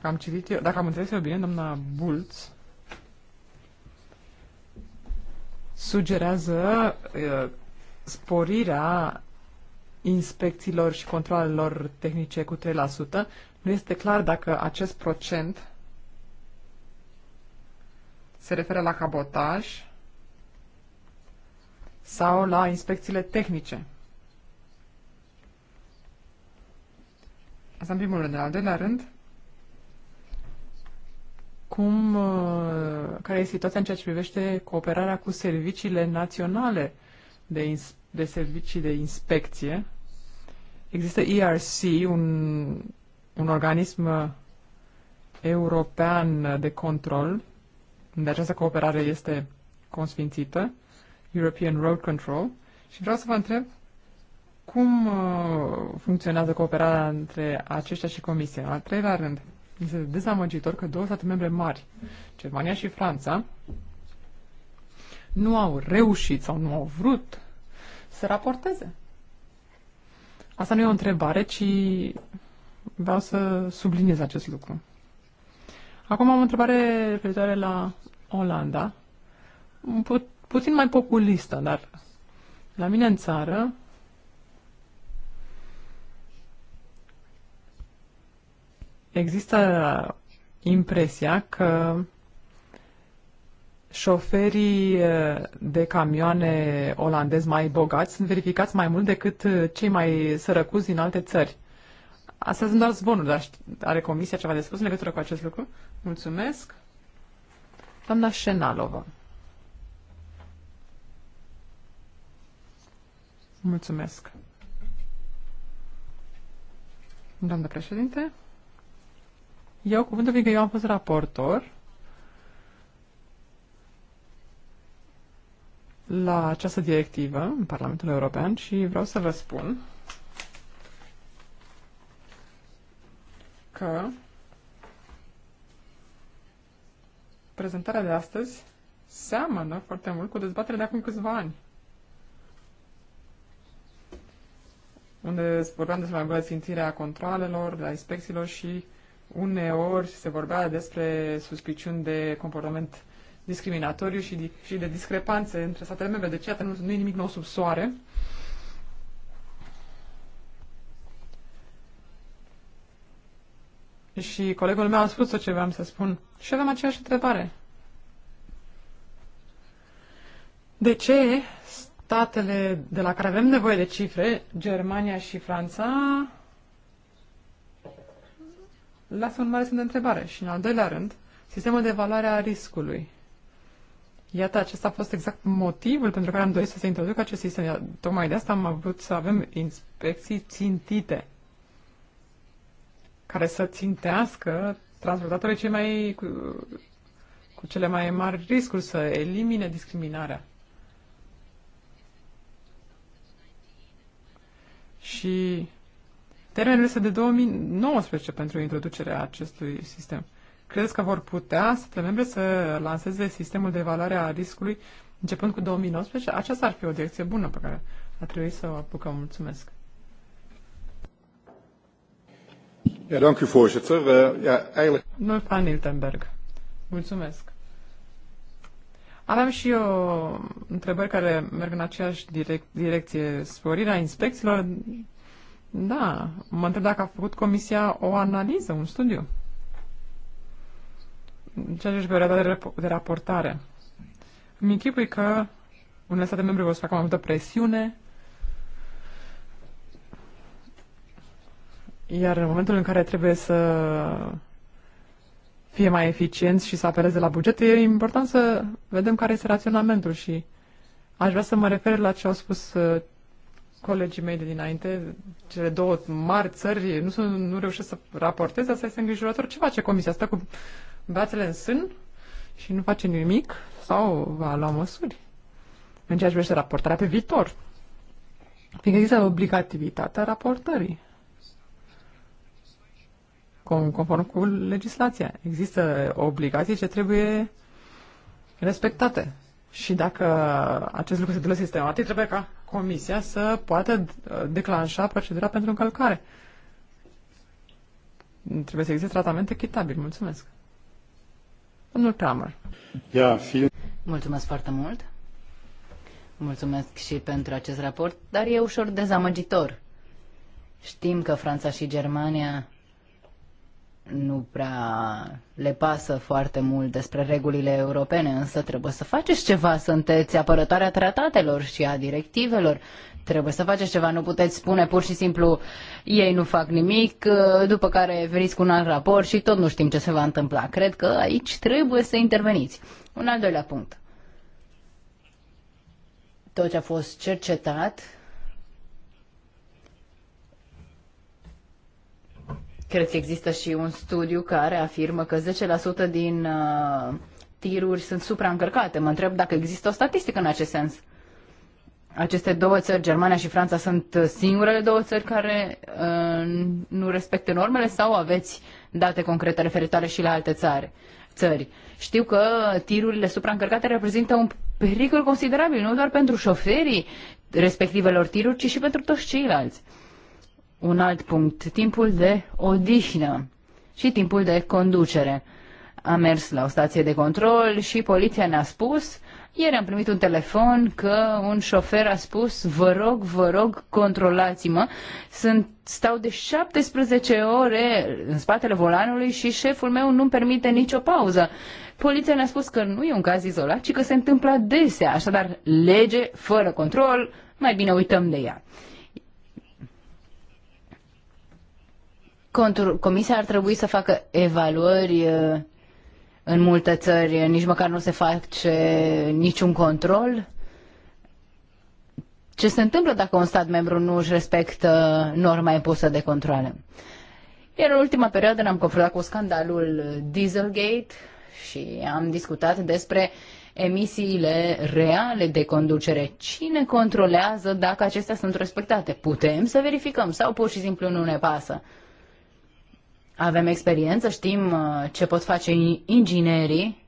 Speaker 4: dacă am citit eu, dacă am înțeles eu bine, doamna Bulț sugerează uh, sporirea inspecțiilor și controlelor tehnice cu 3%. Nu este clar dacă acest procent se referă la cabotaj sau la inspecțiile tehnice. Asta în primul rând. În al doilea rând, cum uh, care e situația în ceea ce privește cooperarea cu serviciile naționale de, de servicii de inspecție. Există ERC, un, un organism uh, european de control, unde această cooperare este consfințită, European Road Control, și vreau să vă întreb cum uh, funcționează cooperarea între aceștia și Comisia. Al treilea rând, este dezamăgitor că două state membre mari, Germania și Franța, nu au reușit sau nu au vrut să raporteze. Asta nu e o întrebare, ci vreau să subliniez acest lucru. Acum am o întrebare referitoare la Olanda, Pu- puțin mai populistă, dar la mine în țară există impresia că șoferii de camioane olandezi mai bogați sunt verificați mai mult decât cei mai sărăcuți din alte țări. Asta sunt doar zvonuri, dar are comisia ceva de spus în legătură cu acest lucru? Mulțumesc. Doamna Șenalova. Mulțumesc. Doamna președinte iau cuvântul fiindcă eu am fost raportor la această directivă în Parlamentul European și vreau să vă spun că prezentarea de astăzi seamănă foarte mult cu dezbaterea de acum câțiva ani. Unde vorbeam despre mai bună țintirea controalelor, la inspecțiilor și uneori se vorbea despre suspiciuni de comportament discriminatoriu și de, și de discrepanțe între statele membre. Deci, iată, nu, nu e nimic nou sub soare. Și colegul meu a spus tot ce vreau să spun. Și avem aceeași întrebare. De ce statele de la care avem nevoie de cifre, Germania și Franța, lasă un mare semn de întrebare. Și în al doilea rând, sistemul de evaluare a riscului. Iată, acesta a fost exact motivul pentru care am dorit să se introducă acest sistem. Iar tocmai de asta am avut să avem inspecții țintite care să țintească transportatorii cei mai, cu, cu cele mai mari riscuri, să elimine discriminarea. Și Termenul este de 2019 pentru introducerea acestui sistem. Credeți că vor putea statele membre să lanseze sistemul de evaluare a riscului începând cu 2019? Aceasta ar fi o direcție bună pe care ar trebui să o apucăm. Mulțumesc.
Speaker 3: Ja, dank u voorzitter. Uh, ja, eigenlijk...
Speaker 4: Domnul mulțumesc. Aveam și eu întrebări care merg în aceeași direc- direcție. Sporirea inspecțiilor da, mă întreb dacă a făcut comisia o analiză, un studiu. Ceea ce aș vrea de, de raportare. Îmi închipui că unele state membre vor să facă mai multă presiune, iar în momentul în care trebuie să fie mai eficienți și să apeleze la buget, e important să vedem care este raționamentul și aș vrea să mă refer la ce au spus colegii mei de dinainte, cele două mari țări, nu, sunt, nu reușesc să raporteze, asta este îngrijorător. Ce face comisia asta cu brațele în sân și nu face nimic sau va lua măsuri în ceea ce vrește raportarea pe viitor? Fiindcă există obligativitatea raportării conform cu legislația. Există obligații ce trebuie respectate. Și dacă acest lucru se întâmplă sistematic, trebuie ca Comisia să poată uh, declanșa procedura pentru încălcare. Trebuie să existe tratament echitabil. Mulțumesc.
Speaker 1: Domnul Kramer.
Speaker 5: Yeah, feel-
Speaker 1: Mulțumesc foarte mult. Mulțumesc și pentru acest raport, dar e ușor dezamăgitor. Știm că Franța și Germania nu prea le pasă foarte mult despre regulile europene, însă trebuie să faceți ceva, sunteți apărătoarea tratatelor și a directivelor, trebuie să faceți ceva, nu puteți spune pur și simplu ei nu fac nimic, după care veniți cu un alt raport și tot nu știm ce se va întâmpla. Cred că aici trebuie să interveniți. Un al doilea punct. Tot ce a fost cercetat Cred că există și un studiu care afirmă că 10% din uh, tiruri sunt supraîncărcate. Mă întreb dacă există o statistică în acest sens. Aceste două țări, Germania și Franța, sunt uh, singurele două țări care uh, nu respectă normele sau aveți date concrete referitoare și la alte țări? țări. Știu că tirurile supraîncărcate reprezintă un pericol considerabil, nu doar pentru șoferii respectivelor tiruri, ci și pentru toți ceilalți. Uh, un alt punct, timpul de odihnă și timpul de conducere. Am mers la o stație de control și poliția ne-a spus, ieri am primit un telefon că un șofer a spus, vă rog, vă rog, controlați-mă, Sunt, stau de 17 ore în spatele volanului și șeful meu nu-mi permite nicio pauză. Poliția ne-a spus că nu e un caz izolat, ci că se întâmplă adesea, așadar lege fără control, mai bine uităm de ea. Contur, comisia ar trebui să facă evaluări uh, în multe țări, uh, nici măcar nu se face niciun control. Ce se întâmplă dacă un stat membru nu își respectă norma impusă de controle? Iar în ultima perioadă ne-am confruntat cu scandalul Dieselgate și am discutat despre emisiile reale de conducere. Cine controlează dacă acestea sunt respectate? Putem să verificăm sau pur și simplu nu ne pasă? Avem experiență, știm uh, ce pot face inginerii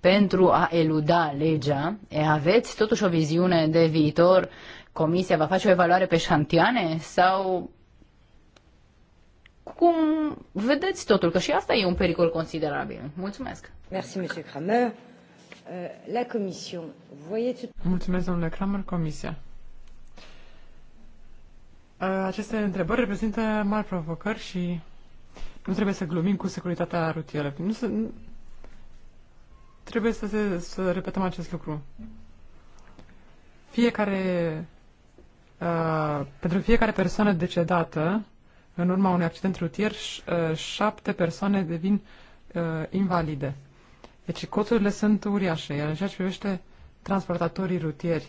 Speaker 1: pentru a eluda legea. E, aveți totuși o viziune de viitor? Comisia va face o evaluare pe șantiane sau cum vedeți totul? Că și asta e un pericol considerabil.
Speaker 2: Mulțumesc. Merci, monsieur Kramer. Euh, la
Speaker 4: Mulțumesc, domnule Kramer, comisia. Euh, aceste întrebări reprezintă mari provocări și nu trebuie să glumim cu securitatea rutieră. Nu să, nu, trebuie să, se, să repetăm acest lucru. Fiecare, uh, pentru fiecare persoană decedată în urma unui accident rutier, uh, șapte persoane devin uh, invalide. Deci costurile sunt uriașe, iar în ceea ce privește transportatorii rutieri,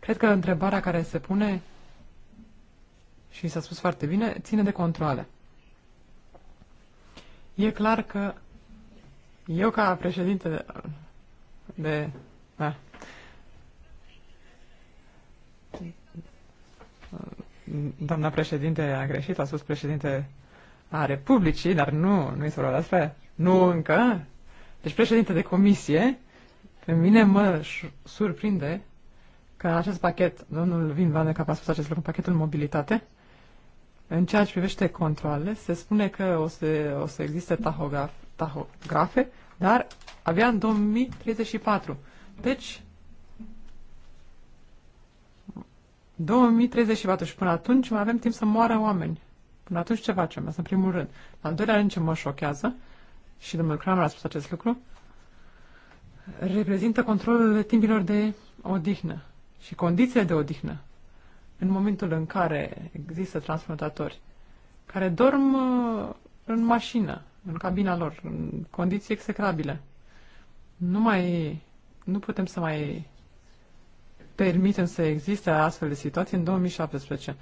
Speaker 4: cred că întrebarea care se pune, și s-a spus foarte bine, ține de controle. E clar că eu ca președinte de... de da, doamna președinte a greșit, a spus președinte a Republicii, dar nu, nu i s-a luat asta, nu încă. Deci președinte de comisie, pe mine mă surprinde că acest pachet, domnul Vin Vanecap a spus acest lucru, pachetul mobilitate, în ceea ce privește controlele, se spune că o să, o să existe tahograf, tahografe, dar avea în 2034. Deci, 2034 și până atunci mai avem timp să moară oameni. Până atunci ce facem? Asta în primul rând. Al doilea rând ce mă șochează, și domnul Kramer a spus acest lucru, reprezintă controlul timpilor de odihnă și condițiile de odihnă în momentul în care există transplantatori care dorm uh, în mașină, în cabina lor, în condiții execrabile, nu mai, nu putem să mai permitem să existe astfel de situații în 2017.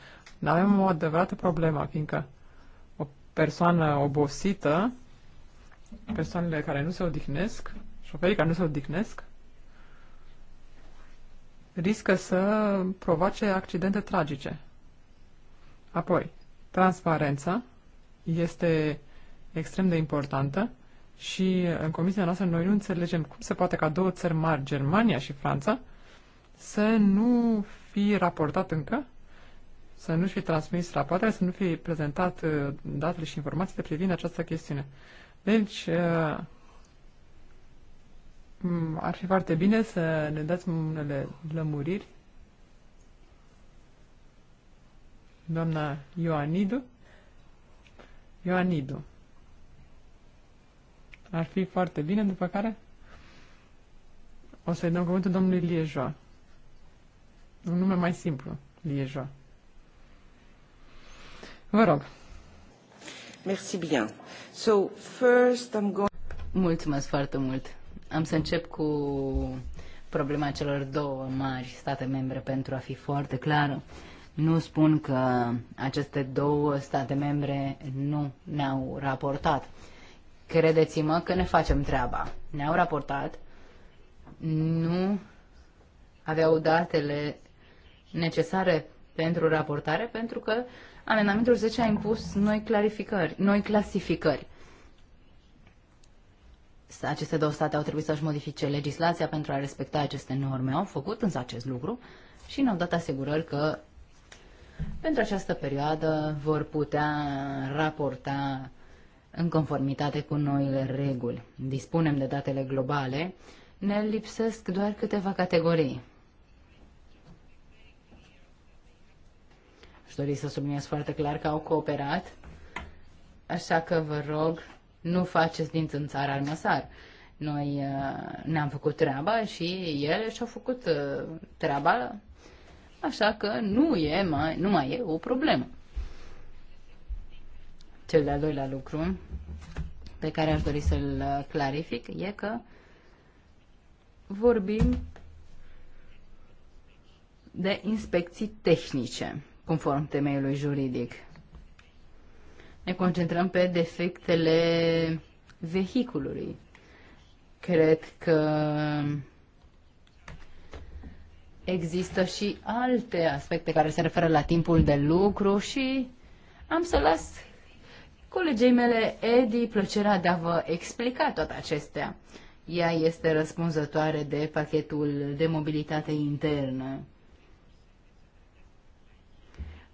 Speaker 4: Avem o adevărată problemă, fiindcă o persoană obosită, persoanele care nu se odihnesc, șoferii care nu se odihnesc, riscă să provoace accidente tragice. Apoi, transparența este extrem de importantă și în comisia noastră noi nu înțelegem cum se poate ca două țări mari, Germania și Franța, să nu fi raportat încă, să nu fi transmis rapoartele, să nu fi prezentat uh, datele și informațiile privind această chestiune. Deci, uh, Mm, ar fi foarte bine să ne dați unele lămuriri. Doamna Ioanidu. Ioanidu. Ar fi foarte bine, după care o să-i dăm cuvântul domnului Liejoa. Un nume mai simplu, Liejoa.
Speaker 1: Vă rog. Merci bien. So, first I'm going... Mulțumesc foarte mult. Am să încep cu problema celor două mari state membre pentru a fi foarte clară. Nu spun că aceste două state membre nu ne-au raportat. Credeți-mă că ne facem treaba. Ne-au raportat, nu aveau datele necesare pentru raportare, pentru că amendamentul 10 a impus noi clarificări, noi clasificări aceste două state au trebuit să-și modifice legislația pentru a respecta aceste norme. Au făcut însă acest lucru și ne-au dat asigurări că pentru această perioadă vor putea raporta în conformitate cu noile reguli. Dispunem de datele globale, ne lipsesc doar câteva categorii. Aș dori să subliniez foarte clar că au cooperat, așa că vă rog nu faceți din țânțar măsar. Noi uh, ne-am făcut treaba și ele și-au făcut uh, treaba, așa că nu, e mai, nu mai e o problemă. Cel de-al doilea lucru pe care aș dori să-l uh, clarific e că vorbim de inspecții tehnice, conform temeiului juridic ne concentrăm pe defectele vehiculului. Cred că există și alte aspecte care se referă la timpul de lucru și am să las colegei mele, Edi, plăcerea de a vă explica toate acestea. Ea este răspunzătoare de pachetul de mobilitate internă.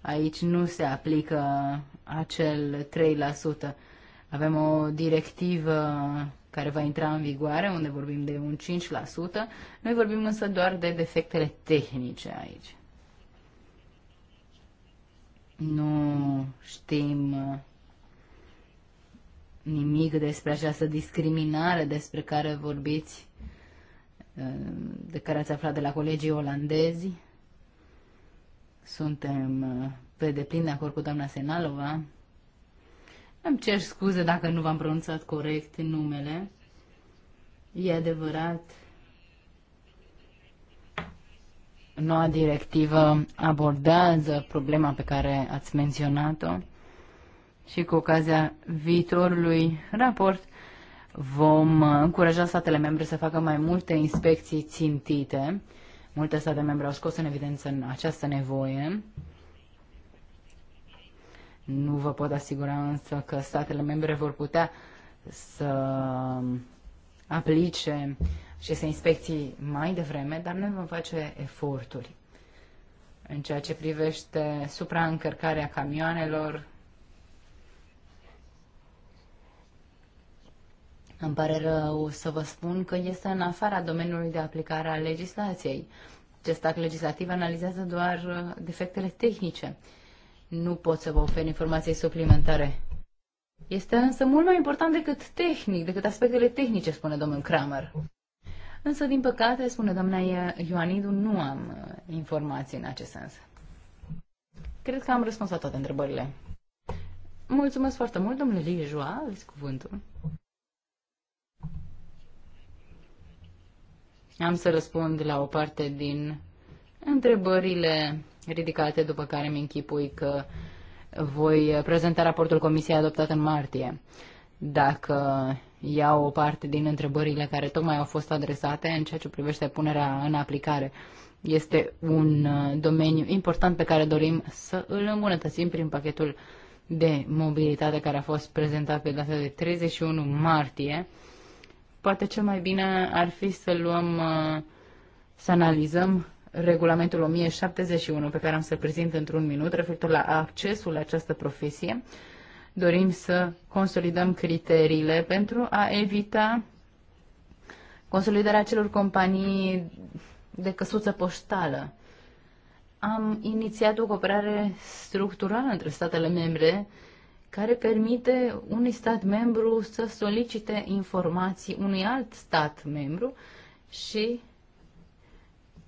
Speaker 1: Aici nu se aplică acel 3%. Avem o directivă care va intra în vigoare, unde vorbim de un 5%. Noi vorbim însă doar de defectele tehnice aici.
Speaker 2: Nu
Speaker 1: știm uh, nimic despre această discriminare despre care vorbiți, uh, de care ați aflat de la colegii olandezi. Suntem uh, pe deplin de acord cu doamna Senalova. Îmi cer scuze dacă nu v-am pronunțat corect numele. E adevărat, noua directivă abordează problema pe care ați menționat-o și cu ocazia viitorului raport vom încuraja statele membre să facă mai multe inspecții țintite. Multe state membre au scos în evidență această nevoie nu vă pot asigura însă că statele membre vor putea să aplice și să inspecții mai devreme, dar noi vom face eforturi. În ceea ce privește supraîncărcarea camioanelor, Îmi pare rău să vă spun că este în afara domeniului de aplicare a legislației. Acest act legislativ analizează doar defectele tehnice. Nu pot să vă ofer informații suplimentare. Este însă mult mai important decât tehnic, decât aspectele tehnice, spune domnul Kramer. Însă, din păcate, spune doamna Ioanidu, nu am uh, informații în acest sens. Cred că am răspuns la toate întrebările. Mulțumesc foarte mult, domnule Lijoa, aveți cuvântul. Am să răspund la o parte din întrebările ridicate, după care mi închipui că voi prezenta raportul comisiei adoptat în martie. Dacă iau o parte din întrebările care tocmai au fost adresate în ceea ce privește punerea în aplicare, este un uh, domeniu important pe care dorim să îl îmbunătățim prin pachetul de mobilitate care a fost prezentat pe data de 31 martie. Poate cel mai bine ar fi să luăm, uh, să analizăm regulamentul 1071 pe care am să-l prezint într-un minut, referitor la accesul la această profesie. Dorim să consolidăm criteriile pentru a evita consolidarea celor companii de căsuță poștală. Am inițiat o cooperare structurală între statele membre care permite unui stat membru să solicite informații unui alt stat membru și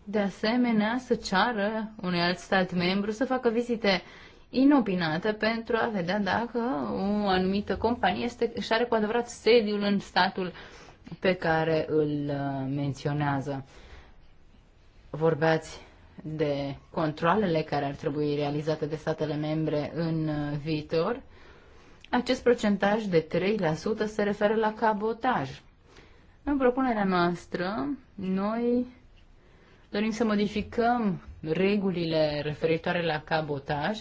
Speaker 1: de asemenea să ceară unui alt stat membru să facă vizite inopinată pentru a vedea dacă o anumită companie este, își are cu adevărat sediul în statul pe care îl uh, menționează. Vorbeați de controlele care ar trebui realizate de statele membre în uh, viitor. Acest procentaj de 3% se referă la cabotaj. În propunerea noastră, noi Dorim să modificăm regulile referitoare la cabotaj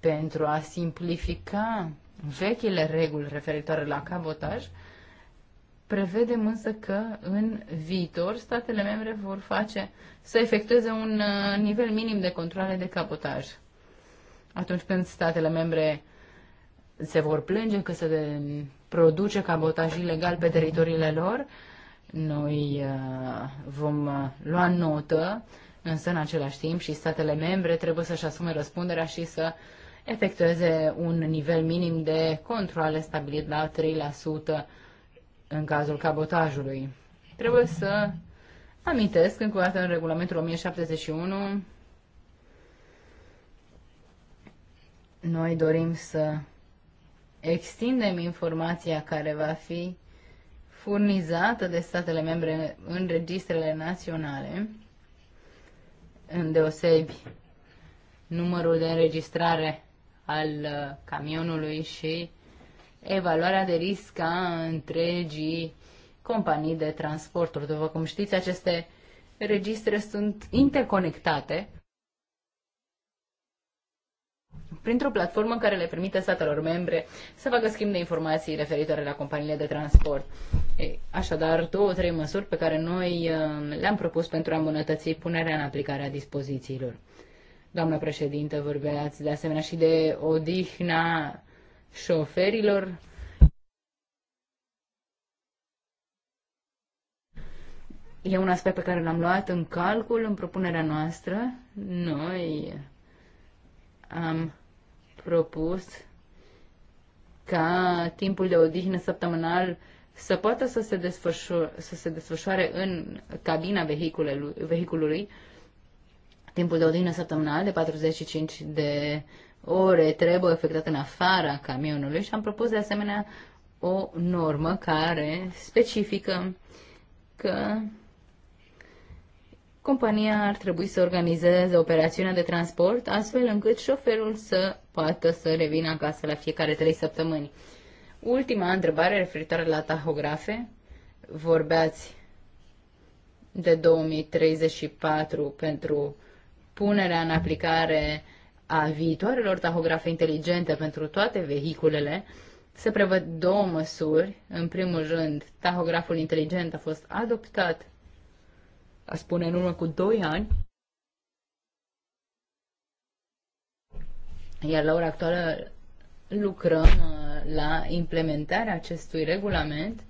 Speaker 1: pentru a simplifica vechile reguli referitoare la cabotaj. Prevedem însă că în viitor statele membre vor face să efectueze un uh, nivel minim de controle de cabotaj. Atunci când statele membre se vor plânge că se produce cabotaj ilegal pe teritoriile lor, uh, noi uh, vom uh, lua notă, însă în același timp și statele membre trebuie să-și asume răspunderea și să efectueze un nivel minim de controle stabilit la 3% în cazul cabotajului. Trebuie să amintesc încă o dată în regulamentul 1071 noi dorim să extindem informația care va fi furnizată de statele membre în registrele naționale, îndeosebi numărul de înregistrare al uh, camionului și evaluarea de risc a întregii companii de transporturi. După cum știți, aceste registre sunt interconectate printr-o platformă care le permite statelor membre să facă schimb de informații referitoare la companiile de transport. Așadar, două, trei măsuri pe care noi um, le-am propus pentru a îmbunătăți punerea în aplicare a dispozițiilor. Doamna președintă, vorbeați de asemenea și de odihna șoferilor. E un aspect pe care l-am luat în calcul în propunerea noastră. Noi am propus ca timpul de odihnă săptămânal să poată să se, desfășoare, să se desfășoare în cabina vehiculului, vehiculului timpul de odihnă săptămânal de 45 de ore trebuie efectuat în afara camionului și am propus de asemenea o normă care specifică că compania ar trebui să organizeze operațiunea de transport astfel încât șoferul să poată să revină acasă la fiecare trei săptămâni. Ultima întrebare referitoare la tahografe. Vorbeați de 2034 pentru punerea în aplicare a viitoarelor tahografe inteligente pentru toate vehiculele. Se prevăd două măsuri. În primul rând, tahograful inteligent a fost adoptat a spune, în urmă cu 2 ani, iar la ora actuală lucrăm uh, la implementarea acestui regulament.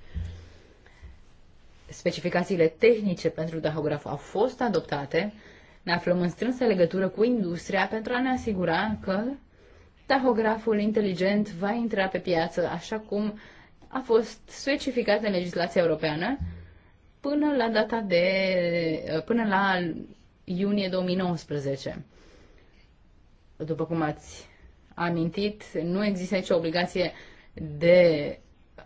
Speaker 1: Specificațiile tehnice pentru tahograf au fost adoptate. Ne aflăm în strânsă legătură cu industria pentru a ne asigura că tahograful inteligent va intra pe piață așa cum a fost specificat în legislația europeană până la data de până la iunie 2019. După cum ați amintit, nu există nicio obligație de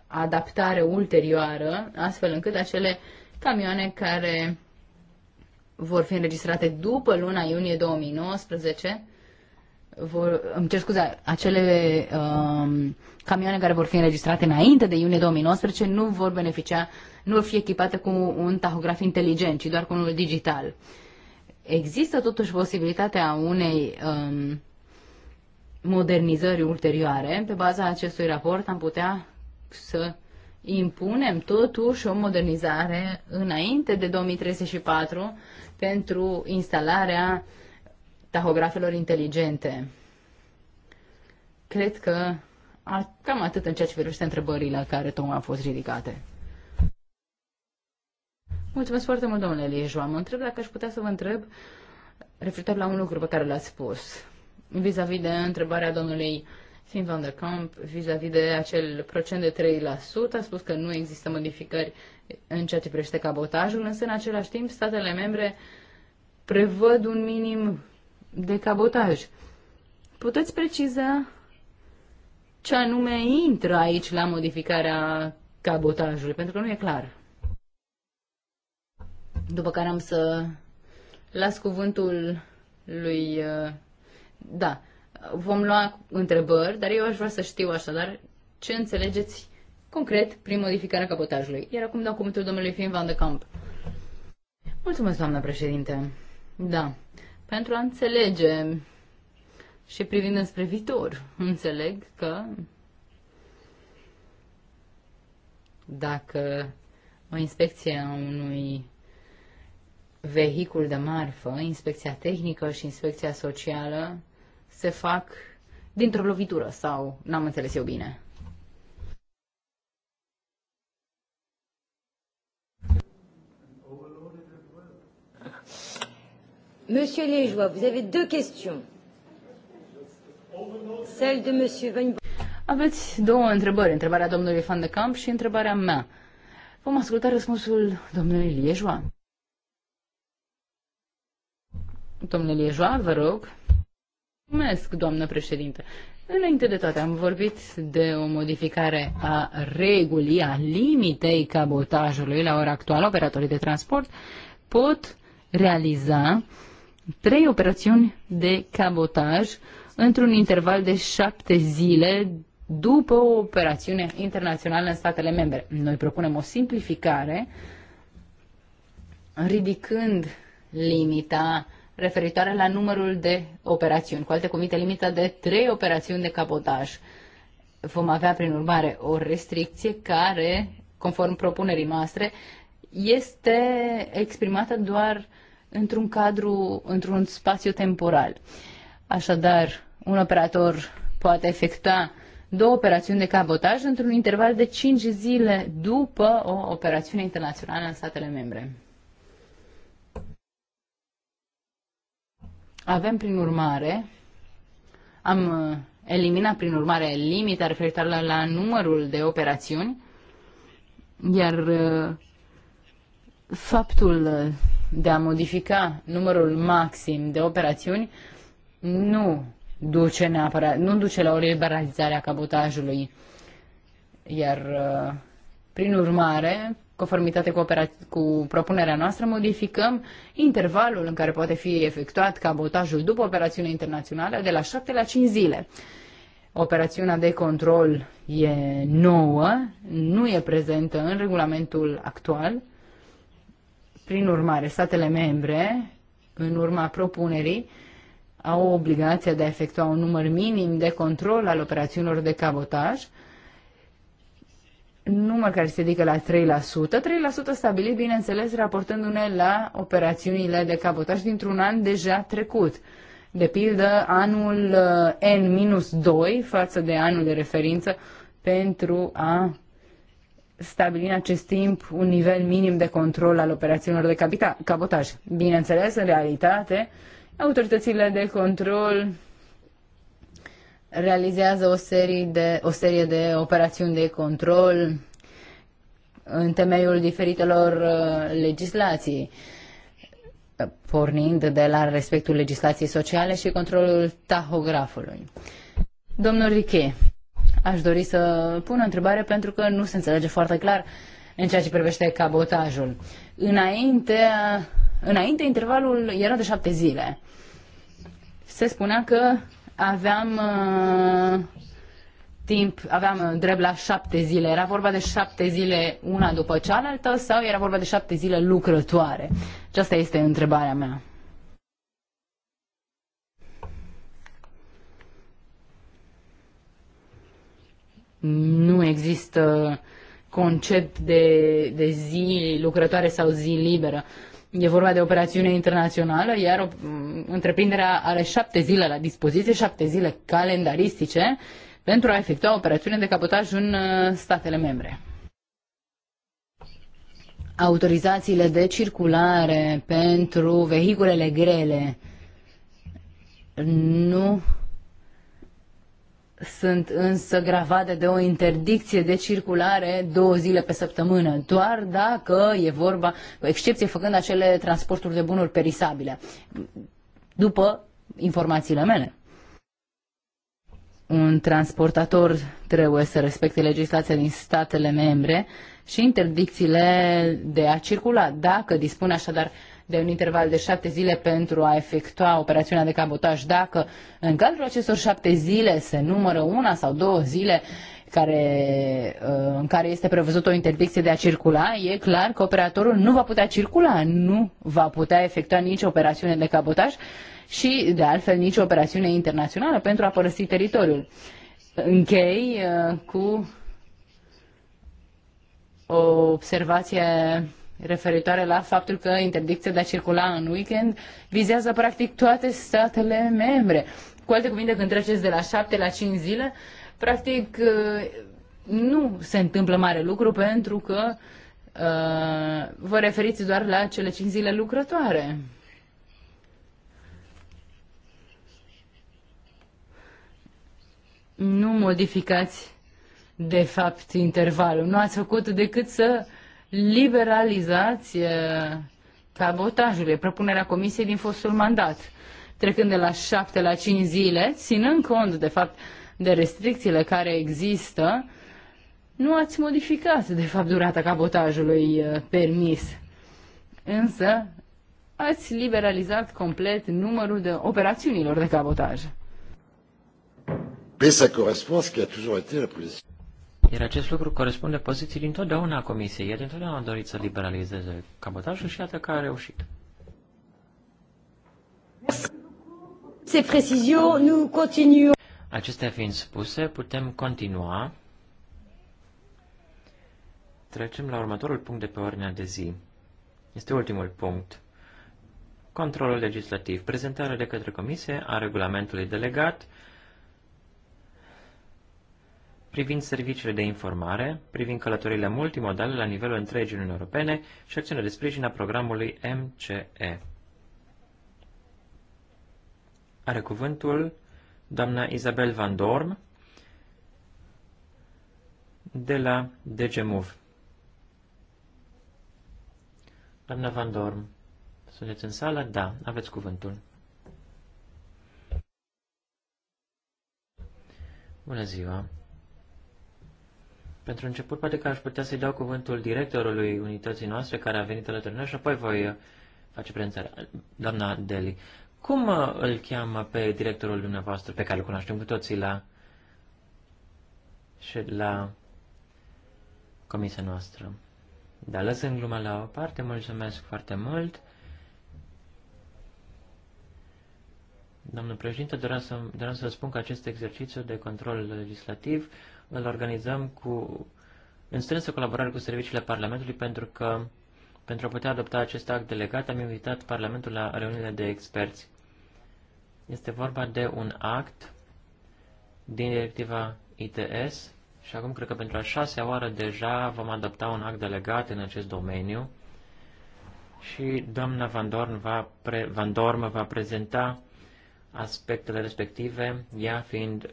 Speaker 1: adaptare ulterioară, astfel încât acele camioane care vor fi înregistrate după luna iunie 2019 vor, îmi cer scuze, acele um, camioane care vor fi înregistrate înainte de iunie 2019 nu vor beneficia nu fi echipată cu un tahograf inteligent, ci doar cu unul digital. Există totuși posibilitatea unei um, modernizări ulterioare. Pe baza acestui raport am putea să impunem totuși o modernizare înainte de 2034 pentru instalarea tahografelor inteligente. Cred că cam atât în ceea ce privește întrebările care tocmai au fost ridicate. Mulțumesc foarte mult, domnule Liejoa. Mă întreb dacă aș putea să vă întreb referitor la un lucru pe care l-ați spus vis-a-vis -vis de întrebarea domnului Sim van der Kamp vis-a-vis -vis de acel procent de 3%. A spus că nu există modificări în ceea ce privește cabotajul, însă în același timp statele membre prevăd un minim de cabotaj. Puteți preciza ce anume intră aici la modificarea cabotajului, pentru că nu e clar. După care am să las cuvântul lui... Uh, da, vom lua întrebări, dar eu aș vrea să știu așadar ce înțelegeți concret prin modificarea capotajului. Iar acum dau cuvântul domnului Fim Van de Camp. Mulțumesc, doamna președinte. Da, pentru a înțelege și privind înspre viitor, înțeleg că dacă o inspecție a unui vehicul de marfă, inspecția tehnică și inspecția socială se fac dintr-o lovitură sau n-am înțeles eu bine.
Speaker 2: Monsieur Léjoie, vous avez deux questions. Celle de Monsieur
Speaker 1: Van... Aveți două întrebări, întrebarea domnului Van de Camp și întrebarea mea. Vom asculta răspunsul domnului Liejoa. Domnule Liejoa, vă rog. Mulțumesc, doamnă președinte. Înainte de toate, am vorbit de o modificare a regulii, a limitei cabotajului. La ora actuală, operatorii de transport pot realiza trei operațiuni de cabotaj într-un interval de șapte zile după o operațiune internațională în statele membre. Noi propunem o simplificare ridicând limita uh, referitoare la numărul de operațiuni, cu alte cuvinte limita de trei operațiuni de cabotaj. Vom avea, prin urmare, o restricție care, conform propunerii noastre, este exprimată doar într-un cadru, într-un spațiu temporal. Așadar, un operator poate efectua două operațiuni de cabotaj într-un interval de 5 zile după o operațiune internațională în statele membre. Avem, prin urmare, am uh, eliminat, prin urmare, limita referitoare la, la numărul de operațiuni, iar uh, faptul uh, de a modifica numărul maxim de operațiuni nu duce neapărat, nu duce la o liberalizare a cabotajului. Iar, prin urmare, conformitate cu, opera- cu propunerea noastră, modificăm intervalul în care poate fi efectuat cabotajul după operațiune internațională de la 7 la 5 zile. Operațiunea de control e nouă, nu e prezentă în regulamentul actual. Prin urmare, statele membre, în urma propunerii, au obligația de a efectua un număr minim de control al operațiunilor de cabotaj, număr care se ridică la 3%, 3% stabilit, bineînțeles, raportându-ne la operațiunile de cabotaj dintr-un an deja trecut. De pildă, anul uh, N-2 față de anul de referință pentru a stabili în acest timp un nivel minim de control al operațiunilor de capital, cabotaj. Bineînțeles, în realitate, autoritățile de control realizează o serie de, o serie de operațiuni de control în temeiul diferitelor uh, legislații, pornind de la respectul legislației sociale și controlul tahografului. Domnul Riche, aș dori să pun o întrebare pentru că nu se înțelege foarte clar în ceea ce privește cabotajul. Înainte, înainte intervalul era de șapte zile. Se spunea că aveam uh, timp, aveam uh, drept la șapte zile. Era vorba de șapte zile una după cealaltă sau era vorba de șapte zile lucrătoare? Aceasta este întrebarea mea. Nu există concept de, de zi lucrătoare sau zi liberă. Uh, E vorba de operațiune internațională, iar mm, întreprinderea are șapte zile la dispoziție, șapte zile calendaristice, pentru a efectua operațiune de capotaj în uh, statele membre. Autorizațiile de circulare pentru vehiculele grele nu sunt însă gravate de o interdicție de circulare două zile pe săptămână, doar dacă e vorba, cu excepție făcând acele transporturi de bunuri perisabile, după informațiile mele. Un transportator trebuie să respecte legislația din statele membre și interdicțiile de a circula. Dacă dispune așadar uh, de un interval de șapte zile pentru a efectua operațiunea de cabotaj. Dacă în cadrul acestor șapte zile se numără una sau două zile care, uh, în care este prevăzută o interdicție de a circula, e clar că operatorul nu va putea circula, nu va putea efectua nici operațiune de cabotaj și, de altfel, nici operațiune internațională pentru a părăsi teritoriul. Închei uh, cu o observație referitoare la faptul că interdicția de a circula în weekend vizează practic toate statele membre. Cu alte cuvinte, când treceți de la 7 la 5 zile, practic uh, nu se întâmplă mare lucru pentru că uh, vă referiți doar la cele 5 zile lucrătoare. Nu modificați de fapt intervalul. Nu ați făcut decât să uh, liberalizați cabotajului, propunerea comisiei din fostul mandat, trecând de la șapte la cinci zile, ținând cont, de fapt, de restricțiile care există, nu ați modificat, de fapt, durata cabotajului uh, permis. Însă, ați liberalizat complet numărul de operațiunilor de cabotaj.
Speaker 4: Pe să corespunzi că a toujours été la poziție.
Speaker 3: Iar acest lucru corespunde poziției dintotdeauna a Comisiei. Ea dintotdeauna a dorit să liberalizeze cabotajul și iată că a reușit. Acestea fiind spuse, putem continua. Trecem la următorul punct de pe ordinea de zi. Este ultimul punct. Controlul legislativ. Prezentarea de către Comisie a regulamentului delegat privind serviciile de informare, privind călătorile multimodale la nivelul întregii Uniunii Europene și acțiunea de sprijin a programului MCE. Are cuvântul doamna Isabel Van Dorm de la DGMUV. Doamna Van Dorm, sunteți în sală? Da, aveți cuvântul. Bună ziua! Pentru început, poate că aș putea să-i dau cuvântul directorului unității noastre care a venit alături noi și apoi voi uh, face prezentarea. Doamna Deli, cum uh, îl cheamă pe directorul dumneavoastră pe care îl cunoaștem cu toții la și la comisia noastră? Dar lăsând gluma la o parte, mulțumesc foarte mult. Domnul președinte, doream să, doream să vă spun că acest exercițiu de control legislativ îl organizăm cu, în strânsă colaborare cu serviciile Parlamentului pentru că pentru a putea adopta acest act delegat am invitat Parlamentul la reuniunile de experți. Este vorba de un act din directiva ITS și acum cred că pentru a șasea oară deja vom adopta un act delegat în acest domeniu și doamna Van Dorn va, pre, Van Dorn va prezenta aspectele respective, ea fiind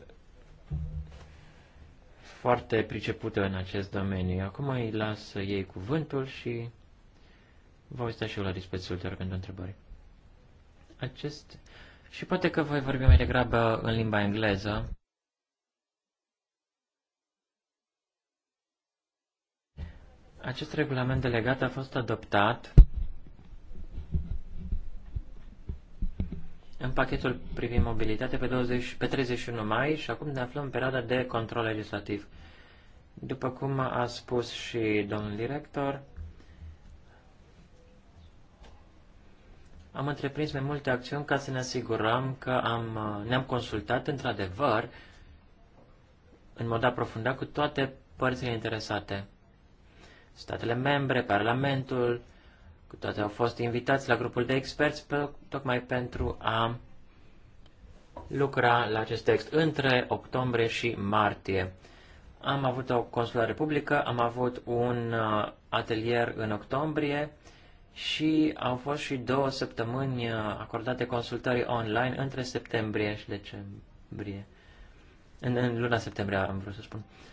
Speaker 3: foarte pricepută în acest domeniu. Acum îi las să iei cuvântul și voi sta și eu la dispoziție ulterior pentru întrebări. Acest... Și poate că voi vorbi mai degrabă în limba engleză. Acest regulament delegat a fost adoptat în pachetul privind mobilitate pe, 20, pe 31 mai și acum ne aflăm în perioada de control legislativ. După cum a spus și domnul director, am întreprins mai multe acțiuni ca să ne asigurăm că am, ne-am consultat într-adevăr în mod aprofundat cu toate părțile interesate. Statele membre, Parlamentul, cu toate au fost invitați la grupul de experți pe, tocmai pentru a lucra la acest text între octombrie și martie. Am avut o consulă publică, am avut un uh, atelier în octombrie și au fost și două săptămâni uh, acordate consultării online între septembrie și decembrie. În, în luna septembrie am vrut să spun. Uh,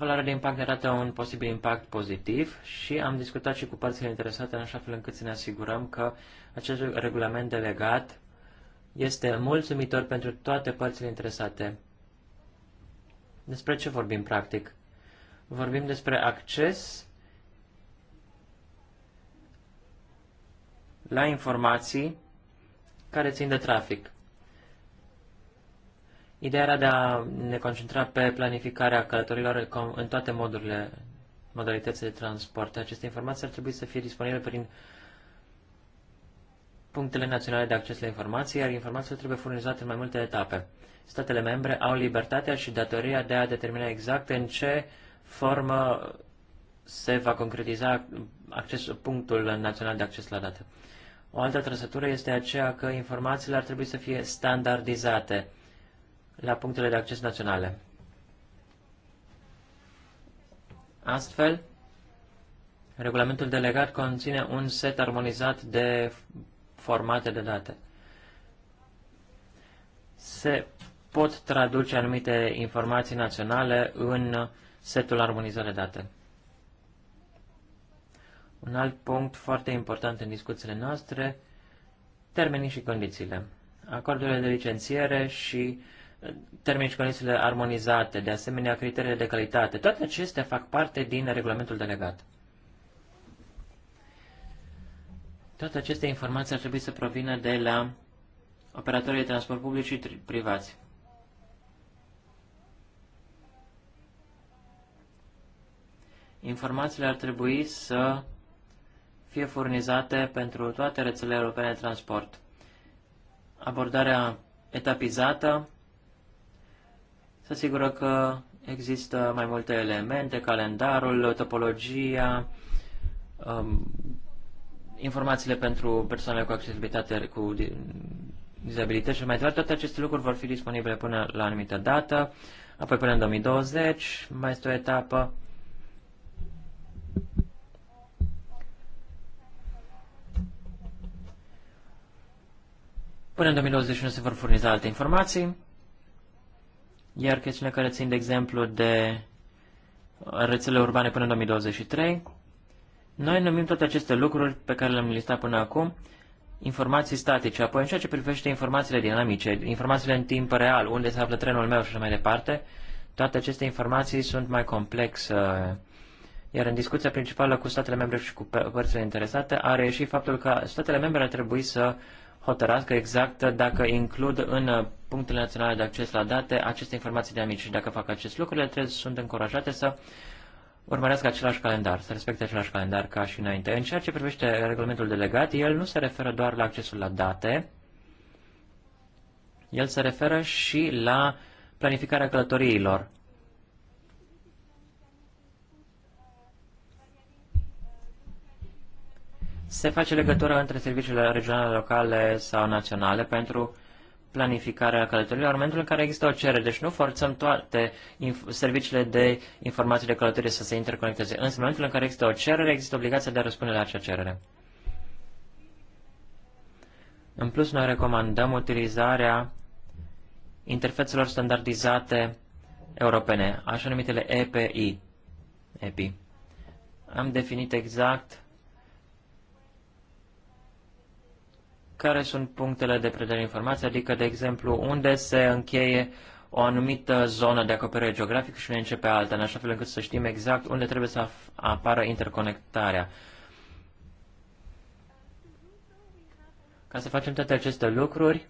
Speaker 3: Valoarea de impact arată un posibil impact pozitiv și am discutat și cu părțile interesate în așa fel încât să ne asigurăm că acest regulament delegat este mulțumitor pentru toate părțile interesate. Despre ce vorbim practic? Vorbim despre acces la informații care țin de trafic. Ideea era de a ne concentra pe planificarea călătorilor în toate modurile, modalitățile de transport. Aceste informații ar trebui să fie disponibile prin punctele naționale de acces la informații, iar informațiile trebuie furnizate în mai multe etape. Statele membre au libertatea și datoria de a determina exact în ce formă se va concretiza acces, punctul național de acces la date. O altă trăsătură este aceea că informațiile ar trebui să fie standardizate – la punctele de acces naționale. Astfel, regulamentul delegat conține un set armonizat de formate de date. Se pot traduce anumite informații naționale în setul armonizat de date. Un alt punct foarte important în discuțiile noastre, termenii și condițiile. Acordurile de licențiere și uh, termenii și condițiile armonizate, de asemenea criteriile de calitate, toate acestea fac parte din regulamentul delegat. Toate aceste informații ar trebui să provină de la operatorii de transport public și privați. Informațiile ar trebui să fie furnizate pentru toate rețelele europene de transport. Abordarea etapizată se asigură că există mai multe elemente, calendarul, topologia, um, informațiile pentru persoanele cu accesibilitate, cu dizabilități și mai departe. Toate aceste lucruri vor fi disponibile până la anumită dată, apoi până în 2020, mai este o etapă. Până în 2021 se vor furniza alte informații. Iar chestiunea care țin, de exemplu, de rețele urbane până în 2023, noi numim toate aceste lucruri pe care le-am listat până acum informații statice. Apoi, în ceea ce privește informațiile dinamice, informațiile în timp real, unde se află trenul meu și așa mai departe, toate aceste informații sunt mai complexe. Iar în discuția principală cu statele membre și cu părțile interesate a reieșit faptul că statele membre ar trebui să hotărască exact dacă includ în uh, punctele naționale de acces la date aceste informații de amici și dacă fac acest lucru, le trebuie, sunt încurajate să urmărească același calendar, să respecte același calendar ca și înainte. În ceea ce privește regulamentul delegat, el nu se referă doar la accesul la date, el se referă și la planificarea călătoriilor. se face legătură între serviciile regionale, locale sau naționale pentru planificarea călătorilor în momentul în care există o cerere. Deci nu forțăm toate serviciile de informații de călătorie să se interconecteze. Însă în momentul în care există o cerere, există obligația de a răspunde la acea cerere. În plus, noi recomandăm utilizarea interfețelor standardizate europene, așa numitele EPI. EPI. Am definit exact care sunt punctele de predare informații, adică, de exemplu, unde se încheie o anumită zonă de acoperire geografică și unde începe alta, în așa fel încât să știm exact unde trebuie să apară interconectarea. Ca să facem toate aceste lucruri,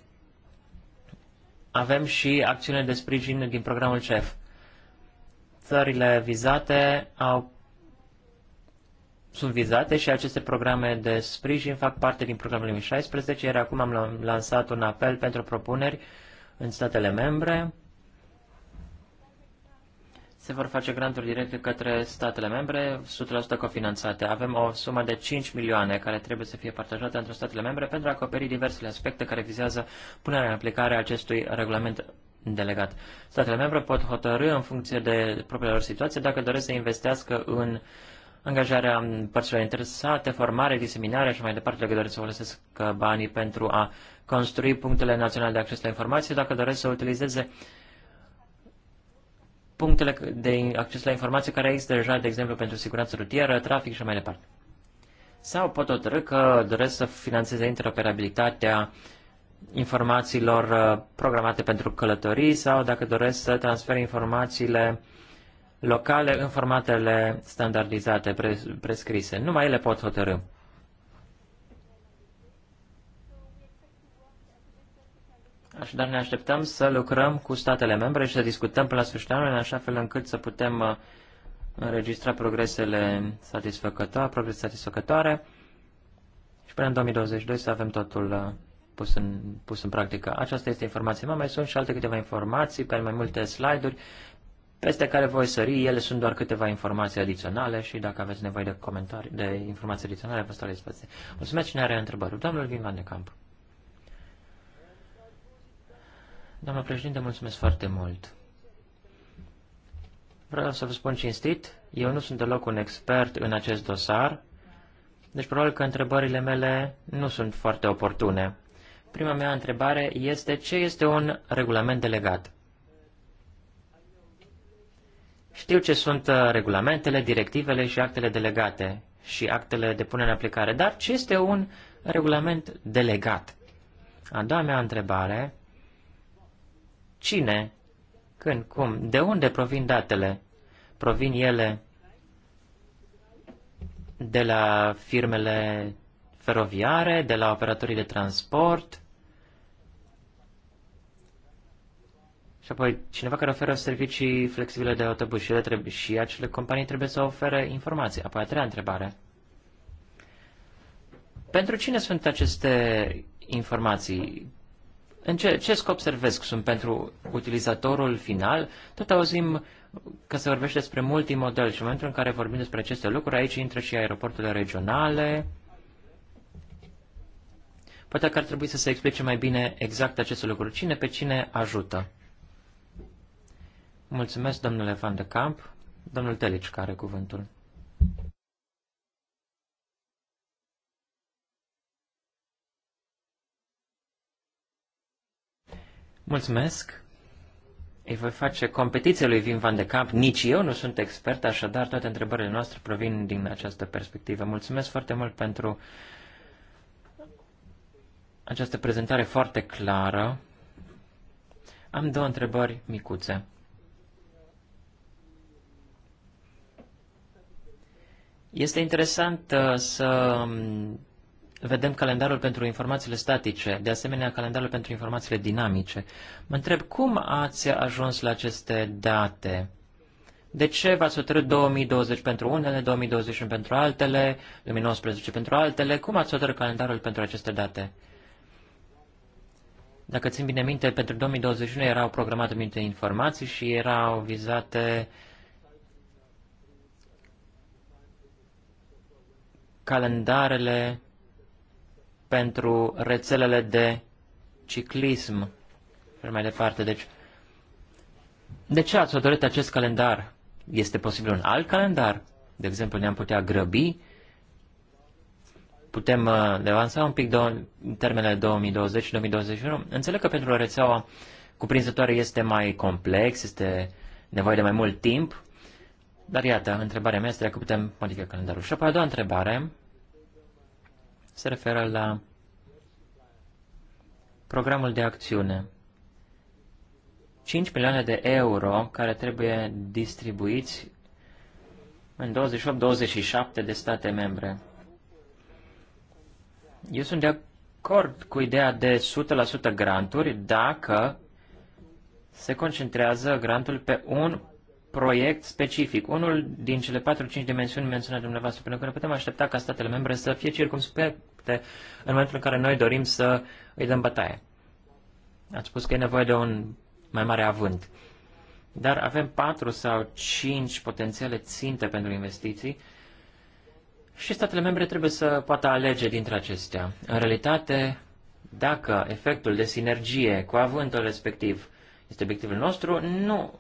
Speaker 3: avem și acțiune de sprijin din programul CEF. Țările vizate au sunt vizate și aceste programe de sprijin fac parte din programul 2016, iar acum am lansat un apel pentru propuneri în statele membre. Se vor face granturi directe către statele membre, 100% cofinanțate. Avem o sumă de 5 milioane care trebuie să fie partajată între statele membre pentru a acoperi diversele aspecte care vizează punerea în aplicare a acestui regulament delegat. Statele membre pot hotărâ în funcție de propriile lor situație dacă doresc să investească în uh, angajarea părților interesate, formare, diseminare și mai departe, dacă doresc să folosesc uh, banii pentru a construi punctele naționale de acces la informații, dacă doresc să utilizeze punctele de acces la informații care există deja, de exemplu, pentru siguranță rutieră, trafic și mai departe. Sau pot hotărâ că doresc să financeze interoperabilitatea informațiilor uh, programate pentru călătorii sau dacă doresc să transfer informațiile locale în formatele standardizate, prescrise. Numai ele pot hotărâ. Așadar ne așteptăm să lucrăm cu statele membre și să discutăm până la sfârșitul anului, în așa fel încât să putem uh, înregistra progresele satisfăcătoare, progres satisfăcătoare și până în 2022 să avem totul uh, pus în, pus în practică. Aceasta este informația mea. Mai sunt și alte câteva informații pe mai multe slide-uri peste care voi sări. Ele sunt doar câteva informații adiționale și dacă aveți nevoie de comentarii, de informații adiționale, vă stau la dispoziție. Mulțumesc cine are întrebări. Domnul Vin Van de Camp. Doamna președinte, mulțumesc foarte mult. Vreau să vă spun cinstit, eu nu sunt deloc un expert în acest dosar, deci probabil că întrebările mele nu sunt foarte oportune. Prima mea întrebare este ce este un regulament delegat? Știu ce sunt uh, regulamentele, directivele și actele delegate și actele de punere în aplicare, dar ce este un regulament delegat? A doua mea întrebare, cine, când, cum, de unde provin datele? Provin ele de la firmele feroviare, de la operatorii de transport, Și apoi, cineva care oferă servicii flexibile de autobuz și, trebuie, și acele companii trebuie să ofere informații. Apoi, a treia întrebare. Pentru cine sunt aceste informații? În ce, ce scop servesc? Sunt pentru utilizatorul final? Tot auzim că se vorbește despre multimodel și în momentul în care vorbim despre aceste lucruri, aici intră și aeroporturile regionale. Poate că ar trebui să se explice mai bine exact aceste lucruri. Cine pe cine ajută? Mulțumesc, domnule Van de Camp. Domnul Telici care cuvântul. Mulțumesc. Îi voi face competiție lui Vin Van de Camp. Nici eu nu sunt expert, așadar toate întrebările noastre provin din această perspectivă. Mulțumesc foarte mult pentru această prezentare foarte clară. Am două întrebări micuțe. Este interesant uh, să um, vedem calendarul pentru informațiile statice, de asemenea calendarul pentru informațiile dinamice. Mă întreb cum ați ajuns la aceste date? De ce v-ați hotărât 2020 pentru unele, 2021 pentru altele, 2019 pentru altele? Cum ați hotărât calendarul pentru aceste date? Dacă țin bine minte, pentru 2021 erau programate multe informații și erau vizate uh, calendarele pentru rețelele de ciclism și mai departe. Deci, de ce ați hotărât acest calendar? Este posibil un alt calendar? De exemplu, ne-am putea grăbi? Putem uh, devansa un pic do- termenele 2020 2021? Înțeleg că pentru o rețeaua cuprinzătoare este mai complex, este nevoie de mai mult timp, dar iată, întrebarea mea este dacă putem modifica calendarul. Și apoi a doua întrebare, se referă la programul de acțiune. 5 milioane de euro care trebuie distribuiți în 28-27 de state membre. Eu sunt de acord cu ideea de 100% granturi dacă se concentrează grantul pe un proiect specific, unul din cele 4-5 dimensiuni menționate dumneavoastră, pentru că ne putem aștepta ca statele membre să fie circumspecte în momentul în care noi dorim să îi dăm bătaie. Ați spus că e nevoie de un mai mare avânt. Dar avem 4 sau 5 potențiale ținte pentru investiții și statele membre trebuie să poată alege dintre acestea. În realitate, dacă efectul de sinergie cu avântul respectiv este obiectivul nostru, nu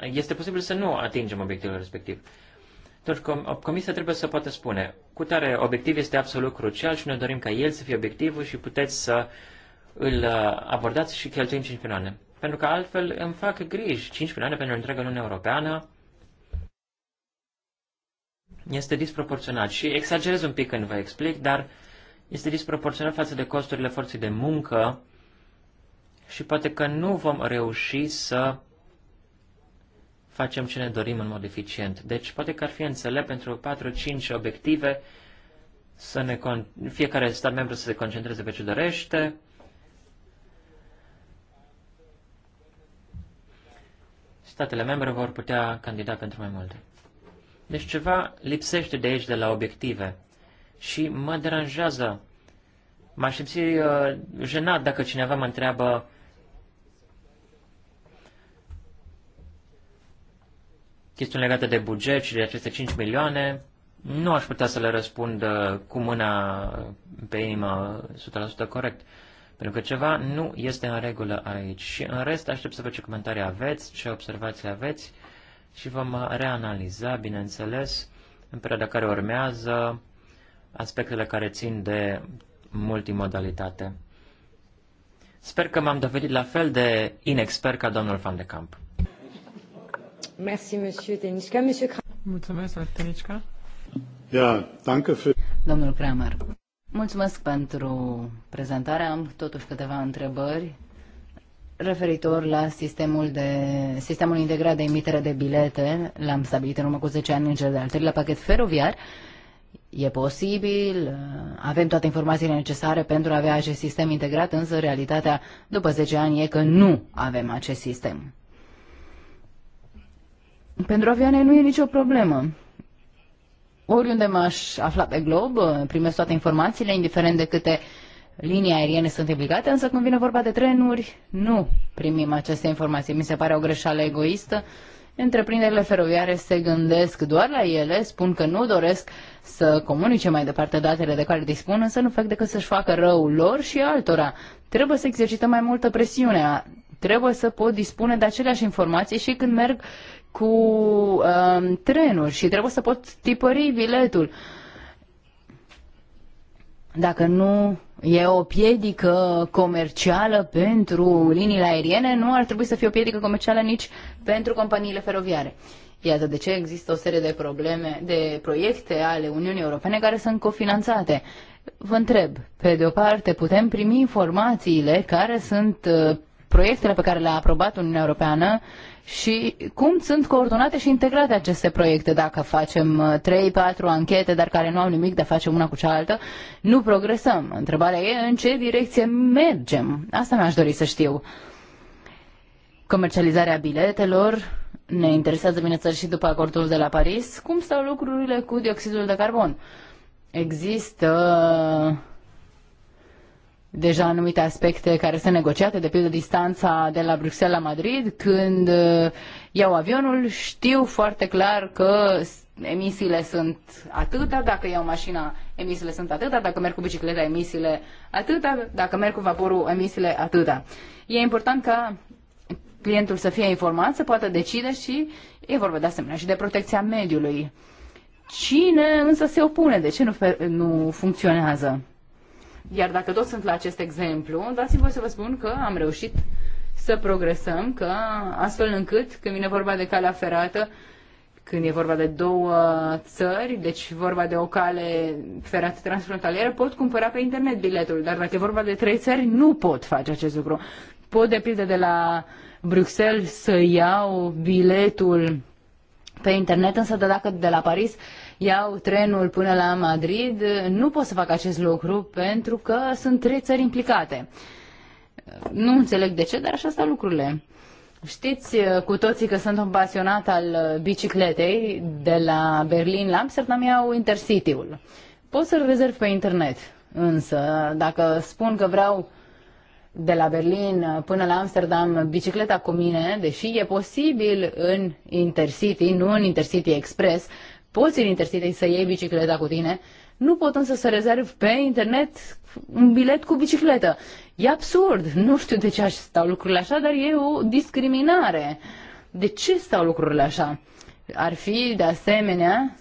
Speaker 3: este posibil să nu atingem obiectivul respectiv. Deci comisia trebuie să poată spune, cu tare obiectiv este absolut crucial și ne dorim ca el să fie obiectivul și puteți să îl uh, abordați și cheltuim 5 milioane. Pentru că altfel îmi fac griji. 5 milioane pentru întreaga Uniune Europeană este disproporționat și exagerez un pic când vă explic, dar este disproporționat față de costurile forței de muncă și poate că nu vom reuși să facem ce ne dorim în mod eficient. Deci poate că ar fi înțelept pentru 4-5 obiective să ne con- fiecare stat membru să se concentreze pe ce dorește. Statele membre vor putea candida pentru mai multe. Deci ceva lipsește de aici, de la obiective. Și mă deranjează. M-aș simți uh, jenat dacă cineva mă întreabă chestiuni legate de buget și de aceste 5 milioane, nu aș putea să le răspund uh, cu mâna pe inimă 100% corect. Pentru că ceva nu este în regulă aici. Și în rest aștept să văd ce comentarii aveți, ce observații aveți și vom reanaliza, bineînțeles, în perioada care urmează, aspectele care țin de multimodalitate. Sper că m-am dovedit la fel de inexpert ca domnul Van de Camp.
Speaker 1: Mulțumesc, Domnul Kramer. Mulțumesc pentru prezentare. Am totuși câteva întrebări referitor la sistemul, de, sistemul integrat de emitere de bilete. L-am stabilit în urmă cu 10 ani în cel de-al treilea pachet feroviar. E posibil, avem toate informațiile necesare pentru a avea acest sistem integrat, însă realitatea după 10 ani e că nu avem acest sistem. Pentru avioane nu e nicio problemă. Oriunde m-aș afla pe glob, primesc toate informațiile, indiferent de câte linii aeriene sunt implicate, însă când vine vorba de trenuri, nu primim aceste informații. Mi se pare o greșeală egoistă. Întreprinderile feroviare se gândesc doar la ele, spun că nu doresc să comunice mai departe datele de care dispun, însă nu fac decât să-și facă rău lor și altora. Trebuie să exercităm mai multă presiune, trebuie să pot dispune de aceleași informații și când merg uh, cu um, trenuri și trebuie să pot tipări biletul. Dacă nu e o piedică comercială pentru liniile aeriene, nu ar trebui să fie o piedică comercială nici pentru companiile feroviare. Iată de ce există o serie de probleme, de proiecte ale Uniunii Europene care sunt cofinanțate. Vă întreb, pe de o parte putem primi informațiile care sunt uh, proiectele pe care le-a aprobat Uniunea Europeană și cum sunt coordonate și integrate aceste proiecte. Dacă facem 3-4 uh, anchete, dar care nu au nimic de a face una cu cealaltă, nu progresăm. Întrebarea e în ce direcție mergem. Asta mi-aș dori să știu. Comercializarea biletelor ne interesează, bineînțeles, și după acordul de la Paris. Cum stau lucrurile cu dioxidul de carbon? Există deja anumite aspecte care sunt negociate, de pildă distanța de la Bruxelles la Madrid, când uh, iau avionul, știu foarte clar că emisiile sunt atâta, dacă iau mașina, emisiile sunt atâta, dacă merg cu bicicleta, emisiile atâta, dacă merg cu vaporul, emisiile atâta. E important ca clientul să fie informat, să poată decide și e vorba de asemenea și de protecția mediului. Cine însă se opune? De ce nu, nu funcționează? Iar dacă tot sunt la acest exemplu, dați-mi voi să vă spun că am reușit să progresăm, că astfel încât, când vine vorba de calea ferată, când e vorba de două țări, deci vorba de o cale ferată transfrontalieră, pot cumpăra pe internet biletul, dar dacă e vorba de trei țări, nu pot face acest lucru. Pot, de pildă, de la Bruxelles să iau biletul pe internet, însă de dacă de la Paris iau trenul până la Madrid, nu pot să fac acest lucru pentru că sunt trei țări implicate. Nu înțeleg de ce, dar așa stau lucrurile. Știți uh, cu toții că sunt un pasionat al uh, bicicletei. De la Berlin la Amsterdam iau Intercity-ul. Pot să-l rezerv pe internet, însă dacă spun că vreau de la Berlin până la Amsterdam bicicleta cu mine, deși e posibil în Intercity, nu în Intercity Express, poți în interstate să iei bicicleta cu tine, nu pot însă să rezerv pe internet un bilet cu bicicletă. E absurd, nu știu de ce aș stau lucrurile așa, dar e o discriminare. De ce stau lucrurile așa? Ar fi, de asemenea,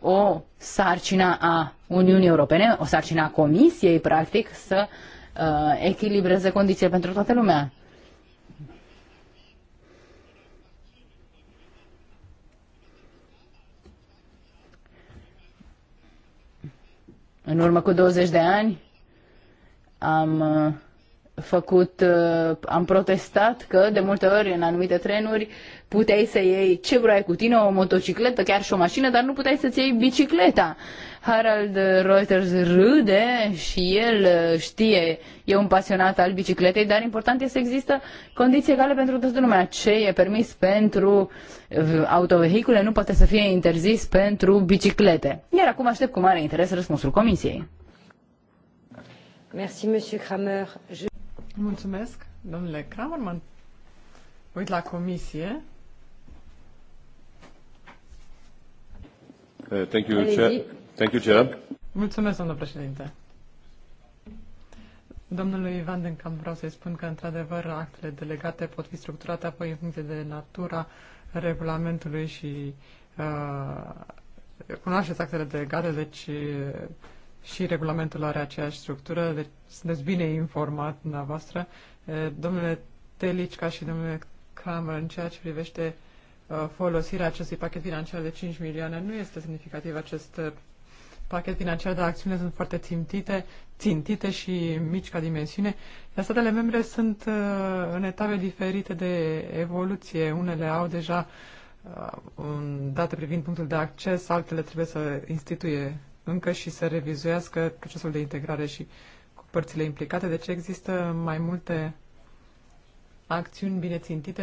Speaker 1: o sarcină a Uniunii Europene, o sarcină a Comisiei, practic, să uh, echilibreze condițiile pentru toată lumea. În urmă cu 20 de ani am uh, făcut, uh, am protestat că de multe ori în anumite trenuri puteai să iei ce vrei cu tine, o motocicletă, chiar și o mașină, dar nu puteai să-ți iei bicicleta. Harald Reuters râde și el uh, știe, e un pasionat al bicicletei, dar important este să există condiții egale pentru toată lumea. Ce e permis pentru uh, autovehicule nu poate să fie interzis pentru biciclete. Iar acum aștept cu mare interes răspunsul Comisiei.
Speaker 2: Merci,
Speaker 4: Monsieur Kramer. Je... Mulțumesc, domnule Kramerman. uit la comisie.
Speaker 6: Uh, thank you, Chair. Thank you, Chair.
Speaker 4: Mulțumesc, domnule președinte. Domnului Ivan din vreau să-i spun că, într-adevăr, actele delegate pot fi structurate apoi în funcție de natura regulamentului și uh, cunoașteți actele delegate, deci și regulamentul are aceeași structură, deci sunteți bine informat dumneavoastră. Domnule Telici, ca și domnule Kramer, în ceea ce privește folosirea acestui pachet financiar de 5 milioane, nu este semnificativ acest pachet financiar, dar acțiunile sunt foarte țintite, țintite și mici ca dimensiune. Iar statele membre sunt în etape diferite de evoluție. Unele au deja date privind punctul de acces, altele trebuie să instituie încă și să revizuiască procesul de integrare și cu părțile implicate. Deci există mai multe acțiuni bine țintite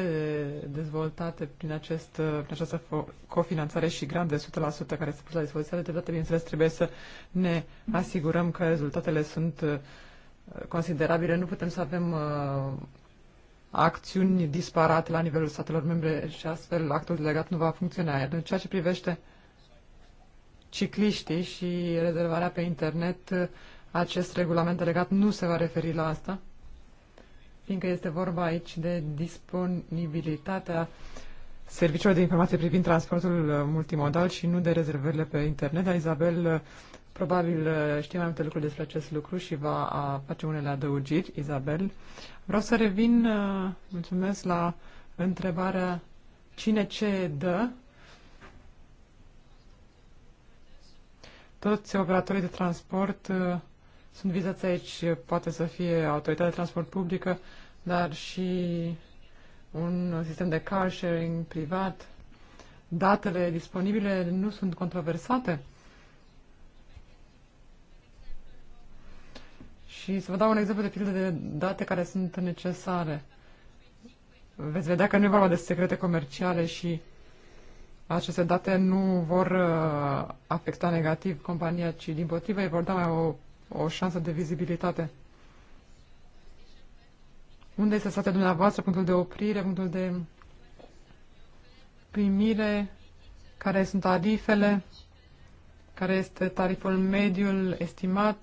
Speaker 4: dezvoltate prin, acest, prin această cofinanțare și grant de 100% care se pus la dispoziție de data bineînțeles, trebuie să ne asigurăm că rezultatele sunt uh, considerabile. Nu putem să avem uh, acțiuni disparate la nivelul statelor membre și astfel actul delegat nu va funcționa. Iar în ceea ce privește uh, cicliștii și rezervarea pe internet, acest regulament legat nu se va referi la asta, fiindcă este vorba aici de disponibilitatea serviciilor de informație privind transportul uh, multimodal și nu de rezervările pe internet. Dar Isabel uh, probabil uh, știe mai multe lucruri despre acest lucru și va face unele adăugiri. Isabel, vreau să revin, mulțumesc, la întrebarea cine ce dă Toți operatorii de transport uh, sunt vizați aici, poate să fie autoritatea de transport publică, dar și un sistem de car sharing privat. Datele disponibile nu sunt controversate. Și să vă dau un exemplu de pildă de date care sunt necesare. Veți vedea că nu e vorba de secrete comerciale și aceste date nu vor uh, afecta negativ compania, ci din potrivă îi vor da mai o, o șansă de vizibilitate. Unde este statul dumneavoastră, punctul de oprire, punctul de primire, care sunt tarifele, care este tariful mediul estimat.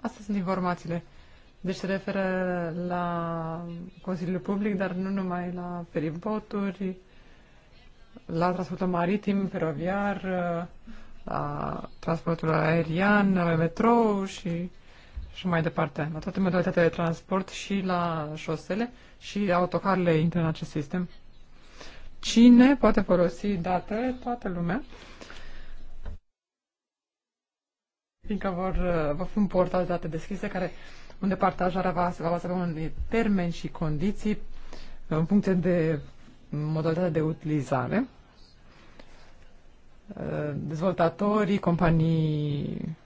Speaker 4: Astea sunt informațiile. Deci se referă la Consiliul Public, dar nu numai la feriboturi, la transportul maritim, feroviar, la transportul aerian, la metrou și, și mai departe, la toate modalitățile de transport și la șosele și autocarele intră în acest sistem. Cine poate folosi date? Toată lumea. Fiindcă vor, vor fi un portal de date deschise care, unde partajarea va, va avea un termen și condiții în funcție de modalitatea de utilizare. Uh, dezvoltatorii, companii,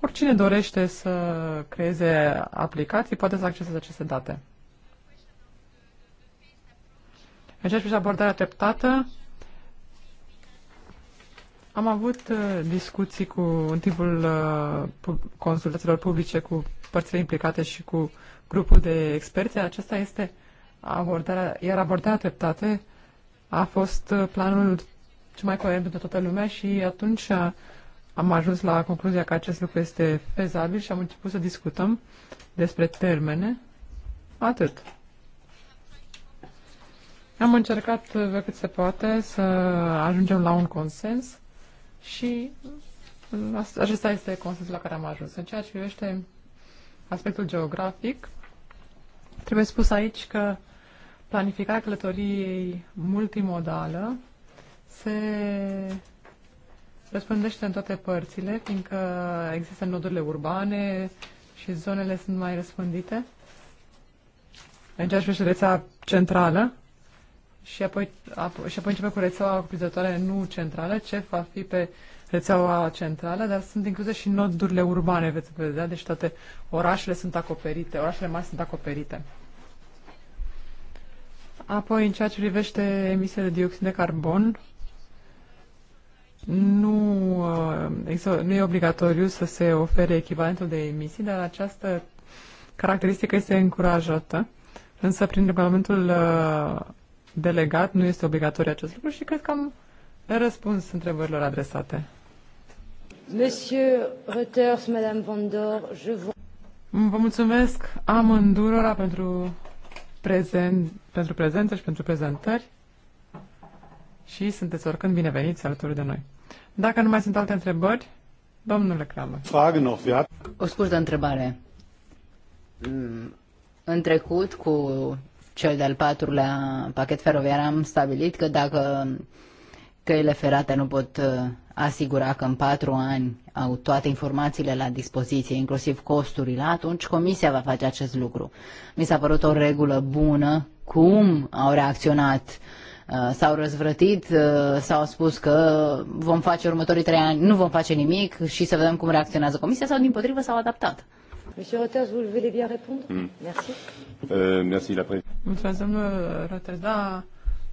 Speaker 4: oricine dorește să creeze aplicații poate să acceseze aceste date. În ceea ce privește abordarea treptată, am avut uh, discuții cu, în timpul uh, consultațiilor publice cu părțile implicate și cu grupul de experți. Acesta este abordarea, iar abordarea treptată a fost uh, planul cel mai coerent pentru toată lumea și atunci uh, am ajuns la concluzia că acest lucru este fezabil și am început să discutăm despre termene. Atât. Am încercat uh, pe cât se poate să ajungem la un consens și acesta este consensul la care am ajuns. În ceea ce privește aspectul geografic, trebuie spus aici că planificarea călătoriei multimodală se răspândește în toate părțile, fiindcă există nodurile urbane și zonele sunt mai răspândite. În ceea ce rețea centrală și apoi, ap- și apoi începe cu rețeaua cuprinzătoare nu centrală, ce va fi pe rețeaua centrală, dar sunt incluse și nodurile urbane, veți vedea, deci toate orașele sunt acoperite, orașele mari sunt acoperite. Apoi, în ceea ce privește emisiile de dioxid de carbon, nu, uh, nu e obligatoriu să se ofere echivalentul de emisii, dar această caracteristică este încurajată. Însă, prin regulamentul uh, delegat, nu este obligatoriu acest lucru și cred că am răspuns întrebărilor adresate.
Speaker 6: Monsieur Reuters, Madame Vandor, je vous...
Speaker 4: Vă mulțumesc amândurora pentru prezen, pentru prezență și pentru prezentări și sunteți oricând bineveniți alături de noi. Dacă nu mai sunt alte întrebări,
Speaker 1: domnule Cramă. O scurtă întrebare. Mm, în trecut, cu cel de-al patrulea pachet feroviar, am stabilit că dacă căile ferate nu pot uh, asigura că în patru ani au toate informațiile la dispoziție, inclusiv costurile, atunci comisia va face acest lucru. Mi s-a părut o regulă bună cum au reacționat uh, s-au răzvrătit, uh, s-au spus că vom face următorii trei ani, nu vom face nimic și să vedem cum reacționează comisia sau din potrivă s-au adaptat. Monsieur mm. Merci.
Speaker 4: Euh, merci la
Speaker 1: Mulțumesc, domnul Rotez, Da,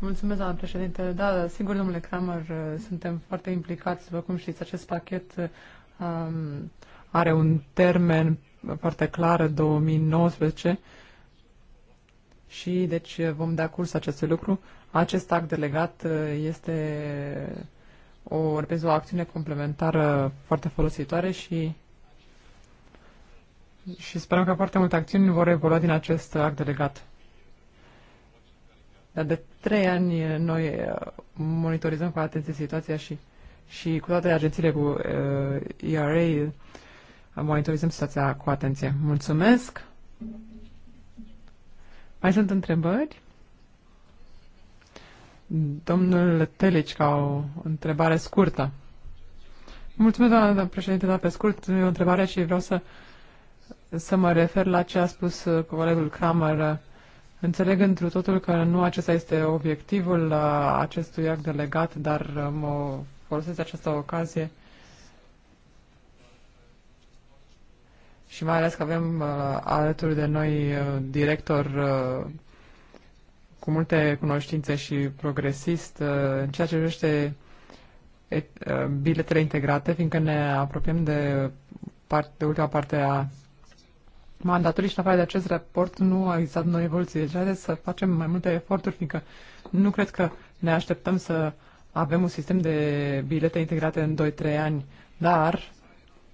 Speaker 4: Mulțumesc, doamna președinte. Da, da, sigur, domnule Kramer, uh, suntem foarte implicați. După cum știți, acest pachet uh, um, are un termen foarte clar, 2019, și deci vom da curs acestui lucru. Acest act delegat uh, este o, reprezintă o acțiune complementară foarte folositoare și și sperăm că foarte multe acțiuni vor evolua din acest act delegat de trei ani eh, noi eh, monitorizăm cu atenție situația și, și cu toate agențiile cu uh, eh, ERA monitorizăm situația cu atenție. Mulțumesc! Mai sunt întrebări? Domnul Telici, ca o întrebare scurtă. Mulțumesc, doamna președinte, dar pe scurt e o întrebare și vreau să, să mă refer la ce a spus colegul Kramer Înțeleg întru totul că nu acesta este obiectivul uh, acestui act delegat, dar uh, mă folosesc această ocazie și mai ales că avem uh, alături de noi director cu multe cunoștințe și progresist în ceea ce privește biletele integrate, fiindcă ne apropiem de, part, de ultima parte a Mandatorii și în afară de acest raport nu a existat noi evoluție. Deci haideți să facem mai multe eforturi, fiindcă nu cred că ne așteptăm să avem un sistem de bilete integrate în 2-3 ani, dar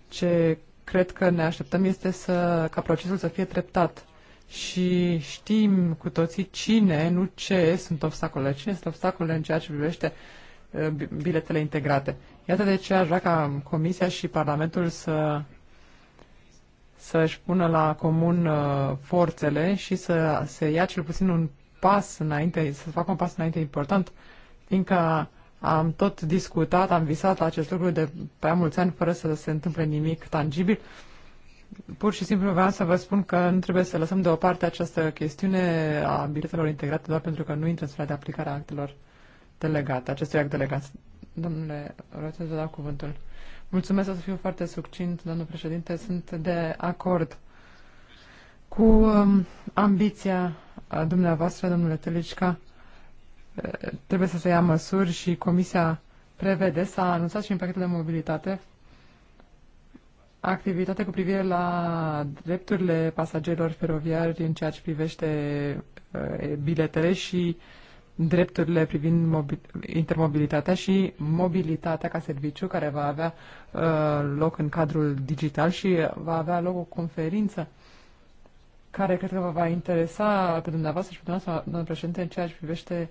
Speaker 4: ce cred că ne așteptăm este să, ca procesul să fie treptat și știm cu toții cine, nu ce sunt obstacole, cine sunt obstacole în ceea ce privește uh, biletele integrate. Iată de ce aș vrea ca Comisia și Parlamentul să să-și pună la comun uh, forțele și să se ia cel puțin un pas înainte, să facă un pas înainte important, fiindcă am tot discutat, am visat acest lucru de prea mulți ani fără să se întâmple nimic tangibil. Pur și simplu vreau să vă spun că nu trebuie să lăsăm deoparte această chestiune a biletelor integrate doar pentru că nu intră în sfera de aplicare a actelor delegate, acestui act delegat. Domnule să vă dau cuvântul. Mulțumesc, o să fiu foarte succint, domnul președinte. Sunt de acord cu um, ambiția dumneavoastră, domnule Telicica. Trebuie să se ia măsuri și Comisia prevede, s-a anunțat și în pachetul de mobilitate, activitate cu privire la drepturile pasagerilor feroviari în ceea ce privește biletele și uh, drepturile privind intermobilitatea și mobilitatea ca serviciu care va avea uh, loc în cadrul digital și va avea loc o conferință care cred că vă va interesa pe dumneavoastră și pe dumneavoastră, domnul președinte, în ceea ce privește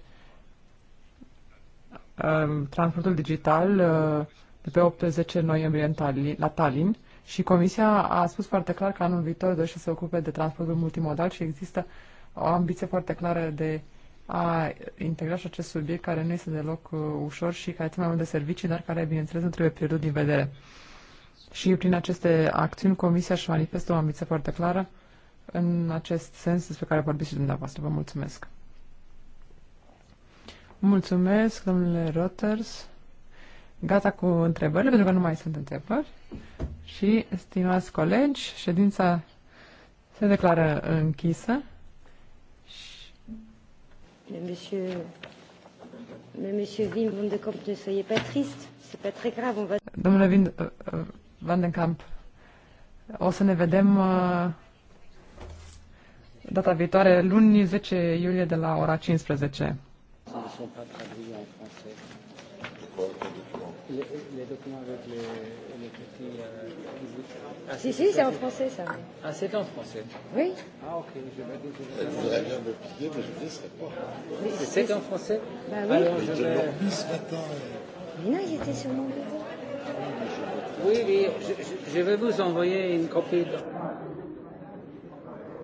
Speaker 4: uh, transportul digital uh, de pe 18 noiembrie în Tallinn, la Tallinn și Comisia a spus foarte clar că anul viitor dorește să se ocupe de transportul multimodal și există o ambiție foarte clară de a integra și acest subiect care nu este deloc uh, ușor și care ține mai mult de servicii, dar care, bineînțeles, nu trebuie pierdut din vedere. Și prin aceste acțiuni, Comisia își manifestă o ambiție foarte clară în acest sens despre care vorbiți și dumneavoastră. Vă mulțumesc! Mulțumesc, domnule Roters. Gata cu întrebările, pentru că nu mai sunt întrebări. Și, stimați colegi, ședința se declară închisă.
Speaker 2: Mais monsieur,
Speaker 6: mais monsieur Wim van den Kamp, ne soyez pas triste. C'est pas très grave, on va... Domnule Wim
Speaker 4: uh, uh, van Kamp, o să ne vedem uh, data viitoare, luni 10 iulie de la ora 15.
Speaker 3: Les documents avec les ah, Si, si, c'est en français ça. Ah, c'est en français Oui.
Speaker 6: Ah, ok. Je vais... Elle voudrait bien me piquer, mais je ne laisserai pas. C'est en français Bah oui. Alors, je vais... ce matin. Mais non, il était sur mon bureau. Oui, oui, je, je, je vais vous
Speaker 4: envoyer une copie. De...